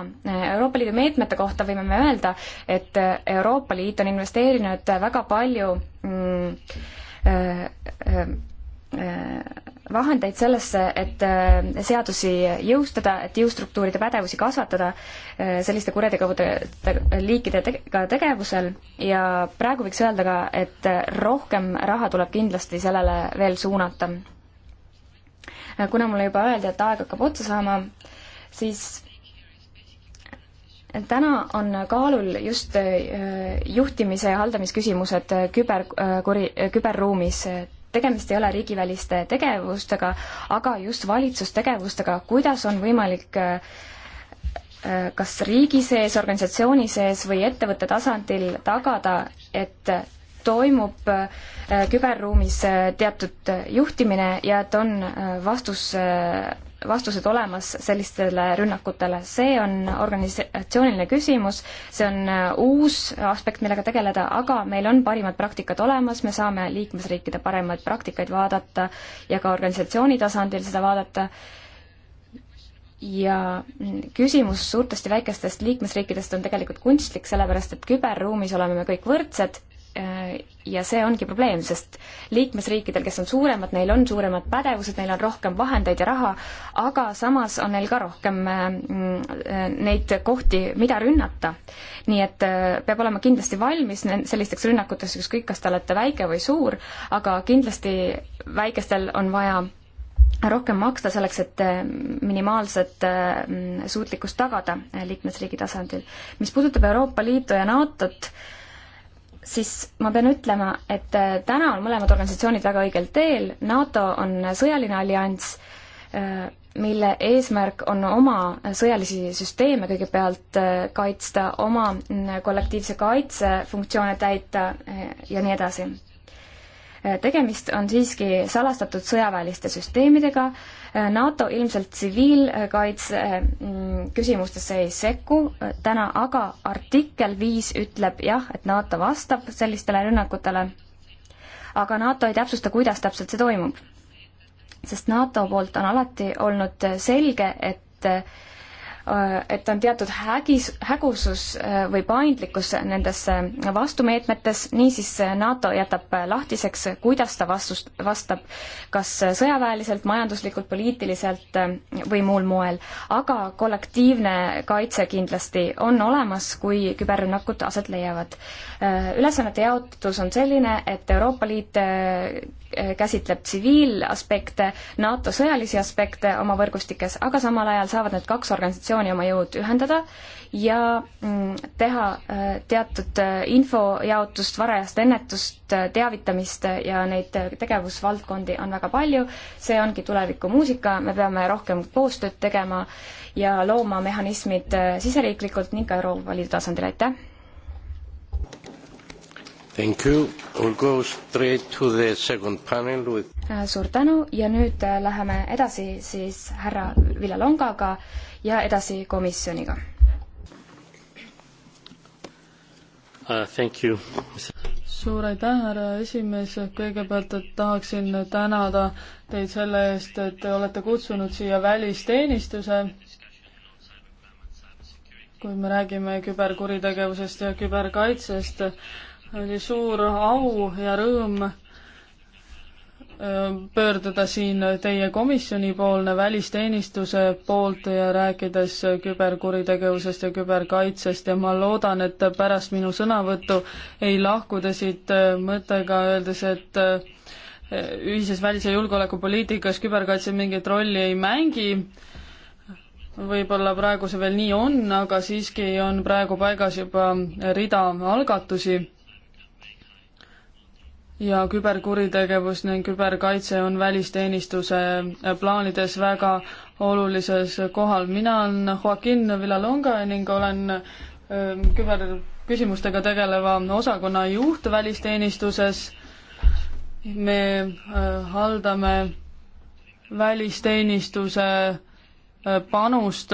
Euroopa Liidu meetmete kohta võime me öelda, et Euroopa Liit on investeerinud väga palju mm, Äh, vahendeid sellesse, et äh, seadusi jõustada, et jõustruktuuride pädevusi kasvatada äh, selliste kuritegude liikidega tegevusel ja praegu võiks öelda ka, et rohkem raha tuleb kindlasti sellele veel suunata. kuna mulle juba öeldi, et aeg hakkab otsa saama, siis täna on kaalul just juhtimise ja haldamisküsimused küberkuri, küberruumis tegemist ei ole riigiväliste tegevustega, aga just valitsustegevustega, kuidas on võimalik äh, äh, kas riigi sees, organisatsiooni sees või ettevõtte tasandil tagada, et toimub äh, küberruumis teatud juhtimine ja et on vastus vastused olemas sellistele rünnakutele. see on organisatsiooniline küsimus, see on äh, uus aspekt, millega tegeleda, aga meil on parimad praktikad olemas, me saame liikmesriikide paremaid praktikaid vaadata ja ka organisatsiooni tasandil seda vaadata. ja mm, küsimus suurtest ja väikestest liikmesriikidest on tegelikult kunstlik, sellepärast et küberruumis oleme me kõik võrdsed Äh, ja see ongi probleem, sest liikmesriikidel, kes on suuremad, neil on suuremad pädevused, neil on rohkem vahendeid ja raha, aga samas on neil ka rohkem äh, äh, neid kohti, mida rünnata. nii et peab olema kindlasti valmis sellisteks rünnakuteks, ükskõik, kas te olete väike või suur, aga kindlasti väikestel on vaja rohkem maksta selleks, et minimaalset suutlikkust tagada liikmesriigi tasandil. mis puudutab Euroopa Liitu ja NATO-t, siis ma pean ütlema, et äh, täna on mõlemad organisatsioonid väga õigel teel, NATO on sõjaline allianss, äh, mille eesmärk on oma sõjalisi süsteeme kõigepealt äh, kaitsta, oma mm, kollektiivse kaitse funktsioone täita ja nii edasi. tegemist on siiski salastatud sõjaväeliste süsteemidega, NATO ilmselt tsiviilkaitse mm, küsimustesse ei sekku täna, aga artikkel viis ütleb jah, et NATO vastab sellistele rünnakutele, aga NATO ei täpsusta, kuidas täpselt see toimub. sest NATO poolt on alati olnud selge, et Äh, et on teatud hägis, hägusus äh, või paindlikkus nendes äh, vastumeetmetes, niisiis NATO jätab lahtiseks, kuidas ta vastust, vastab, kas sõjaväeliselt, majanduslikult, poliitiliselt või muul moel. aga kollektiivne kaitse kindlasti on olemas, kui küberrünnakud aset leiavad. Äh, ülesannete jaotus on selline, et Euroopa Liit äh, käsitleb tsiviilaspekte, NATO sõjalisi aspekte oma võrgustikes, aga samal ajal saavad need kaks organisatsiooni oma jõud ühendada ja mm, teha äh, teatud infojaotust, varajast ennetust, teavitamist ja neid tegevusvaldkondi on väga palju. see ongi tulevikumuusika, me peame rohkem koostööd tegema ja looma mehhanismid siseriiklikult ning ka Euroopa Liidu tasandil, aitäh! Thank you. We'll go straight to the second panel with äh, suur tänu ja nüüd äh, läheme edasi siis härra Ville Longaga ja edasi komisjoniga uh,. Thank you. suur aitäh, härra esimees, kõigepealt tahaksin tänada teid selle eest, et te olete kutsunud siia välisteenistuse kui me räägime küberkuritegevusest ja küberkaitsest, oli suur au ja rõõm äh, pöörduda siin teie komisjonipoolne välisteenistuse poolt ja rääkides küberkuritegevusest ja küberkaitsest ja ma loodan, et pärast minu sõnavõttu ei lahku te siit äh, mõttega, öeldes, et äh, ühises välis- ja julgeolekupoliitikas küberkaitse mingit rolli ei mängi võib-olla praegu see veel nii on, aga siiski on praegu paigas juba rida algatusi ja küberkuritegevus ning küberkaitse on välisteenistuse äh, plaanides väga olulises kohal. mina olen Joaquin Villalonga ning olen ähm, küberküsimustega tegeleva osakonna juht välisteenistuses. me äh, haldame välisteenistuse äh, panust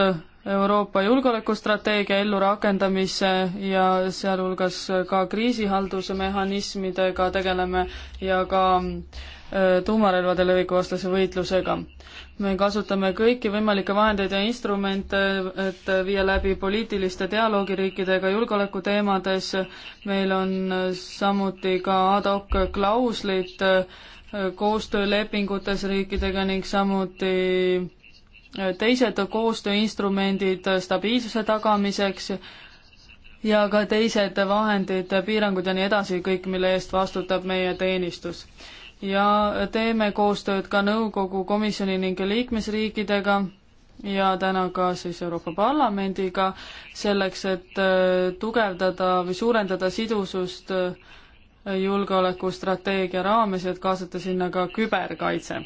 Euroopa julgeolekustrateegia ellurakendamise ja sealhulgas ka kriisihalduse mehhanismidega tegeleme ja ka äh, tuumarelvade levikuvastase võitlusega. me kasutame kõiki võimalikke vahendeid ja instrumente, et viia läbi poliitiliste dialoogi riikidega julgeolekuteemades. meil on samuti ka ad hoc klauslid äh, koostöölepingutes riikidega ning samuti teised koostööinstrumendid stabiilsuse tagamiseks ja ka teised vahendid, piirangud ja nii edasi, kõik, mille eest vastutab meie teenistus. ja teeme koostööd ka nõukogu, komisjoni ning liikmesriikidega ja täna ka siis Euroopa Parlamendiga selleks, et äh, tugevdada või suurendada sidusust äh, julgeolekustrateegia raames, et kaasata sinna ka küberkaitse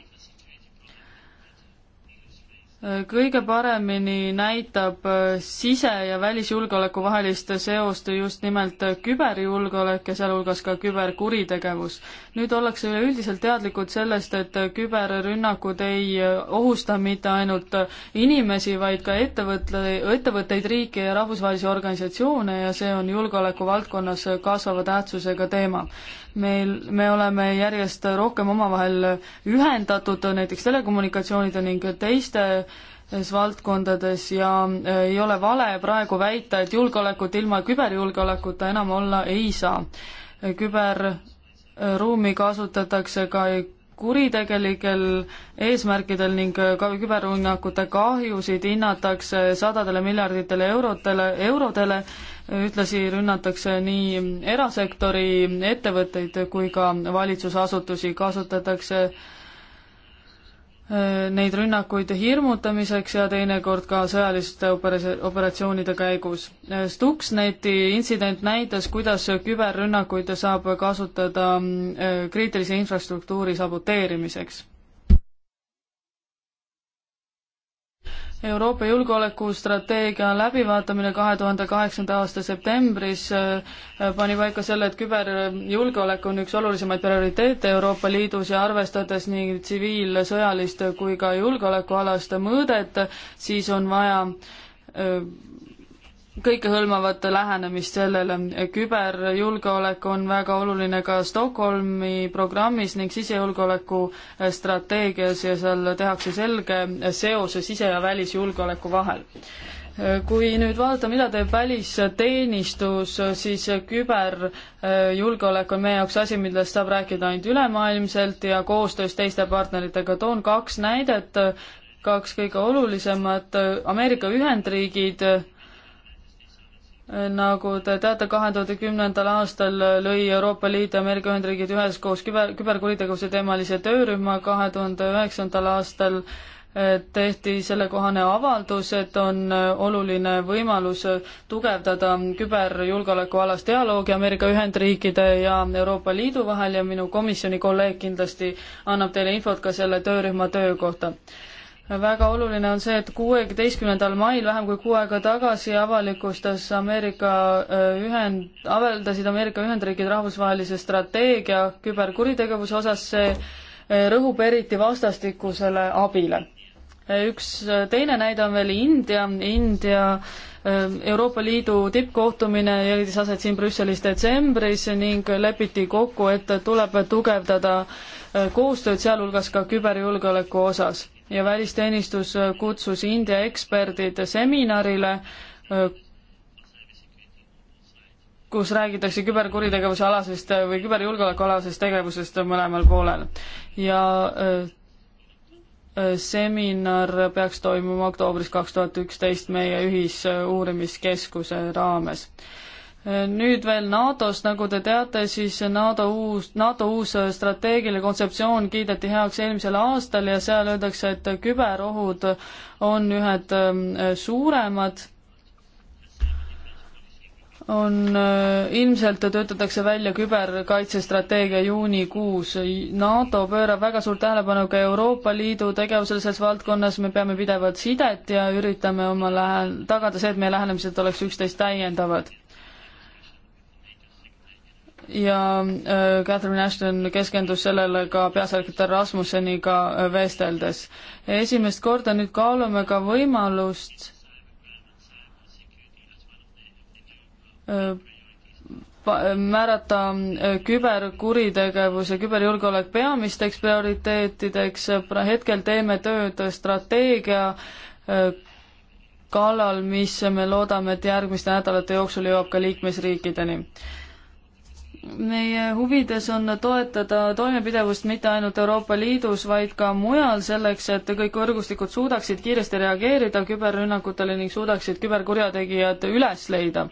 kõige paremini näitab äh, sise- ja välisjulgeoleku vahelist seost just nimelt äh, küberjulgeolek ja sealhulgas ka küberkuritegevus. nüüd ollakse üleüldiselt teadlikud sellest, et äh, küberrünnakud ei ohusta mitte ainult inimesi, vaid ka ettevõtte, ettevõtteid, riike ja rahvusvahelisi organisatsioone ja see on julgeoleku valdkonnas kasvava tähtsusega teema meil, me oleme järjest rohkem omavahel ühendatud näiteks telekommunikatsioonide ning teistes valdkondades ja äh, ei ole vale praegu väita, et julgeolekut ilma küberjulgeolekuta enam olla ei saa. küberruumi kasutatakse ka kuritegelikel eesmärkidel ning ka küberrünnakute kahjusid hinnatakse sadadele miljarditele eurotele, eurodele, ühtlasi rünnatakse nii erasektori ettevõtteid kui ka valitsusasutusi, kasutatakse äh, Äh, neid rünnakuid hirmutamiseks ja teinekord ka sõjaliste operatsioonide käigus. Äh, Stuxneti intsident näitas, kuidas küberrünnakuid saab kasutada mm, äh, kriitilise infrastruktuuri saboteerimiseks. Euroopa julgeolekustrateegia läbivaatamine kahe tuhande kaheksanda aasta septembris äh, pani paika selle, et küberjulgeolek on üks olulisemaid prioriteete Euroopa Liidus ja arvestades nii tsiviil, sõjalist kui ka julgeolekualast mõõdet, siis on vaja äh, kõikehõlmavat lähenemist sellele. küberjulgeolek on väga oluline ka Stockholmi programmis ning sisejulgeoleku eh, strateegias ja seal tehakse selge eh, seose sise- ja välisjulgeoleku vahel eh, kui nüüd vaadata, mida teeb välisteenistus, siis küberjulgeolek on meie jaoks asi, millest saab rääkida ainult ülemaailmselt ja koostöös teiste partneritega. toon kaks näidet, kaks kõige olulisemat. Ameerika Ühendriigid nagu te teate, kahe tuhande kümnendal aastal lõi Euroopa Liit ja Ameerika Ühendriigid üheskoos küber, küberkuritegevuse teemalise töörühma, kahe tuhande üheksandal aastal eh, tehti sellekohane avaldus, et on eh, oluline võimalus tugevdada küberjulgeolekualast dialoogi Ameerika Ühendriikide ja Euroopa Liidu vahel ja minu komisjoni kolleeg kindlasti annab teile infot ka selle töörühma töö kohta väga oluline on see, et kuueteistkümnendal mail, vähem kui kuu aega tagasi, avalikustas Ameerika äh, Ühend, avaldasid Ameerika Ühendriigid rahvusvahelise strateegia küberkuritegevuse osas, see äh, rõhub eriti vastastikusele abile. Äh, üks teine näide on veel India, India Euroopa Liidu tippkohtumine leidis aset siin Brüsselis detsembris ning lepiti kokku, et tuleb tugevdada koostööd, sealhulgas ka küberjulgeoleku osas ja välisteenistus kutsus India eksperdid seminarile, kus räägitakse küberkuritegevuse alasest või küberjulgeoleku alasest tegevusest mõlemal poolel. ja äh, seminar peaks toimuma oktoobris kaks tuhat üksteist meie ühisuurimiskeskuse äh, raames nüüd veel NATO-st, nagu te teate, siis NATO uus, NATO uus strateegiline kontseptsioon kiideti heaks eelmisel aastal ja seal öeldakse, et küberohud on ühed ähm, suuremad. on, äh, ilmselt töötatakse välja küberkaitsestrateegia juunikuus. NATO pöörab väga suurt tähelepanu ka Euroopa Liidu tegevusele selles valdkonnas, me peame pidevalt sidet ja üritame oma lähe-, tagada see, et meie lähenemised oleks üksteist täiendavad ja äh, Catherine Ashton keskendus sellele ka peasekretär Rasmusseniga äh, vesteldes. esimest korda nüüd kaalume ka võimalust äh, määrata äh, küberkuritegevus ja küberjulgeolek peamisteks prioriteetideks, hetkel teeme tööd strateegia äh, kallal, mis me loodame, et järgmiste nädalate jooksul jõuab ka liikmesriikideni meie huvides on toetada toimepidevust mitte ainult Euroopa Liidus, vaid ka mujal, selleks et kõik võrgustikud suudaksid kiiresti reageerida küberrünnakutele ning suudaksid küberkurjategijad üles leida.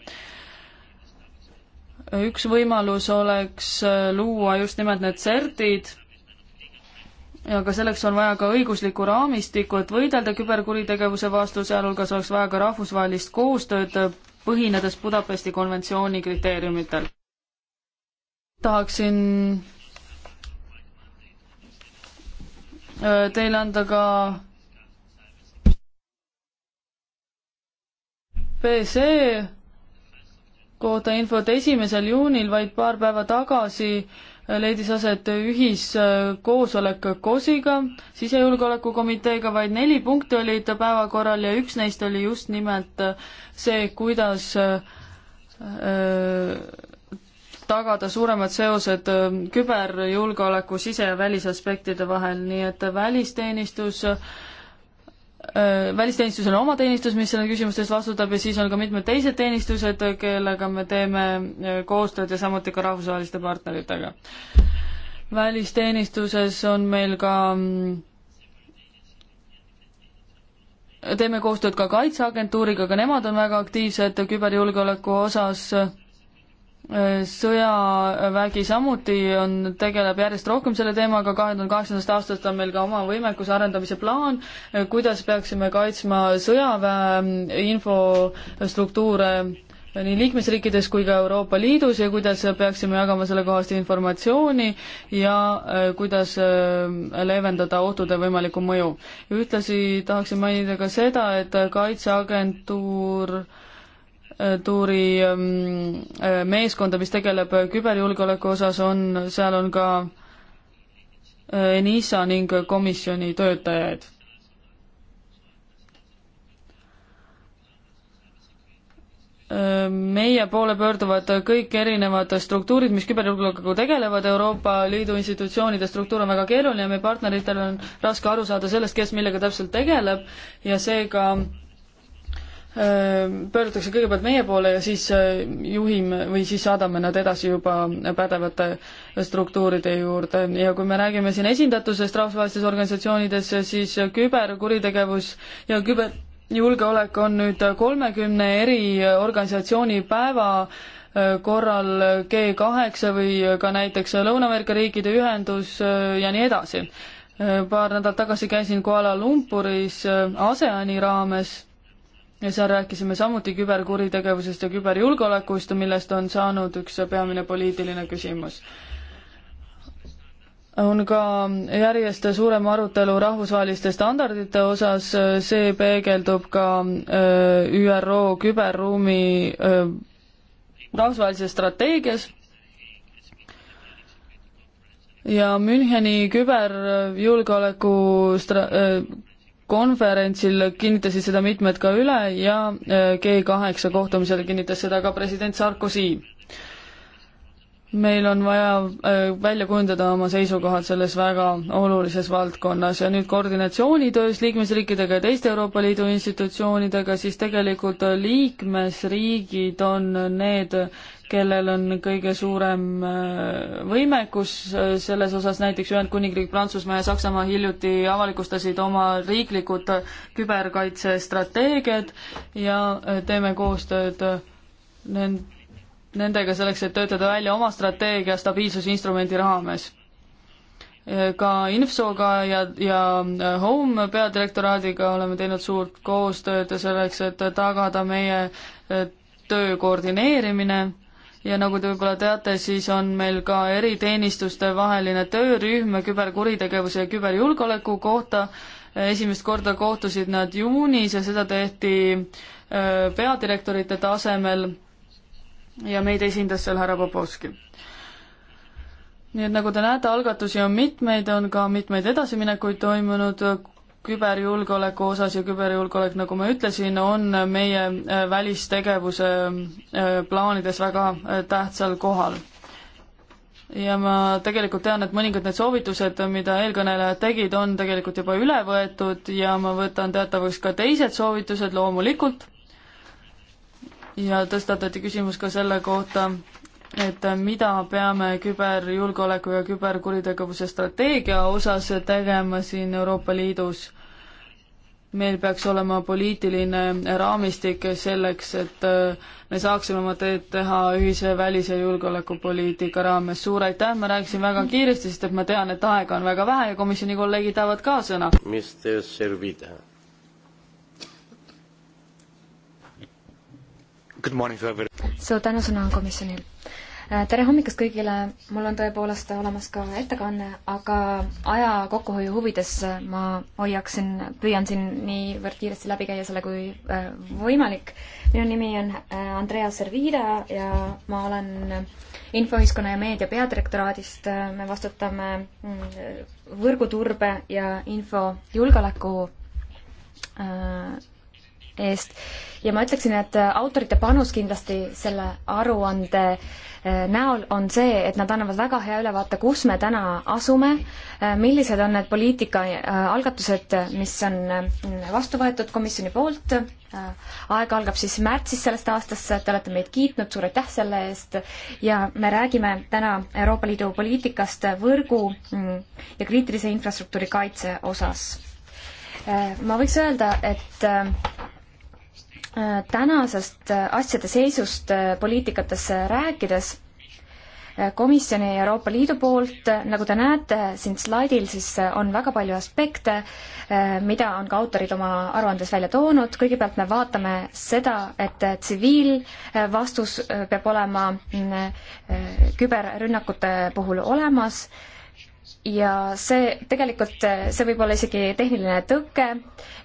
üks võimalus oleks luua just nimelt need CERT-id, aga selleks on vaja ka õiguslikku raamistikku, et võidelda küberkuritegevuse vastu, sealhulgas oleks vaja ka rahvusvahelist koostööd, põhinedes Budapesti konventsiooni kriteeriumitel tahaksin äh, teile anda ka BC e kohta infot esimesel juunil, vaid paar päeva tagasi äh, leidis aset ühiskoosolek äh, KOS-iga, sisejulgeolekukomiteega, vaid neli punkti olid päevakorral ja üks neist oli just nimelt see, kuidas tagada suuremad seosed küberjulgeoleku sise- ja välisaspektide vahel, nii et välisteenistus välisteenistusel on oma teenistus, mis selle küsimuste eest vastutab ja siis on ka mitmed teised teenistused, kellega me teeme koostööd ja samuti ka rahvusvaheliste partneritega. välisteenistuses on meil ka mm, teeme koostööd ka Kaitseagentuuriga, ka nemad on väga aktiivsed küberjulgeoleku osas sõjavägi samuti on, tegeleb järjest rohkem selle teemaga, kahe tuhande kaheksandast aastast on meil ka oma võimekuse arendamise plaan, kuidas peaksime kaitsma sõjaväe infostruktuure nii liikmesriikides kui ka Euroopa Liidus ja kuidas peaksime jagama sellekohast informatsiooni ja äh, kuidas äh, leevendada ohtude võimalikku mõju. ühtlasi tahaksin mainida ka seda, et Kaitseagentuur äh, tuuri mm, äh, meeskonda, mis tegeleb küberjulgeoleku osas, on, seal on ka äh, NISA ning komisjoni töötajaid. Äh, meie poole pöörduvad kõik erinevad struktuurid, mis küberjulgeolekuga tegelevad, Euroopa Liidu institutsioonide struktuur on väga keeruline, meie partneritel on raske aru saada sellest, kes millega täpselt tegeleb ja seega ka Äh, pöördutakse kõigepealt meie poole ja siis äh, juhime või siis saadame nad edasi juba pädevate struktuuride juurde ja kui me räägime siin esindatusest rahvusvahelistes organisatsioonides, siis küberkuritegevus ja küberjulgeolek on nüüd kolmekümne eri organisatsiooni päeva äh, korral G kaheksa või ka näiteks Lõuna-Ameerika riikide ühendus ja nii edasi. paar nädalat tagasi käisin Kuala Lumpuris ASEAN-i raames ja seal rääkisime samuti küberkuritegevusest ja küberjulgeolekust, millest on saanud üks peamine poliitiline küsimus. on ka järjest suurem arutelu rahvusvaheliste standardite osas, see peegeldub ka äh, ÜRO küberruumi äh, rahvusvahelises strateegias ja Müncheni küberjulgeoleku stra-, äh, konverentsil kinnitasid seda mitmed ka üle ja äh, G kaheksa kohtumisel kinnitas seda ka president Sarkozy. meil on vaja äh, välja kujundada oma seisukohad selles väga olulises valdkonnas ja nüüd koordinatsioonitöös liikmesriikidega ja teiste Euroopa Liidu institutsioonidega, siis tegelikult liikmesriigid on need kellel on kõige suurem äh, võimekus äh, selles osas, näiteks Ühendkuningriik, Prantsusmaa ja Saksamaa hiljuti avalikustasid oma riiklikud äh, küberkaitsestrateegiad ja teeme koostööd nendega selleks, et töötada välja oma strateegia stabiilsusinstrumendi raames ka Infoga ja, ja Home peadirektoraadiga oleme teinud suurt koostööd selleks, et tagada meie töö koordineerimine ja nagu te võib-olla teate, siis on meil ka eriteenistuste vaheline töörühm küberkuritegevuse ja küberjulgeoleku kohta. esimest korda kohtusid nad juunis ja seda tehti äh, peadirektorite tasemel ja meid esindas seal härra Popovski. nii et nagu te näete, algatusi on mitmeid, on ka mitmeid edasiminekuid toimunud, küberjulgeoleku osas ja küberjulgeolek, nagu ma ütlesin, on meie äh, välistegevuse äh, plaanides väga äh, tähtsal kohal. ja ma tegelikult tean, et mõningad need soovitused, mida eelkõnelejad tegid, on tegelikult juba üle võetud ja ma võtan teatavaks ka teised soovitused loomulikult. ja tõstatati küsimus ka selle kohta, et mida peame küberjulgeoleku ja küberkuritegevuse strateegia osas tegema siin Euroopa Liidus. meil peaks olema poliitiline raamistik selleks, et äh, me saaksime oma tööd teha ühise välise julgeolekupoliitika raames. suur aitäh, ma rääkisin väga kiiresti, sest et ma tean, et aega on väga vähe ja komisjoni kolleegid tahavad ka sõna. Mr Servida. suur tänu sõna komisjonile Äh, tere hommikust kõigile, mul on tõepoolest olemas ka ettekanne, aga aja kokkuhoiu huvides ma hoiaksin, püüan siin niivõrd kiiresti läbi käia selle kui äh, võimalik. minu nimi on äh, Andrea Servida ja ma olen infoühiskonna ja meedia peadirektoraadist, me vastutame mm, võrguturbe ja infojulgeoleku eest ja ma ütleksin, et äh, autorite panus kindlasti selle aruande äh, näol on see, et nad annavad väga hea ülevaate, kus me täna asume, äh, millised on need poliitikaalgatused, mis on vastu võetud komisjoni poolt, aeg algab siis märtsis sellest aastast, te olete meid kiitnud, suur aitäh selle eest, ja me räägime täna Euroopa Liidu poliitikast võrgu mm, ja kriitilise infrastruktuuri kaitse osas. ma võiks öelda, et tänasest äh, asjade seisust äh, poliitikates rääkides, äh, komisjoni ja Euroopa Liidu poolt, nagu te näete siin slaidil, siis on väga palju aspekte, mida on ka autorid oma aruandes välja toonud, kõigepealt me vaatame seda, et tsiviilvastus peab olema mm, küberrünnakute puhul olemas ja see tegelikult, see võib olla isegi tehniline tõke,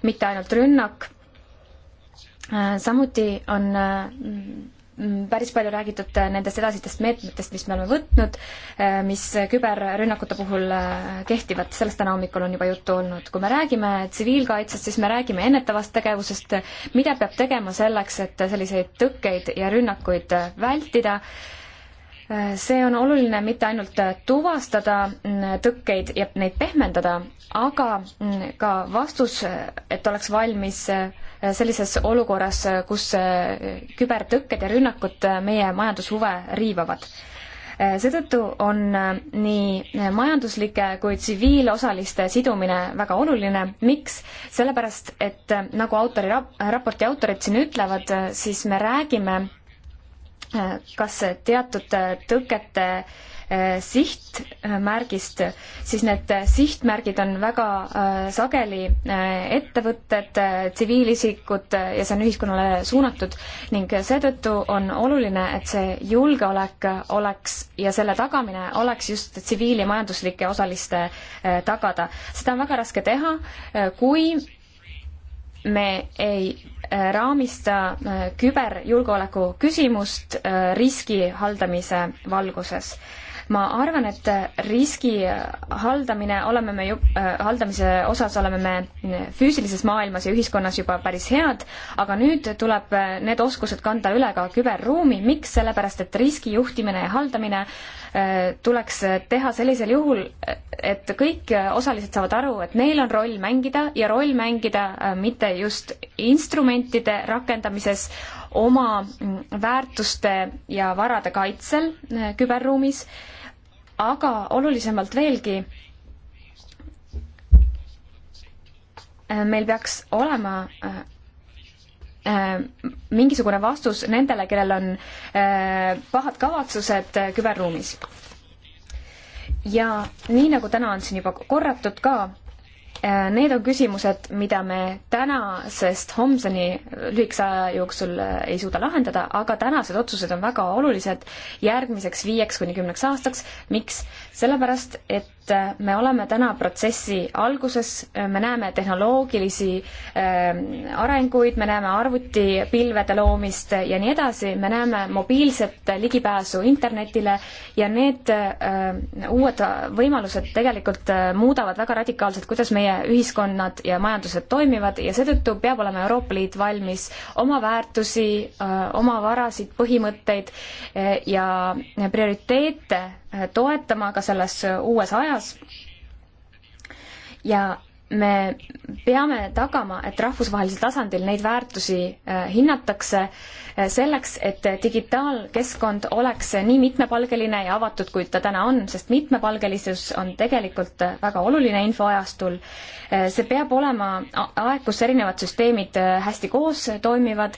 mitte ainult rünnak Äh, samuti on äh, mm, päris palju räägitud äh, nendest edasistest meetmetest, mis me oleme võtnud, mis küberrünnakute puhul kehtivad, sellest täna hommikul on juba juttu olnud. kui me räägime tsiviilkaitsest, siis me räägime ennetavast tegevusest, mida peab tegema selleks, et selliseid tõkkeid ja rünnakuid vältida see on oluline mitte ainult tuvastada mm, tõkkeid ja neid pehmendada, aga mm, ka vastus, et oleks valmis Äh, sellises olukorras, äh, kus äh, kübertõkked ja rünnakud meie majandushuve riivavad. seetõttu on nii majanduslike kui tsiviilosaliste sidumine väga oluline. miks? sellepärast, et nagu autori, raporti autorid siin ütlevad, siis me räägime kas teatud tõkete äh, Eh, sihtmärgist, siis need sihtmärgid on väga eh, sageli eh, ettevõtted, tsiviilisikud ja see on ühiskonnale suunatud ning seetõttu on oluline, et see julgeolek oleks ja selle tagamine oleks just tsiviil- ja majanduslike osaliste tagada. seda on väga raske teha, kui me ei raamista küberjulgeoleku küsimust riski haldamise valguses ma arvan, et riski haldamine oleme me ju, äh, haldamise osas oleme me füüsilises maailmas ja ühiskonnas juba päris head, aga nüüd tuleb äh, need oskused kanda üle ka küberruumi, miks, sellepärast et riski juhtimine ja haldamine äh, tuleks teha sellisel juhul, et kõik osalised saavad aru, et neil on roll mängida ja roll mängida mitte just instrumentide rakendamises, oma mm, väärtuste ja varade kaitsel küberruumis aga olulisemalt veelgi, äh, meil peaks olema äh, äh, mingisugune vastus nendele, kellel on pahad kavatsused küberruumis. ja nii, nagu täna on siin juba korratud ka, Äh, need on küsimused, mida me tänasest homseni lühikese aja jooksul äh, ei suuda lahendada, aga tänased otsused on väga olulised järgmiseks viieks kuni kümneks aastaks. miks? sellepärast, et me oleme täna protsessi alguses, me näeme tehnoloogilisi ähm, arenguid, me näeme arvutipilvede loomist ja nii edasi, me näeme mobiilset ligipääsu internetile ja need ähm, uued võimalused tegelikult äh, muudavad väga radikaalselt, kuidas meie ühiskonnad ja majandused toimivad ja seetõttu peab olema Euroopa Liit valmis oma väärtusi, äh, oma varasid, põhimõtteid äh, ja prioriteete Äh, toetama ka selles uues ajas. ja me peame tagama, et rahvusvahelisel tasandil neid väärtusi äh, hinnatakse äh, selleks, et digitaalkeskkond oleks nii mitmepalgeline ja avatud, kui ta täna on, sest mitmepalgelisus on tegelikult väga oluline infoajastul. see peab olema aeg, kus erinevad süsteemid hästi koos toimivad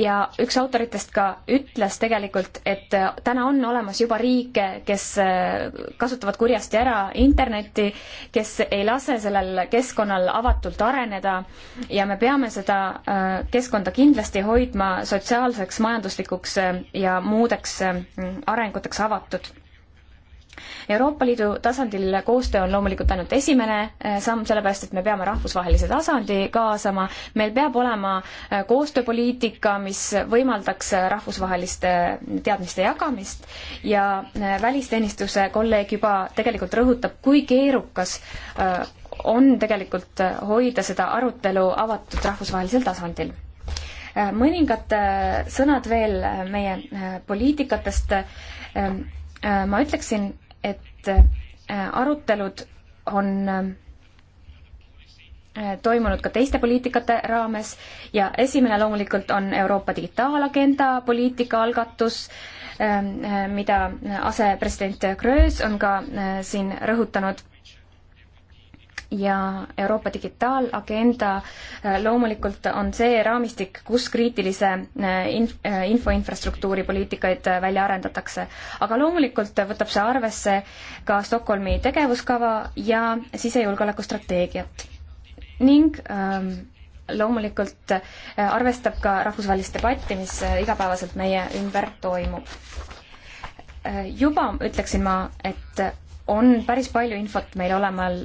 ja üks autoritest ka ütles tegelikult, et äh, täna on olemas juba riike, kes äh, kasutavad kurjasti ära internetti, kes ei lase sellel keskkonnal avatult areneda ja me peame seda äh, keskkonda kindlasti hoidma sotsiaalseks, majanduslikuks ja muudeks arenguteks avatud Euroopa Liidu tasandil koostöö on loomulikult ainult esimene eh, samm, sellepärast et me peame rahvusvahelise tasandi kaasama, meil peab olema eh, koostööpoliitika, mis võimaldaks eh, rahvusvaheliste teadmiste jagamist ja välisteenistuse kolleeg juba tegelikult rõhutab, kui keerukas on tegelikult hoida seda arutelu avatud rahvusvahelisel tasandil mõningad sõnad veel meie poliitikatest. ma ütleksin, et äh, arutelud on äh, toimunud ka teiste poliitikate raames ja esimene loomulikult on Euroopa digitaalagenda poliitika algatus, ähm, äh, mida asepresident Gröös on ka siin rõhutanud ja Euroopa digitaalagenda äh, loomulikult on see raamistik, kus kriitilise äh, inf-, äh, infoinfrastruktuuri poliitikaid välja arendatakse. aga loomulikult võtab see arvesse ka Stockholmi tegevuskava ja sisejulgeoleku strateegiat. ning ähm, loomulikult arvestab ka rahvusvahelist debatti, mis igapäevaselt meie ümber toimub. juba ütleksin ma, et on päris palju infot meil olemas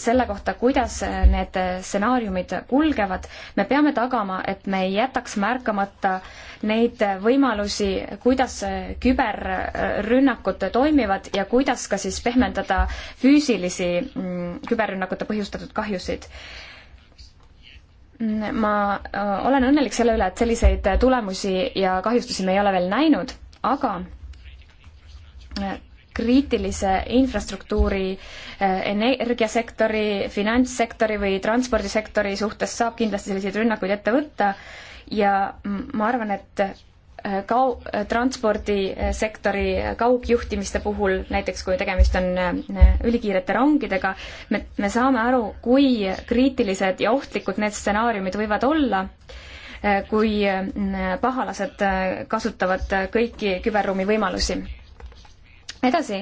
selle kohta, kuidas need stsenaariumid kulgevad. me peame tagama, et me ei jätaks märkamata neid võimalusi, kuidas küberrünnakud toimivad ja kuidas ka siis pehmendada füüsilisi mm, küberrünnakute põhjustatud kahjusid ma äh, olen õnnelik selle üle, et selliseid tulemusi ja kahjustusi me ei ole veel näinud, aga äh, kriitilise infrastruktuuri, eh, energiasektori, finantssektori või transpordisektori suhtes saab kindlasti selliseid rünnakuid ette võtta ja ma arvan, et eh, kau-, transpordisektori kaugjuhtimiste puhul, näiteks kui tegemist on eh, ülikiirete rongidega, me, me saame aru, kui kriitilised ja ohtlikud need stsenaariumid võivad olla kui mm, pahalased kasutavad kõiki küberruumi võimalusi edasi,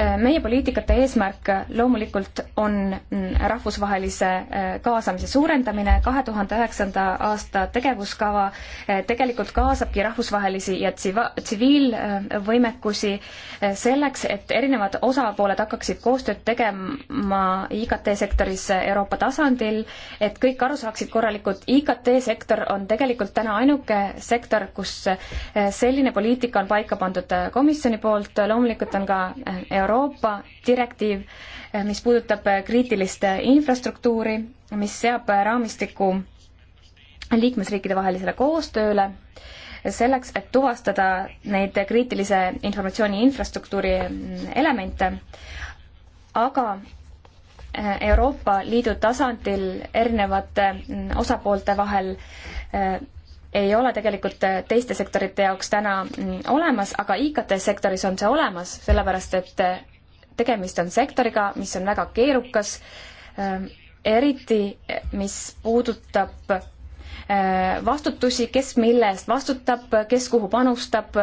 äh, meie poliitikate eesmärk loomulikult on mm, rahvusvahelise äh, kaasamise suurendamine, kahe tuhande üheksanda aasta tegevuskava äh, tegelikult kaasabki rahvusvahelisi ja tsiva-, tsiviilvõimekusi selleks, et erinevad osapooled hakkaksid koostööd tegema IKT-sektoris Euroopa tasandil, et kõik aru saaksid korralikult, IKT-sektor on tegelikult täna ainuke sektor, kus selline poliitika on paika pandud komisjoni poolt, loomulikult on on ka äh, Euroopa direktiiv, äh, mis puudutab äh, kriitilist infrastruktuuri, mis seab raamistiku liikmesriikide vahelisele koostööle, selleks, et tuvastada neid kriitilise informatsiooni infrastruktuuri mm, elemente, aga Euroopa Liidu tasandil erinevate mm, osapoolte vahel ei ole tegelikult äh, teiste sektorite jaoks täna mm, olemas, aga IKT-sektoris on see olemas, sellepärast et äh, tegemist on sektoriga, mis on väga keerukas, ähm, eriti äh, mis puudutab vastutusi, kes mille eest vastutab, kes kuhu panustab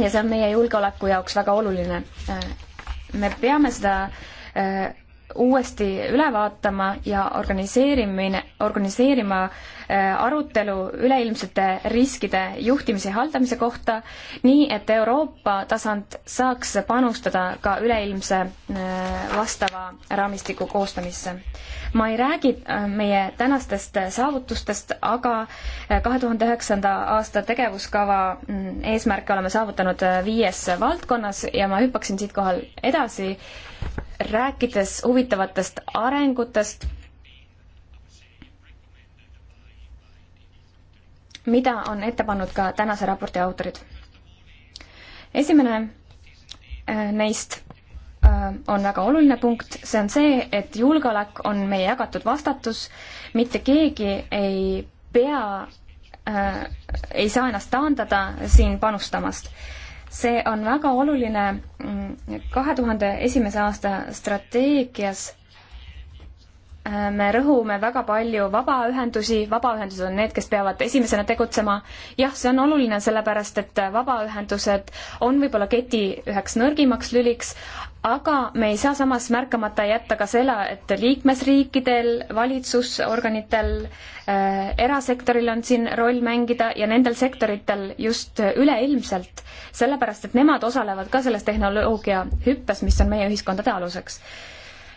ja see on meie julgeoleku jaoks väga oluline. me peame seda uuesti üle vaatama ja organiseerimine, organiseerima äh, Äh, arutelu üleilmsete riskide juhtimise ja haldamise kohta, nii et Euroopa tasand saaks panustada ka üleilmse äh, vastava raamistiku koostamisse. ma ei räägi äh, meie tänastest saavutustest, aga kahe tuhande üheksanda aasta tegevuskava mm, eesmärke oleme saavutanud viies valdkonnas ja ma hüppaksin siitkohal edasi, rääkides huvitavatest arengutest mida on ette pannud ka tänase raporti autorid. esimene äh, neist äh, on väga oluline punkt, see on see, et julgeolek on meie jagatud vastatus, mitte keegi ei pea äh,, ei saa ennast taandada siin panustamast. see on väga oluline mm, kahe tuhande esimese aasta strateegias me rõhume väga palju vabaühendusi, vabaühendused on need, kes peavad esimesena tegutsema. jah, see on oluline, sellepärast et vabaühendused on võib-olla keti üheks nõrgimaks lüliks, aga me ei saa samas märkamata jätta ka selle, et liikmesriikidel, valitsusorganitel äh,, erasektoril on siin roll mängida ja nendel sektoritel just üleilmselt, sellepärast et nemad osalevad ka selles tehnoloogia hüppes, mis on meie ühiskondade aluseks.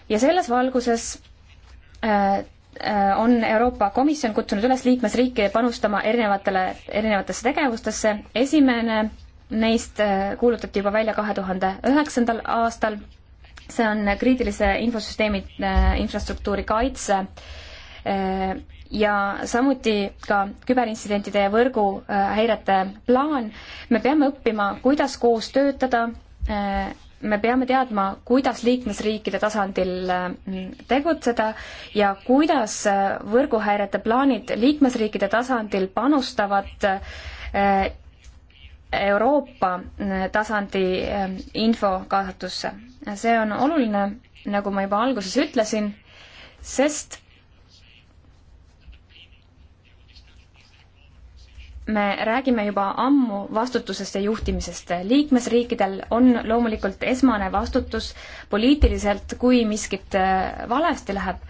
ja selles valguses Äh, äh, on Euroopa Komisjon kutsunud üles liikmesriike panustama erinevatele, erinevatesse tegevustesse. esimene neist äh, kuulutati juba välja kahe tuhande üheksandal aastal. see on kriitilise infosüsteemi infrastruktuuri kaitse ja samuti ka küberintsidentide ja võrguhäirete plaan. me peame õppima, kuidas koos töötada me peame teadma, kuidas liikmesriikide tasandil mm, tegutseda ja kuidas äh, võrguhäirete plaanid liikmesriikide tasandil panustavad äh, Euroopa mm, tasandi äh, info kaasatusse. see on oluline, nagu ma juba alguses ütlesin, sest me räägime juba ammu vastutusest ja juhtimisest. liikmesriikidel on loomulikult esmane vastutus poliitiliselt, kui miskit äh, valesti läheb,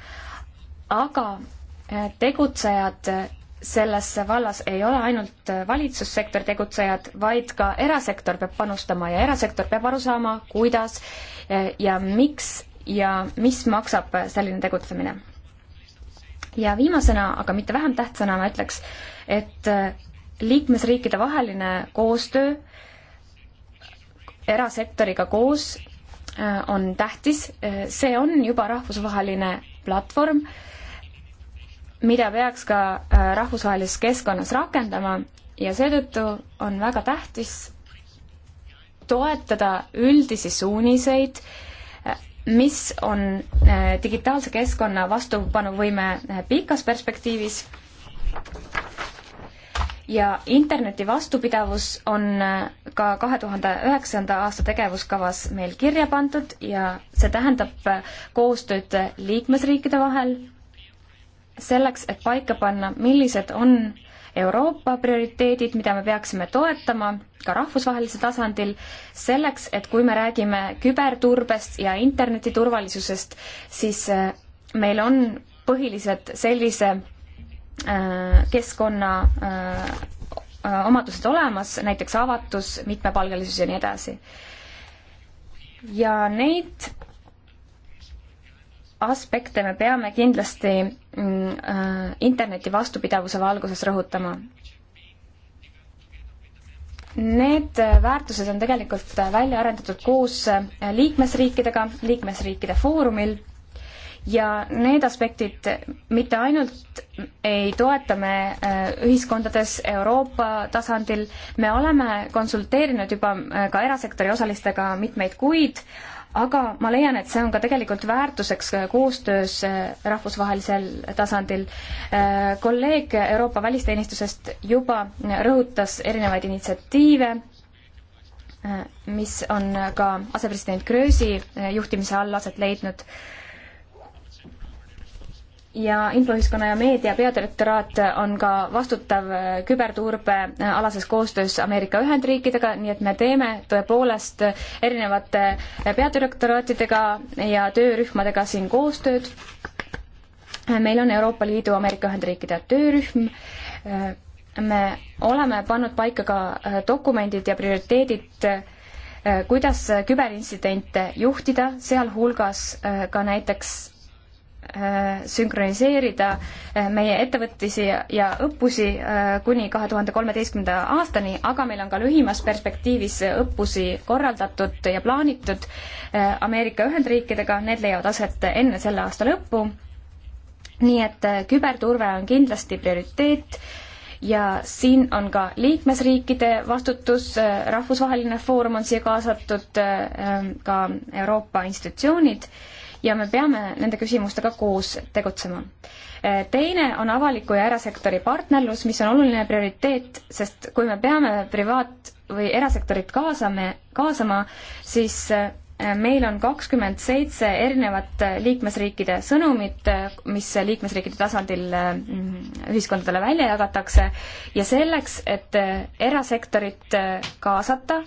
aga äh, tegutsejad selles vallas ei ole ainult äh, valitsussektor tegutsejad, vaid ka erasektor peab panustama ja erasektor peab aru saama, kuidas ja miks ja mis maksab selline tegutsemine. ja viimasena, aga mitte vähem tähtsana ma ütleks, et liikmesriikide vaheline koostöö erasektoriga koos äh, on tähtis, äh, see on juba rahvusvaheline platvorm, mida peaks ka äh, rahvusvahelises keskkonnas rakendama ja seetõttu on väga tähtis toetada üldisi suuniseid, mis on digitaalse keskkonna vastupanuvõime pikas perspektiivis ja interneti vastupidavus on äh, ka kahe tuhande üheksanda aasta tegevuskavas meil kirja pandud ja see tähendab äh, koostööd äh, liikmesriikide vahel selleks, et paika panna, millised on Euroopa prioriteedid, mida me peaksime toetama ka rahvusvahelisel tasandil, selleks, et kui me räägime küberturbest ja interneti turvalisusest, siis meil on põhilised sellise Äh, keskkonna äh, äh, omadused olemas, näiteks avatus, mitmepalgelisus ja nii edasi. ja neid aspekte me peame kindlasti mm, interneti vastupidavuse valguses rõhutama. Need väärtused on tegelikult välja arendatud koos liikmesriikidega, liikmesriikide foorumil ja need aspektid mitte ainult ei toeta me äh, ühiskondades Euroopa tasandil, me oleme konsulteerinud juba äh, ka erasektori osalistega mitmeid kuid, aga ma leian, et see on ka tegelikult väärtuseks äh, koostöös rahvusvahelisel tasandil. kolleeg Euroopa välisteenistusest juba rõhutas erinevaid initsiatiive, mis on ka asepresident Kröösi juhtimise all aset leidnud ja infoühiskonna ja meedia peadirektoraat on ka vastutav äh, küberturbe äh, alases koostöös Ameerika Ühendriikidega, nii et me teeme tõepoolest äh, erinevate peadirektoraatidega ja töörühmadega siin koostööd. meil on Euroopa Liidu Ameerika Ühendriikide töörühm. me oleme pannud paika ka dokumendid ja prioriteedid kuidas küberintsidente juhtida, sealhulgas ka näiteks Äh, sünkroniseerida äh, meie ettevõtmisi ja õppusi äh, kuni kahe tuhande kolmeteistkümnenda aastani, aga meil on ka lühimas perspektiivis õppusi korraldatud ja plaanitud Ameerika Ühendriikidega, need leiavad aset enne selle aasta lõppu. nii et küberturve on kindlasti prioriteet ja siin on ka liikmesriikide vastutus, rahvusvaheline foorum on siia kaasatud, ka Euroopa institutsioonid ja me peame nende küsimustega koos tegutsema. teine on avaliku ja erasektori partnerlus, mis on oluline prioriteet, sest kui me peame privaat- või erasektorit kaasame, kaasama, siis äh, meil on kakskümmend seitse erinevat liikmesriikide sõnumit, mis liikmesriikide tasandil äh, ühiskondadele välja jagatakse ja selleks, et äh, erasektorit kaasata,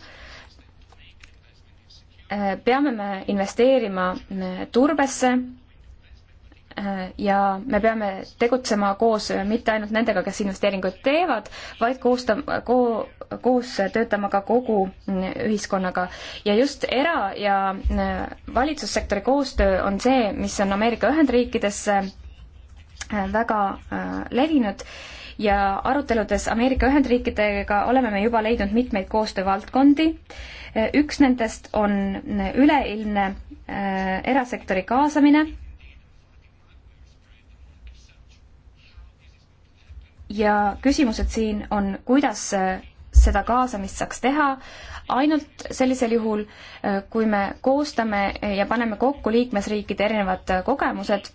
Äh, peame me investeerima äh, turbesse äh, ja me peame tegutsema koos mitte ainult nendega, kes investeeringuid teevad, vaid koosta-, ko-, koos töötama ka kogu mm, ühiskonnaga. ja just era- ja valitsussektori koostöö on see, mis on Ameerika Ühendriikides väga levinud ja aruteludes Ameerika Ühendriikidega oleme me juba leidnud mitmeid koostöövaldkondi äh,, üks nendest on üleilmne äh, erasektori kaasamine ja küsimused siin on, kuidas äh, seda kaasamist saaks teha ainult sellisel juhul, äh, kui me koostame ja paneme kokku liikmesriikide erinevad kogemused.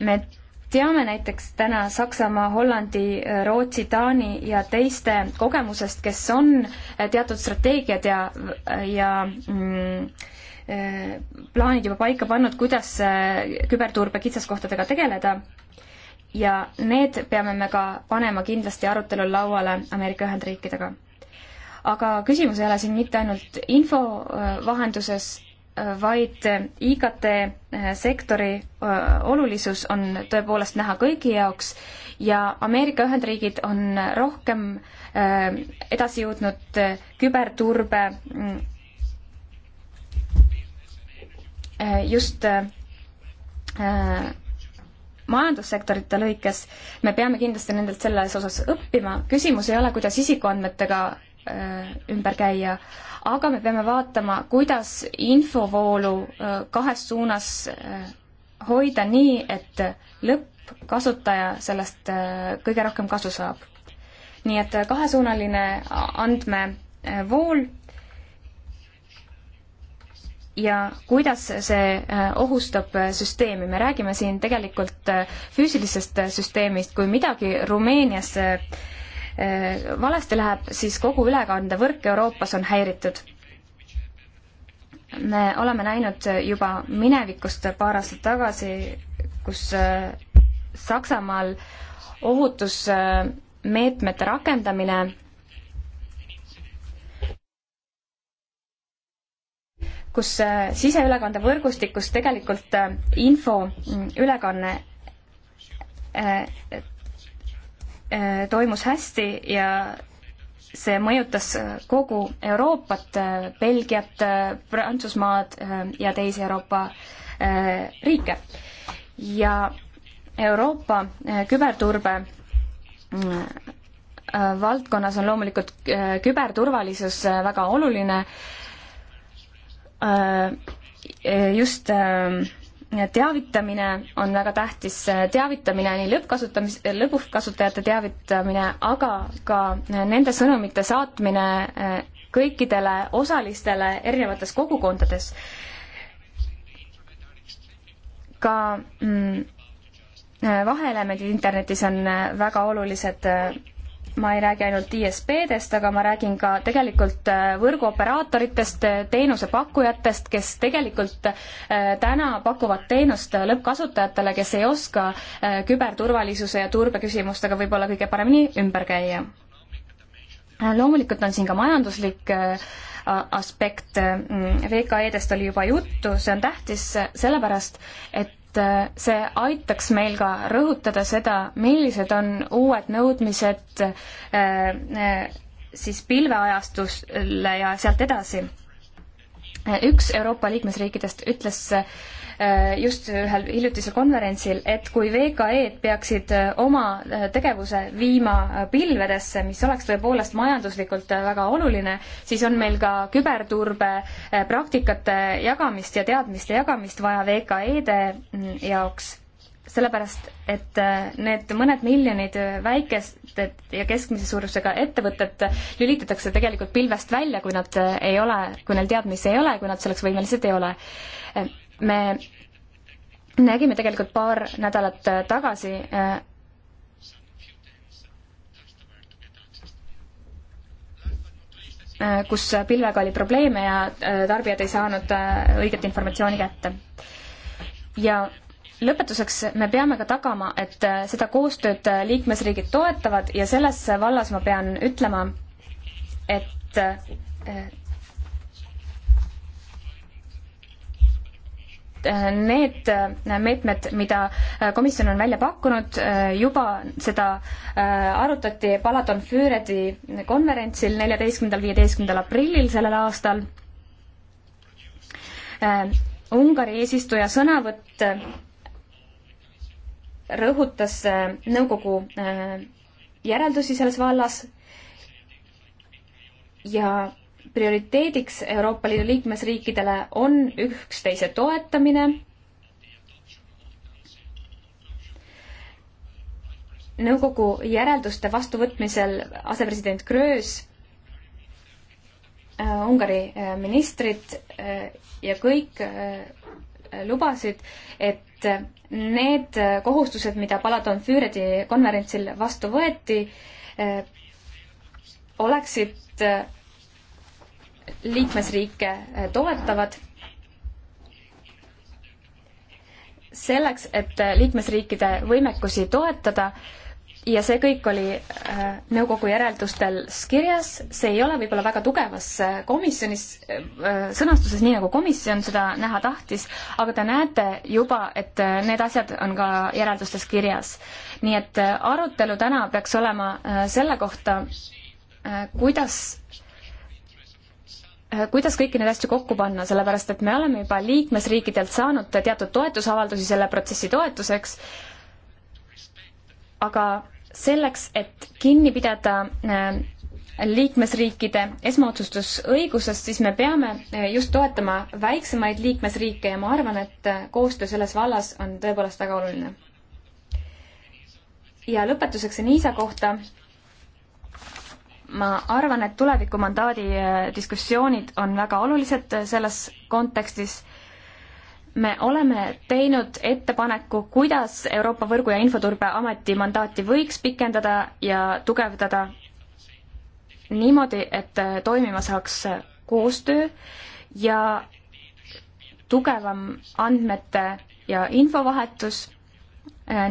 me teame näiteks täna Saksamaa, Hollandi, Rootsi, Taani ja teiste kogemusest, kes on äh, teatud strateegiad ja, ja mm, äh, plaanid juba paika pannud, kuidas äh, küberturbe kitsaskohtadega tegeleda. ja need peame me ka panema kindlasti arutelul lauale Ameerika Ühendriikidega. aga küsimus ei ole siin mitte ainult info vahenduses vaid IKT eh, sektori eh, olulisus on tõepoolest näha kõigi jaoks ja Ameerika Ühendriigid on rohkem eh, edasi jõudnud küberturbe just majandussektorite lõikes. me peame kindlasti nendelt selles osas õppima. küsimus ei ole, kuidas isikuandmetega ümber käia, aga me peame vaatama, kuidas infovoolu äh, kahes suunas äh, hoida nii, et lõppkasutaja sellest äh, kõige rohkem kasu saab. nii et kahesuunaline andmevool ja kuidas see ohustab süsteemi, me räägime siin tegelikult füüsilisest süsteemist, kui midagi Rumeenias Äh, valesti läheb, siis kogu ülekandevõrk Euroopas on häiritud. me oleme näinud juba minevikust paar aastat tagasi, kus äh, Saksamaal ohutusmeetmete äh, rakendamine kus siseülekande võrgustikus tegelikult info mm, ülekanne Äh, toimus hästi ja see mõjutas äh, kogu Euroopat, äh, Belgiat, Prantsusmaad ja teisi Euroopa riike. ja Euroopa küberturbe mm, valdkonnas on loomulikult küberturvalisus väga oluline. just teavitamine on väga tähtis, teavitamine nii lõppkasutamis, lõppkasutajate teavitamine, aga ka nende sõnumite saatmine äh, kõikidele osalistele erinevates kogukondades. ka mm, äh, vaheelemendid internetis on äh, väga olulised ma ei räägi ainult ISP-dest, aga ma räägin ka tegelikult äh, võrguoperaatoritest, äh, teenusepakkujatest, kes tegelikult äh, täna pakuvad teenust lõppkasutajatele, kes ei oska küberturvalisuse ja turbeküsimustega võib-olla kõige paremini ümber käia. loomulikult on siin ka majanduslik aspekt, mm, VKE-dest oli juba juttu, see on tähtis sellepärast, et et äh, see aitaks meil ka rõhutada seda, millised on uued nõudmised äh, äh, siis pilveajastusele ja sealt edasi. üks Euroopa liikmesriikidest ütles Äh, just ühel hiljutisel konverentsil, et kui VKE-d peaksid äh, oma äh, tegevuse viima pilvedesse, mis oleks tõepoolest majanduslikult väga oluline, siis on meil ka küberturbe praktikate jagamist ja teadmiste jagamist vaja VKE-de mm, jaoks sellepärast, et need mõned miljonid väikest ja keskmise suurusega ettevõtet lülitatakse tegelikult pilvest välja, kui nad ei ole, kui neil teadmisi ei ole, kui nad selleks võimelised ei ole me nägime tegelikult paar nädalat tagasi äh, kus pilvega oli probleeme ja äh, tarbijad ei saanud äh, õiget informatsiooni kätte. ja lõpetuseks me peame ka tagama, et seda koostööd liikmesriigid toetavad ja selles vallas ma pean ütlema, et Äh, need äh, meetmed, mida äh, komisjon on välja pakkunud, juba seda arutati Palaton Füredi konverentsil neljateistkümnendal, viieteistkümnendal aprillil sellel aastal. Ungari eesistuja sõnavõtt rõhutas nõukogu järeldusi selles vallas ja prioriteediks Euroopa Liidu liikmesriikidele on üksteise toetamine, nõukogu järelduste vastuvõtmisel asepresident Gröös, äh, Ungari äh, ministrid äh, ja kõik lubasid, et need kohustused, mida Paladon Füüredi konverentsil vastu võeti, oleksid liikmesriike eh, toetavad. selleks, et eh, liikmesriikide võimekusi toetada ja see kõik oli eh, nõukogu järeldustel kirjas, see ei ole võib-olla väga tugevas komisjonis, sõnastuses, nii nagu komisjon seda näha tahtis, aga te näete juba, et need asjad on ka järeldustes kirjas. nii et arutelu täna peaks olema selle kohta, kuidas Äh, kuidas kõiki neid asju kokku panna, sellepärast et me oleme juba liikmesriikidelt saanud teatud toetusavaldusi selle protsessi toetuseks, aga selleks, et kinni pidada äh, liikmesriikide esmaotsustusõigusest, siis me peame äh, just toetama väiksemaid liikmesriike ja ma arvan, et koostöö selles vallas on tõepoolest väga oluline. ja lõpetuseks Enisa kohta ma arvan, et tulevikumandaadi äh, diskussioonid on väga olulised äh, selles kontekstis. me oleme teinud ettepaneku, kuidas Euroopa Võrgu- ja Infoturbeameti mandaati võiks pikendada ja tugevdada niimoodi, et äh, toimima saaks koostöö ja tugevam andmete ja infovahetus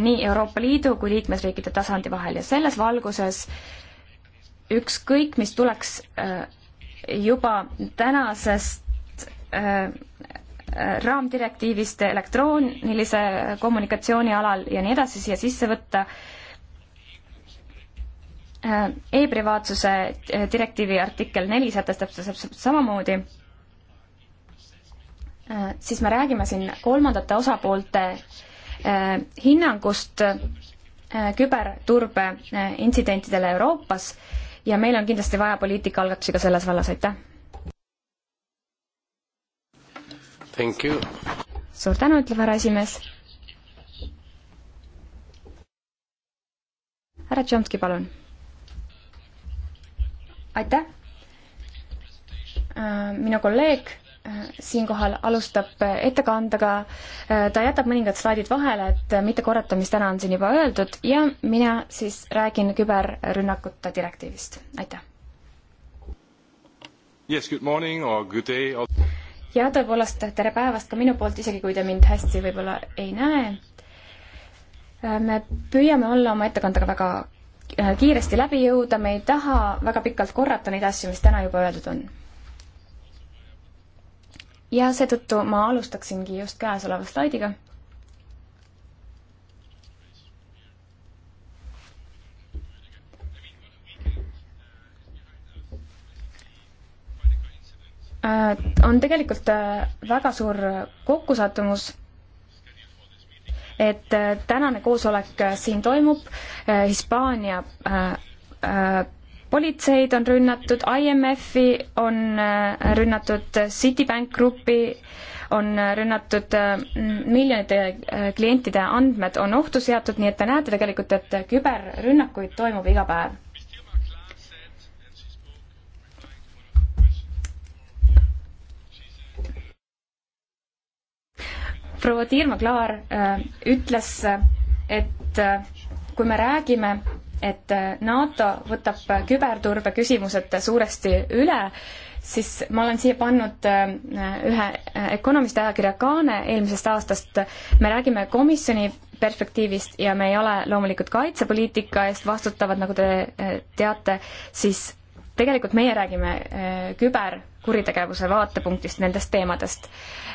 nii Euroopa Liidu kui liikmesriikide tasandi vahel ja selles valguses äh, ükskõik, mis tuleks äh, juba tänasest äh, äh, raamdirektiivist elektroonilise kommunikatsiooni alal ja nii edasi siia sisse võtta, e-privaatsuse direktiivi artikkel neli sätestab seda samamoodi, siis me räägime siin kolmandate osapoolte hinnangust küberturbe intsidentidele Euroopas ja meil on kindlasti vaja poliitikaalgatusi ka selles vallas, aitäh! suur tänu, ütleb härra esimees. härra Tšomski, palun. aitäh! Äh, minu kolleeg Äh, siinkohal alustab äh, ettekandega, äh, ta jätab mõningad slaidid vahele, et mitte korrata, mis täna on siin juba öeldud ja mina siis räägin küberrünnakute direktiivist, aitäh yes,. ja tõepoolest, tere päevast ka minu poolt, isegi kui te mind hästi võib-olla ei näe. me püüame olla oma ettekandega väga kiiresti läbi jõuda, me ei taha väga pikalt korrata neid asju, mis täna juba öeldud on ja seetõttu ma alustaksingi just käesoleva slaidiga. Äh, on tegelikult äh, väga suur kokkusattumus, et äh, tänane koosolek siin toimub Hispaania politseid on rünnatud, IMF-i on äh, rünnatud, Citibank Grupi on äh, rünnatud, äh, miljonite klientide andmed on ohtu seatud, nii et te näete tegelikult, et küberrünnakuid toimub iga päev. proua Tiirma Klaar ütles, et kui me räägime et NATO võtab küberturbe küsimused suuresti üle, siis ma olen siia pannud äh, ühe äh, Economist ajakirja kaane eelmisest aastast, me räägime komisjoni perspektiivist ja me ei ole loomulikult kaitsepoliitika eest vastutavad, nagu te äh, teate, siis tegelikult meie räägime eh, küberkuritegevuse vaatepunktist, nendest teemadest.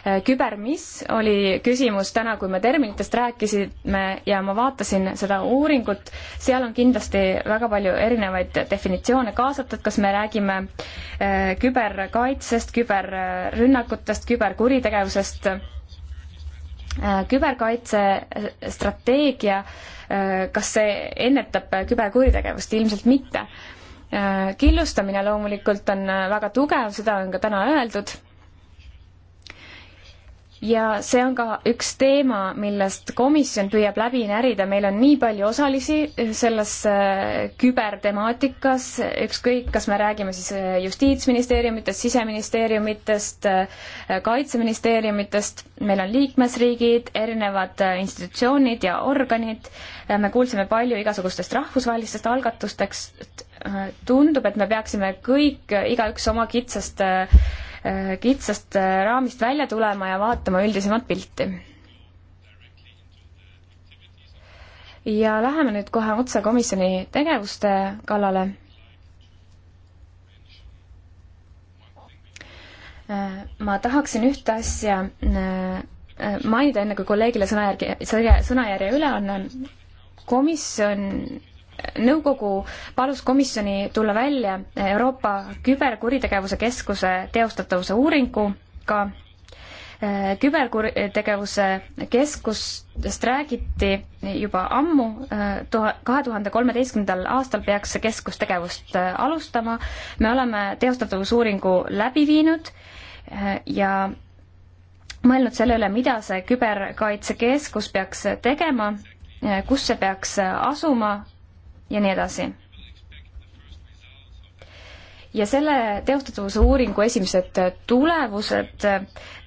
Eh, küber mis oli küsimus täna, kui me terminitest rääkisime ja ma vaatasin seda uuringut, seal on kindlasti väga palju erinevaid definitsioone kaasatud, kas me räägime eh, küberkaitsest, küberrünnakutest, küberkuritegevusest küberkaitsestrateegia, kas see ennetab küberkuritegevust, ilmselt mitte. Äh, killustamine loomulikult on äh, väga tugev, seda on ka täna öeldud ja see on ka üks teema, millest komisjon püüab läbi närida, meil on nii palju osalisi selles äh, kübertemaatikas, ükskõik, kas me räägime siis äh, justiitsministeeriumitest, siseministeeriumitest, äh, kaitseministeeriumitest, meil on liikmesriigid, erinevad institutsioonid ja organid, me kuulsime palju igasugustest rahvusvahelistest algatustest, tundub, et me peaksime kõik, igaüks oma kitsast äh, Äh, kitsast äh, raamist välja tulema ja vaatama üldisemat pilti. ja läheme nüüd kohe otse komisjoni tegevuste kallale. Äh, ma tahaksin ühte asja mainida, enne kui kolleegile sõnajärgi, sõnajärje üle annan. komisjon nõukogu palus komisjoni tulla välja Euroopa küberkuritegevuse keskuse teostatavuse uuringuga. küberkuritegevuse keskustest räägiti juba ammu, kahe tuhande kolmeteistkümnendal aastal peaks see keskus tegevust alustama. me oleme teostatavusuuringu läbi viinud ja mõelnud selle üle, mida see küberkaitsekeskus peaks tegema, kus see peaks asuma, ja nii edasi. ja selle teostatavuse uuringu esimesed tulevused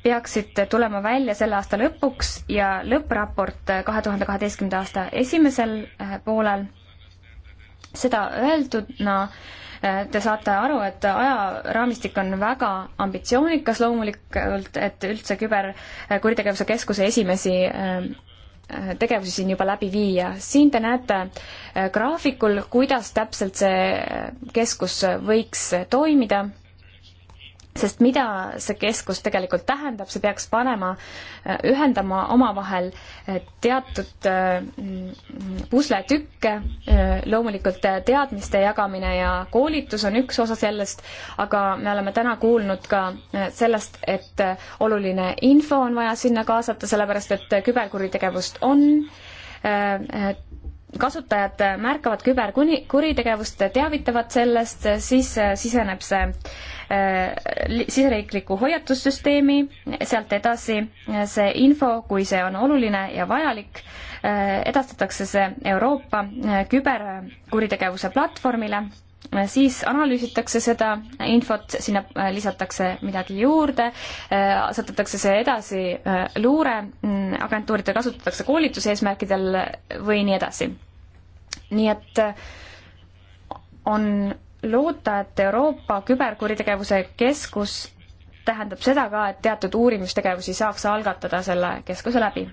peaksid tulema välja selle aasta lõpuks ja lõppraport kahe tuhande kaheteistkümnenda aasta esimesel äh, poolel. seda öelduna no, äh, te saate aru, et ajaraamistik on väga ambitsioonikas loomulikult, et üldse küberkuritegevuse keskuse esimesi äh, tegevusi siin juba läbi viia. siin te näete äh, graafikul, kuidas täpselt see äh, keskus võiks toimida sest mida see keskus tegelikult tähendab, see peaks panema, äh, ühendama omavahel äh, teatud äh, pusletükke, loomulikult teadmiste jagamine ja koolitus on üks osa sellest, aga me oleme täna kuulnud ka sellest, et oluline info on vaja sinna kaasata, sellepärast et küberkuritegevust on kasutajad märkavad küberkuritegevust, teavitavad sellest, siis siseneb see äh, siseriikliku hoiatussüsteemi, sealt edasi see info, kui see on oluline ja vajalik, äh, edastatakse see Euroopa äh, küberkuritegevuse platvormile siis analüüsitakse seda infot, sinna äh, lisatakse midagi juurde, äh, saadetakse see edasi äh, luureagentuuridele, mm, kasutatakse koolituse eesmärkidel või nii edasi. nii et on loota, et Euroopa Küberkuritegevuse Keskus tähendab seda ka, et teatud uurimistegevusi saaks algatada selle keskuse läbi.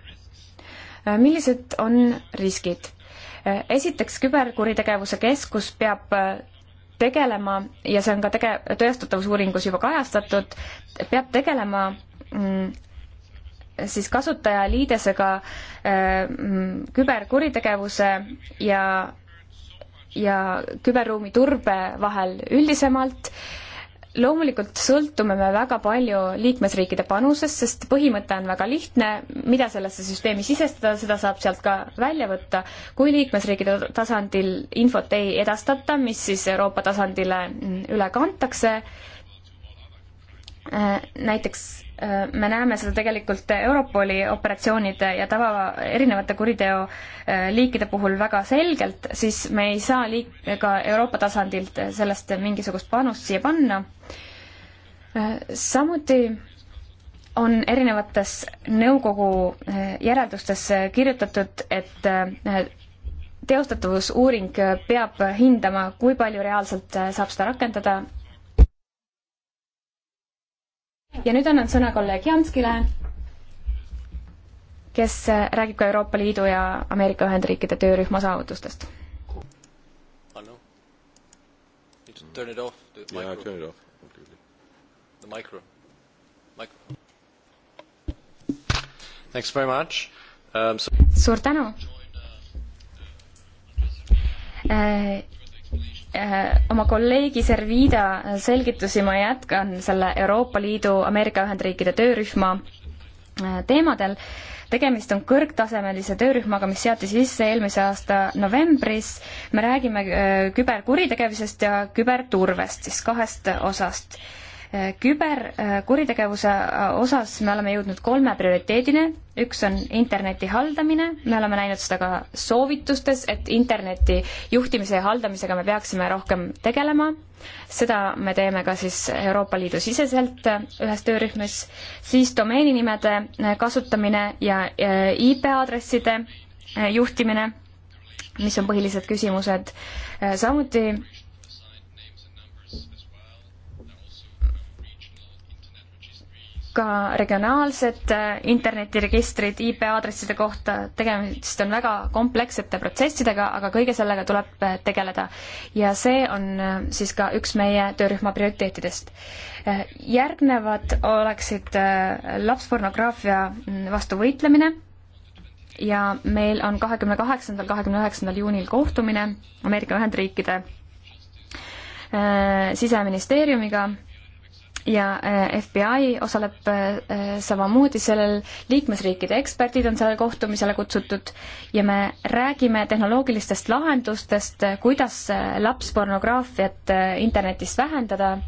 millised on riskid? esiteks, küberkuritegevuse keskus peab tegelema ja see on ka tege-, tõestatavusuuringus juba kajastatud, peab tegelema mm, siis kasutaja liidesega mm, küberkuritegevuse ja, ja küberruumi turbe vahel üldisemalt äh, loomulikult sõltume me väga palju liikmesriikide panusest, sest põhimõte on väga lihtne, mida sellesse süsteemi sisestada, seda saab sealt ka välja võtta. kui liikmesriikide tasandil infot ei edastata, mis siis Euroopa tasandile üle kantakse, Äh, näiteks äh, me näeme seda tegelikult Europoli operatsioonide ja tava, erinevate kuriteoliikide äh, puhul väga selgelt, siis me ei saa liik-, ka Euroopa tasandilt sellest mingisugust panust siia panna. samuti on erinevates nõukogu järeldustes kirjutatud, et teostatavusuuring peab hindama, kui palju reaalselt saab seda rakendada ja nüüd annan sõna kolleeg Janskile, kes räägib ka Euroopa Liidu ja Ameerika Ühendriikide töörühma saavutustest. Turn it off. The micro. Yeah, turn it off. The micro. Micro. Thanks very much. Um, so... Suur tänu uh, uh, Äh, oma kolleegi Servida selgitusi ma jätkan selle Euroopa Liidu Ameerika Ühendriikide töörühma äh, teemadel. tegemist on kõrgtasemelise töörühmaga, mis seati sisse eelmise aasta novembris. me räägime äh, küberkuritegevusest ja küberturvest siis kahest osast küberkuritegevuse äh, osas me oleme jõudnud kolme prioriteedini. üks on interneti haldamine, me oleme näinud seda ka soovitustes, et interneti juhtimise ja haldamisega me peaksime rohkem tegelema. seda me teeme ka siis Euroopa Liidu siseselt äh, ühes töörühmas, siis domeeninimede äh, kasutamine ja IP-aadresside juhtimine mis on põhilised küsimused. samuti ka regionaalsed äh, internetiregistrid IP aadresside kohta, tegemist on väga komplekssete protsessidega, aga kõige sellega tuleb äh, tegeleda. ja see on äh, siis ka üks meie töörühma prioriteetidest. järgnevad oleksid lapspornograafia mm, vastu võitlemine ja meil on kahekümne kaheksandal, kahekümne üheksandal juunil kohtumine Ameerika Ühendriikide siseministeeriumiga ja äh, FBI osaleb äh, samamoodi sellel, liikmesriikide eksperdid on sellele kohtumisele kutsutud ja me räägime tehnoloogilistest lahendustest, kuidas äh, lapspornograafiat internetist vähendada.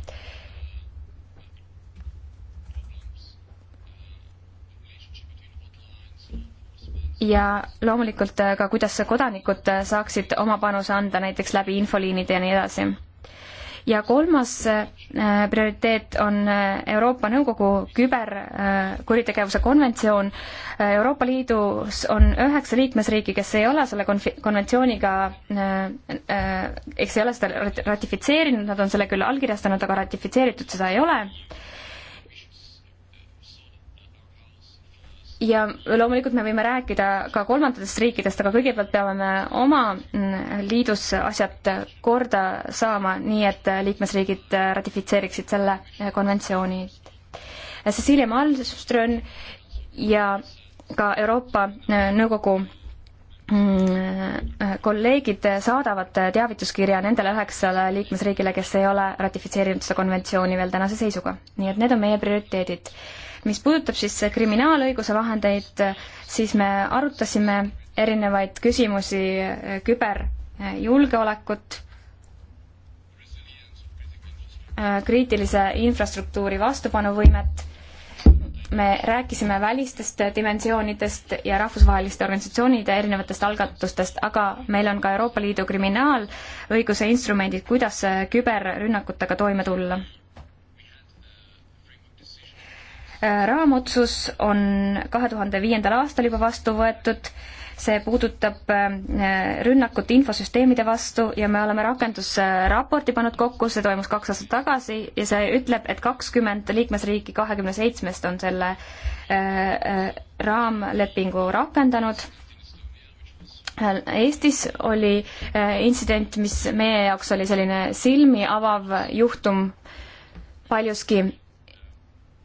ja loomulikult ka, kuidas kodanikud saaksid oma panuse anda näiteks läbi infoliinide ja nii edasi ja kolmas äh, prioriteet on äh, Euroopa Nõukogu küberkuritegevuse äh, konventsioon. Euroopa Liidus on üheksa liikmesriiki, kes ei ole selle konf-, konventsiooniga eks ei ole seda ratifitseerinud, nad on selle küll allkirjastanud, aga ratifitseeritud seda ei ole ja loomulikult me võime rääkida ka kolmandatest riikidest, aga kõigepealt peame me oma mm, liidus asjad korda saama, nii et liikmesriigid ratifitseeriksid selle konventsiooni. Cecilia Malmström ja ka Euroopa äh, Nõukogu mm, kolleegid saadavad teavituskirja nendele üheksale liikmesriigile, kes ei ole ratifitseerinud seda konventsiooni veel tänase seisuga. nii et need on meie prioriteedid mis puudutab siis kriminaalõiguse vahendeid, siis me arutasime erinevaid küsimusi eh, küberjulgeolekut, eh, eh, kriitilise infrastruktuuri vastupanuvõimet, me rääkisime välistest dimensioonidest ja rahvusvaheliste organisatsioonide erinevatest algatustest, aga meil on ka Euroopa Liidu kriminaalõiguse instrumendid, kuidas küberrünnakutega toime tulla raamotsus on kahe tuhande viiendal aastal juba vastu võetud, see puudutab äh, rünnakut infosüsteemide vastu ja me oleme rakendusraporti pannud kokku, see toimus kaks aastat tagasi ja see ütleb, et kakskümmend liikmesriiki kahekümne seitsmest on selle äh, äh, raamlepingu rakendanud Eestis oli intsident, mis meie jaoks oli selline silmi avav juhtum paljuski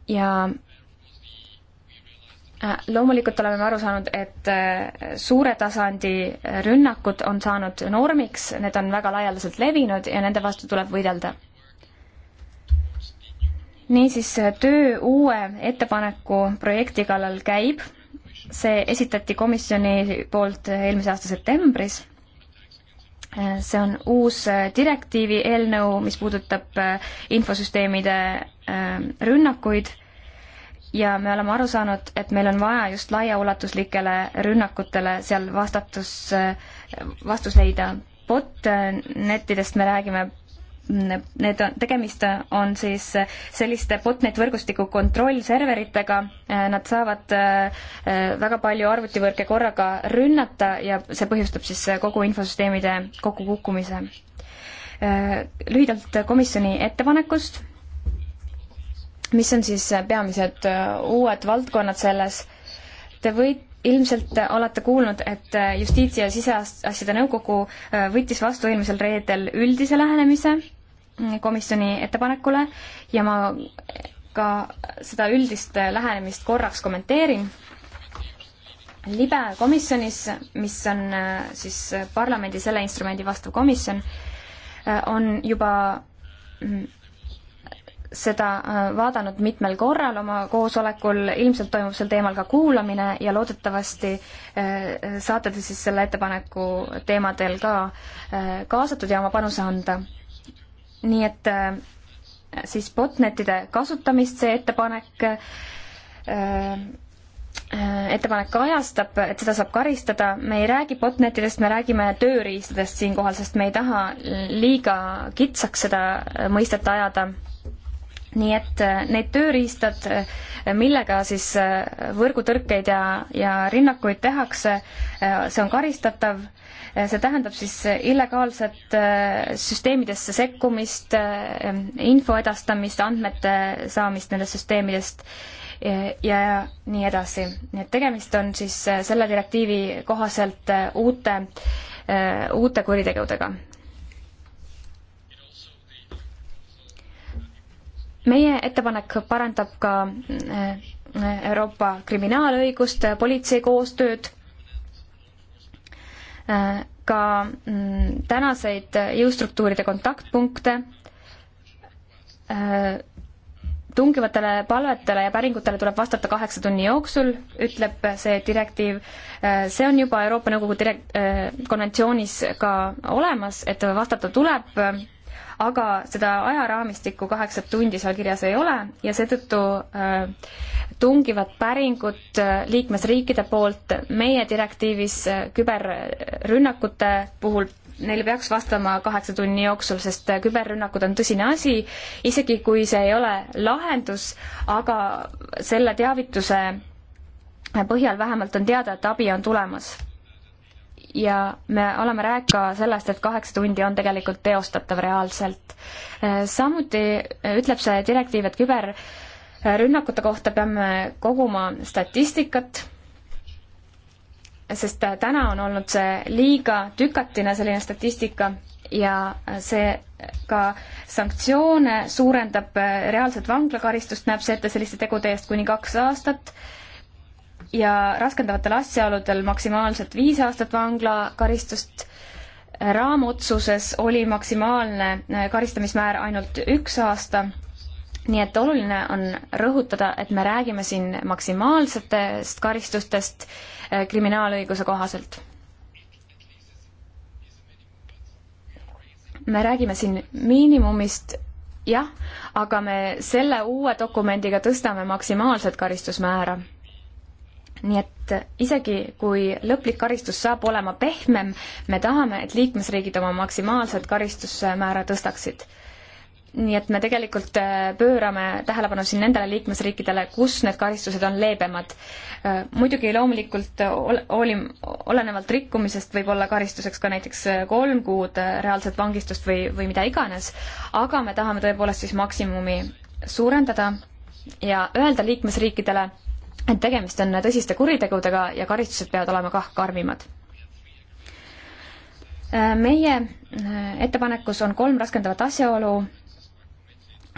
ja Äh, loomulikult oleme me aru saanud, et äh, suure tasandi rünnakud on saanud normiks, need on väga laialdaselt levinud ja nende vastu tuleb võidelda. niisiis, äh, töö uue ettepaneku projekti kallal käib, see esitati komisjoni poolt eelmise aasta septembris, see on uus direktiivi eelnõu, mis puudutab infosüsteemide rünnakuid ja me oleme aru saanud, et meil on vaja just laiaulatuslikele rünnakutele seal vastatus, vastus leida. Botnetidest me räägime, need on, tegemist on siis selliste botnet võrgustiku kontrollserveritega, nad saavad eh, väga palju arvutivõrke korraga rünnata ja see põhjustab siis kogu infosüsteemide kokkukukkumise. Eh, lühidalt komisjoni ettepanekust mis on siis peamised äh, uued valdkonnad selles. Te võite ilmselt olete kuulnud, et äh, Justiits- ja Siseasjade Nõukogu äh, võttis vastu eelmisel reedel üldise lähenemise mm, komisjoni ettepanekule ja ma ka seda üldist lähenemist korraks kommenteerin. libe komisjonis, mis on siis parlamendi selle instrumendi vastav komisjon, on juba mm, seda äh, vaadanud mitmel korral oma koosolekul, ilmselt toimub sel teemal ka kuulamine ja loodetavasti äh, äh, saate te siis selle ettepaneku teemadel ka kaasatud ja oma panuse anda. nii et siis botnetide kasutamist see ettepanek ettepanek kajastab, et seda saab karistada, me ei räägi botnetidest, me räägime tööriistadest siinkohal, sest me ei taha liiga kitsaks seda mõistet ajada nii et äh, need tööriistad, äh, millega siis äh, võrgutõrkeid ja, ja rünnakuid tehakse, see on karistatav, see tähendab siis illegaalset süsteemidesse sekkumist, info edastamist, andmete saamist nendest süsteemidest ja nii edasi. nii et tegemist on siis selle direktiivi kohaselt uute, uute kuritegudega. meie ettepanek parandab ka äh, Euroopa kriminaalõigust, äh, politsei koostööd, äh, ka mm, tänaseid jõustruktuuride kontaktpunkte, tungivatele palvetele ja päringutele tuleb vastata kaheksa tunni jooksul, ütleb see direktiiv. see on juba Euroopa Nõukogu direkt-, konventsioonis ka olemas, et vastata tuleb aga seda ajaraamistikku kaheksat tundi seal kirjas ei ole ja seetõttu äh, tungivad päringud äh, liikmesriikide poolt meie direktiivis äh, küberrünnakute puhul neile peaks vastama kaheksa tunni jooksul, sest küberrünnakud on tõsine asi, isegi kui see ei ole lahendus, aga selle teavituse põhjal vähemalt on teada, et abi on tulemas ja me oleme rääkinud ka sellest, et kaheksa tundi on tegelikult teostatav reaalselt. Äh, samuti äh, ütleb see direktiiv, et küberrünnakute kohta peame koguma statistikat, sest äh, täna on olnud see liiga tükatine, selline statistika, ja see ka sanktsioone suurendab, reaalset vanglakaristust näeb see ette selliste tegude eest kuni kaks aastat ja raskendavatel asjaoludel maksimaalselt viis aastat vanglakaristust. raamotsuses oli maksimaalne äh, karistamismäär ainult üks aasta. nii et oluline on rõhutada, et me räägime siin maksimaalsetest karistustest äh, kriminaalõiguse kohaselt. me räägime siin miinimumist, jah, aga me selle uue dokumendiga tõstame maksimaalset karistusmäära nii et isegi, kui lõplik karistus saab olema pehmem, me tahame, et liikmesriigid oma maksimaalset karistusmäära tõstaksid nii et me tegelikult äh, pöörame tähelepanu siin nendele liikmesriikidele, kus need karistused on leebemad. Äh, muidugi loomulikult oli, olenevalt rikkumisest võib olla karistuseks ka näiteks äh, kolm kuud reaalset vangistust või, või mida iganes, aga me tahame tõepoolest siis maksimumi suurendada ja öelda liikmesriikidele, et tegemist on tõsiste kuritegudega ja karistused peavad olema kah karmimad. meie äh, ettepanekus on kolm raskendavat asjaolu.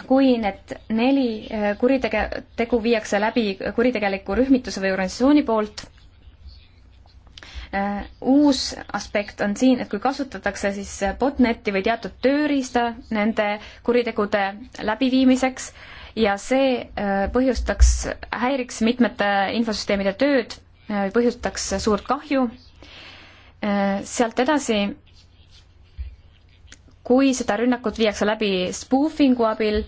kui need neli äh, kuritege-, tegu viiakse läbi kuritegeliku rühmituse või organisatsiooni poolt, äh, uus aspekt on siin, et kui kasutatakse siis botneti või teatud tööriista nende kuritegude läbiviimiseks, ja see äh, põhjustaks, häiriks mitmete infosüsteemide tööd, äh, põhjustaks suurt kahju. Äh, sealt edasi, kui seda rünnakut viiakse läbi spoofingu abil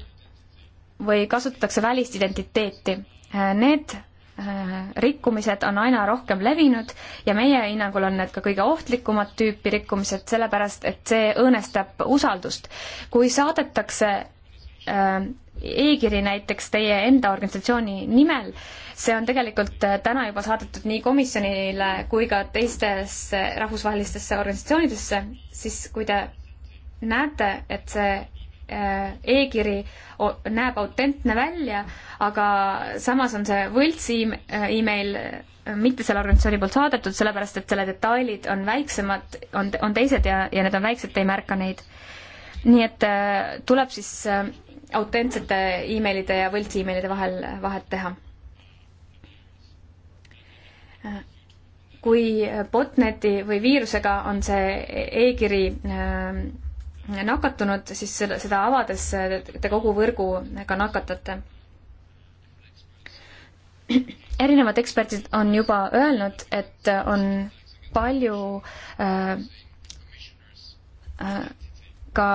või kasutatakse välist identiteeti, need rikkumised on aina rohkem levinud ja meie hinnangul on need ka kõige ohtlikumad tüüpi rikkumised, sellepärast et see õõnestab usaldust. kui saadetakse e-kiri näiteks teie enda organisatsiooni nimel, see on tegelikult äh, täna juba saadetud nii komisjonile kui ka teistesse rahvusvahelistesse organisatsioonidesse, siis kui te näete, et see äh, e-kiri näeb autentne välja, aga samas on see võlts äh, email mitte selle organisatsiooni poolt saadetud, sellepärast et selle detailid on väiksemad, on, on teised ja, ja need on väiksed, te ei märka neid. nii et tuleb siis autentsete emailide ja võlts emailide vahel vahet teha. kui botneti või viirusega on see e-kiri äh, nakatunud, siis seda, seda avades te kogu võrgu ka nakatate. erinevad eksperdid on juba öelnud, et on palju äh, äh, ka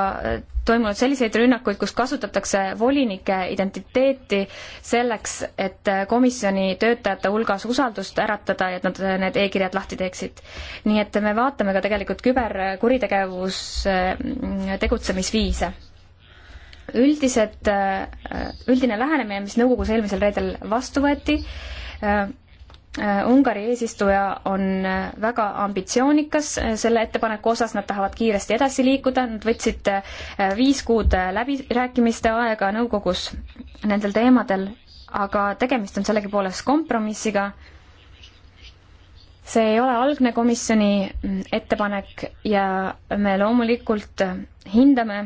toimunud selliseid rünnakuid, kus kasutatakse volinike identiteeti selleks, et komisjoni töötajate hulgas usaldust äratada ja et nad need e-kirjad lahti teeksid. nii et me vaatame ka tegelikult küberkuritegevus äh, tegutsemisviise. üldised, äh, üldine lähenemine, mis nõukogus eelmisel reedel vastu võeti, äh, Äh, Ungari eesistuja on äh, väga ambitsioonikas äh, selle ettepaneku osas, nad tahavad kiiresti edasi liikuda, nad võtsid viis kuud läbirääkimiste aega nõukogus nendel teemadel, aga tegemist on sellegipoolest kompromissiga. see ei ole algne komisjoni mm, ettepanek ja me loomulikult hindame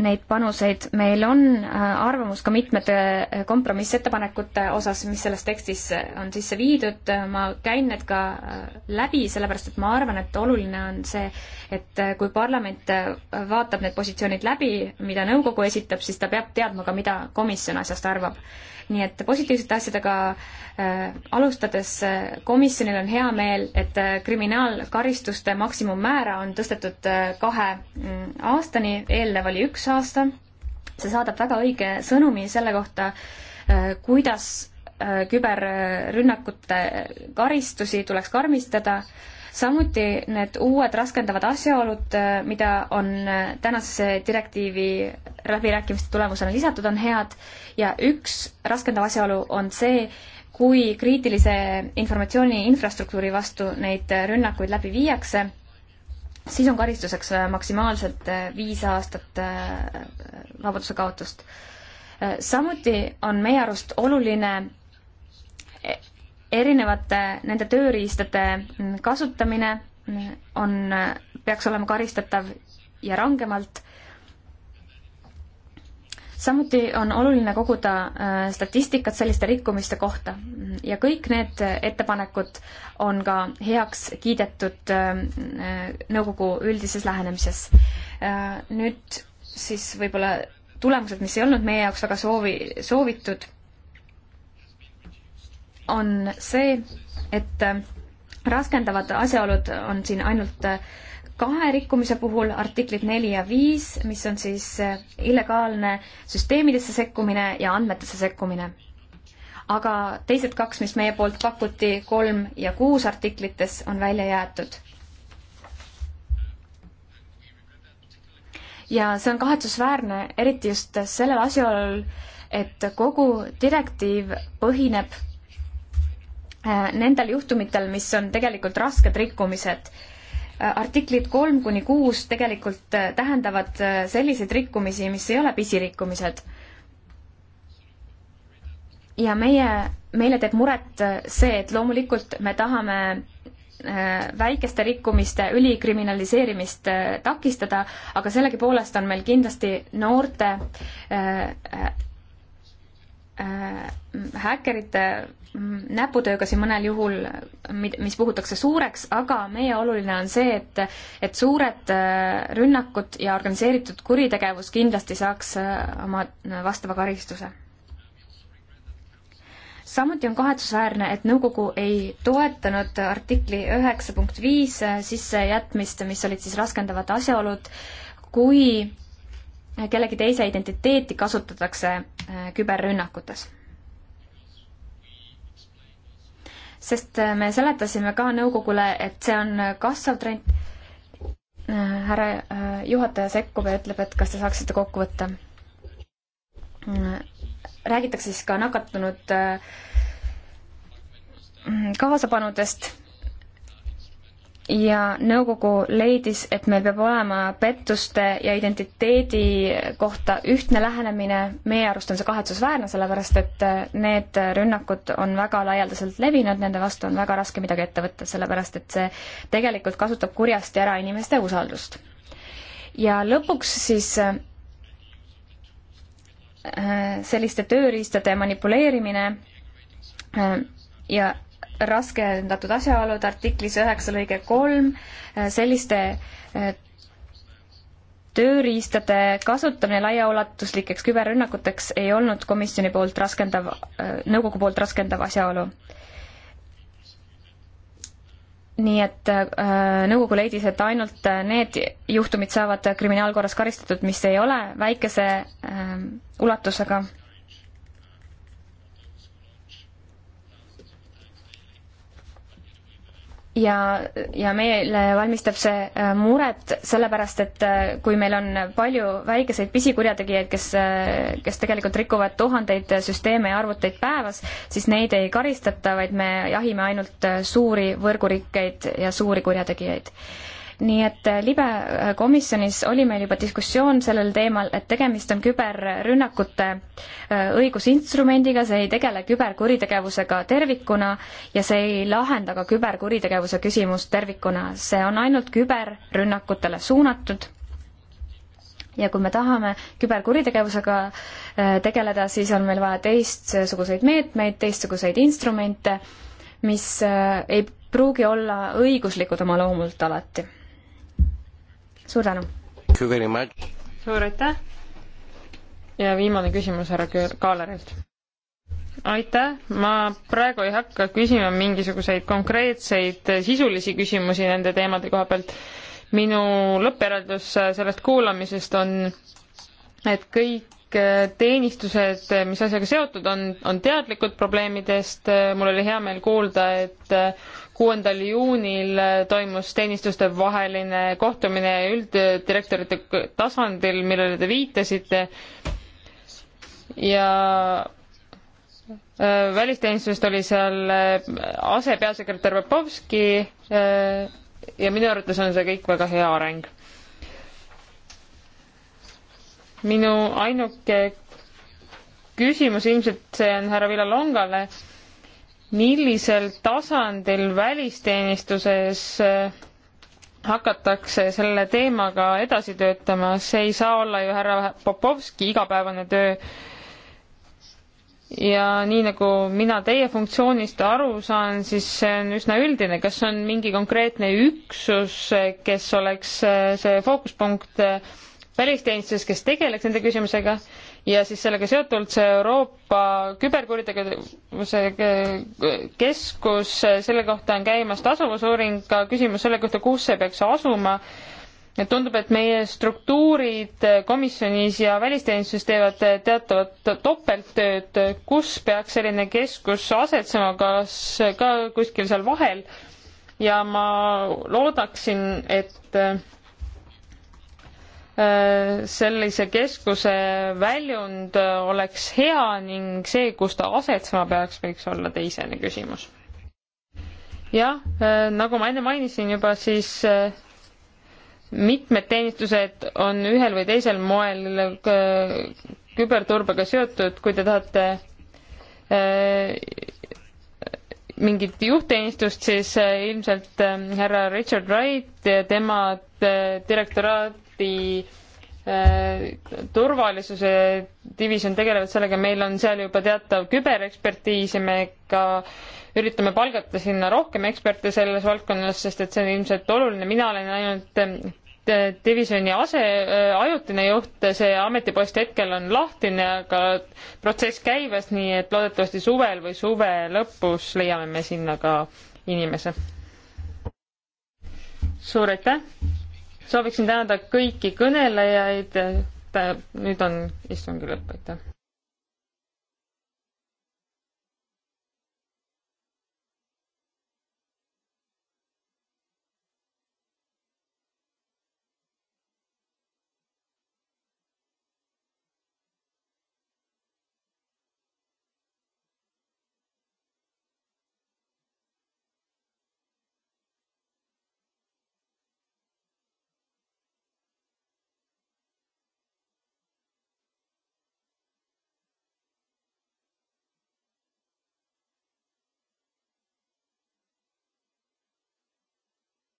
neid panuseid, meil on äh, arvamus ka mitmete äh, kompromissettepanekute osas, mis selles tekstis äh, on sisse viidud, ma käin need ka läbi, sellepärast et ma arvan, et oluline on see, et kui parlament vaatab need positsioonid läbi, mida nõukogu esitab, siis ta peab teadma ka, mida komisjon asjast arvab nii et positiivsete asjadega äh, alustades äh, komisjonil on hea meel, et äh, kriminaalkaristuste maksimummäära on tõstetud äh, kahe mm, aastani, eelnev oli üks aasta. see saadab väga õige sõnumi selle kohta äh,, kuidas küberrünnakute karistusi tuleks karmistada äh, samuti need uued raskendavad asjaolud, äh, mida on äh, tänasesse direktiivi läbirääkimiste tulemusena lisatud, on head ja üks raskendav asjaolu on see, kui kriitilise informatsiooni infrastruktuuri vastu neid äh, rünnakuid läbi viiakse, siis on karistuseks maksimaalselt viis aastat vabaduse kaotust. samuti on meie arust oluline erinevate nende tööriistade kasutamine on, peaks olema karistatav ja rangemalt. samuti on oluline koguda äh, statistikat selliste rikkumiste kohta ja kõik need ettepanekud on ka heaks kiidetud äh, nõukogu üldises lähenemises. Äh, nüüd siis võib-olla tulemused, mis ei olnud meie jaoks väga soovi, soovitud on see, et raskendavad asjaolud on siin ainult kahe rikkumise puhul, artiklid neli ja viis, mis on siis illegaalne süsteemidesse sekkumine ja andmetesse sekkumine. aga teised kaks, mis meie poolt pakuti, kolm ja kuus artiklites, on välja jäetud. ja see on kahetsusväärne, eriti just sellel asjaolul, et kogu direktiiv põhineb Äh, nendel juhtumitel, mis on tegelikult rasked rikkumised. Äh, artiklid kolm kuni kuus tegelikult äh, tähendavad selliseid rikkumisi, mis ei ole pisirikkumised. ja meie, meile teeb muret see, et loomulikult me tahame väikeste rikkumiste ülikriminaliseerimist takistada, aga sellegipoolest on meil kindlasti noorte Äh, häkkerite näputööga siin mõnel juhul, mis puhutakse suureks, aga meie oluline on see, et, et suured äh, rünnakud ja organiseeritud kuritegevus kindlasti saaks äh, oma vastava karistuse. samuti on kahetsusväärne, et nõukogu ei toetanud artikli üheksa punkt viis sissejätmist, mis olid siis raskendavad asjaolud, kui kellegi teise identiteeti kasutatakse äh, küberrünnakutes. sest äh, me seletasime ka nõukogule, et see on äh, kasvav trend. härra juhataja sekkub ja ütleb, et kas te saaksite kokku võtta. Mm, räägitakse siis ka nakatunud kaasapanudest ja nõukogu leidis, et meil peab olema pettuste ja identiteedi kohta ühtne lähenemine, meie arust on see kahetsusväärne, sellepärast et äh, need rünnakud on väga laialdaselt levinud, nende vastu on väga raske midagi ette võtta, sellepärast et see tegelikult kasutab kurjasti ära inimeste usaldust. ja lõpuks siis äh, äh, selliste tööriistade manipuleerimine ja raskendatud asjaolud artiklis üheksa lõige kolm, äh, selliste äh, tööriistade kasutamine laiaulatuslikeks küberrünnakuteks ei olnud komisjoni poolt raskendav, äh, nõukogu poolt raskendav asjaolu. nii et nõukogu leidis, et ainult need juhtumid saavad kriminaalkorras karistatud, mis ei ole väikese ulatusega ja, ja meile valmistab see äh, muret, sellepärast et äh, kui meil on palju väikeseid pisikurjategijaid, kes, äh, kes tegelikult rikuvad tuhandeid süsteeme ja arvuteid päevas, siis neid ei karistata, vaid me jahime ainult suuri võrgurikkeid ja suuri kurjategijaid nii et äh, libe äh, komisjonis oli meil juba diskussioon sellel teemal, et tegemist on küberrünnakute äh, õigusinstrumendiga, see ei tegele küberkuritegevusega tervikuna ja see ei lahenda ka küberkuritegevuse küsimust tervikuna, see on ainult küberrünnakutele suunatud. ja kui me tahame küberkuritegevusega tegeleda, siis on meil vaja teistsuguseid meetmeid, teistsuguseid instrumente, mis ei pruugi olla õiguslikud oma loomult alati suur tänu! suur aitäh! ja viimane küsimus härra Kaalerilt. aitäh, ma praegu ei hakka küsima mingisuguseid konkreetseid sisulisi küsimusi nende teemade koha pealt. minu lõppjäreldus sellest kuulamisest on, et kõik teenistused, mis asjaga seotud on, on teadlikud probleemidest, mul oli hea meel kuulda, et kuuendal juunil toimus teenistuste vaheline kohtumine ülddirektorite tasandil, millele te viitasite ja äh, välisteenistusest oli seal äh, asepeasekretär Popovski äh, ja minu arvates on see kõik väga hea areng. minu ainuke küsimus ilmselt see on härra Villalongale millisel tasandil välisteenistuses äh, hakatakse selle teemaga edasi töötama, see ei saa olla ju härra Popovski igapäevane töö. ja nii nagu mina teie funktsioonist aru saan, siis see on üsna üldine, kas on mingi konkreetne üksus, kes oleks äh, see fookuspunkt äh, välisteenistuses, kes tegeleks nende küsimusega ja siis sellega seotult see Euroopa küberkuritegevuse keskus, selle kohta on käimas tasuvusuuring, ka küsimus selle kohta, kus see peaks asuma. et tundub, et meie struktuurid komisjonis ja välisteenistuses teevad teatavat topelttööd, kus peaks selline keskus asetsema, kas ka kuskil seal vahel ja ma loodaksin, et Äh, sellise keskuse väljund äh, oleks hea ning see, kus ta asetsema peaks, võiks olla teisene küsimus. jah, äh, nagu ma enne mainisin juba, siis mitmed teenistused on ühel või teisel moel küberturbega seotud, kui te tahate mingit juhtteenistust, siis ilmselt härra Richard Wright ja tema direktoraat Balti äh, turvalisuse divisjon tegelevad sellega, meil on seal juba teatav küberekspertiis ja me ka üritame palgata sinna rohkem eksperte selles valdkonnas, sest et see on ilmselt oluline, mina olen ainult äh, divisjoni ase, äh, ajutine juht, see ametipost hetkel on lahtine, aga protsess käibes, nii et loodetavasti suvel või suve lõpus leiame me sinna ka inimese. suur aitäh! sooviksin tänada kõiki kõnelejaid, nüüd on istungi lõpp, aitäh!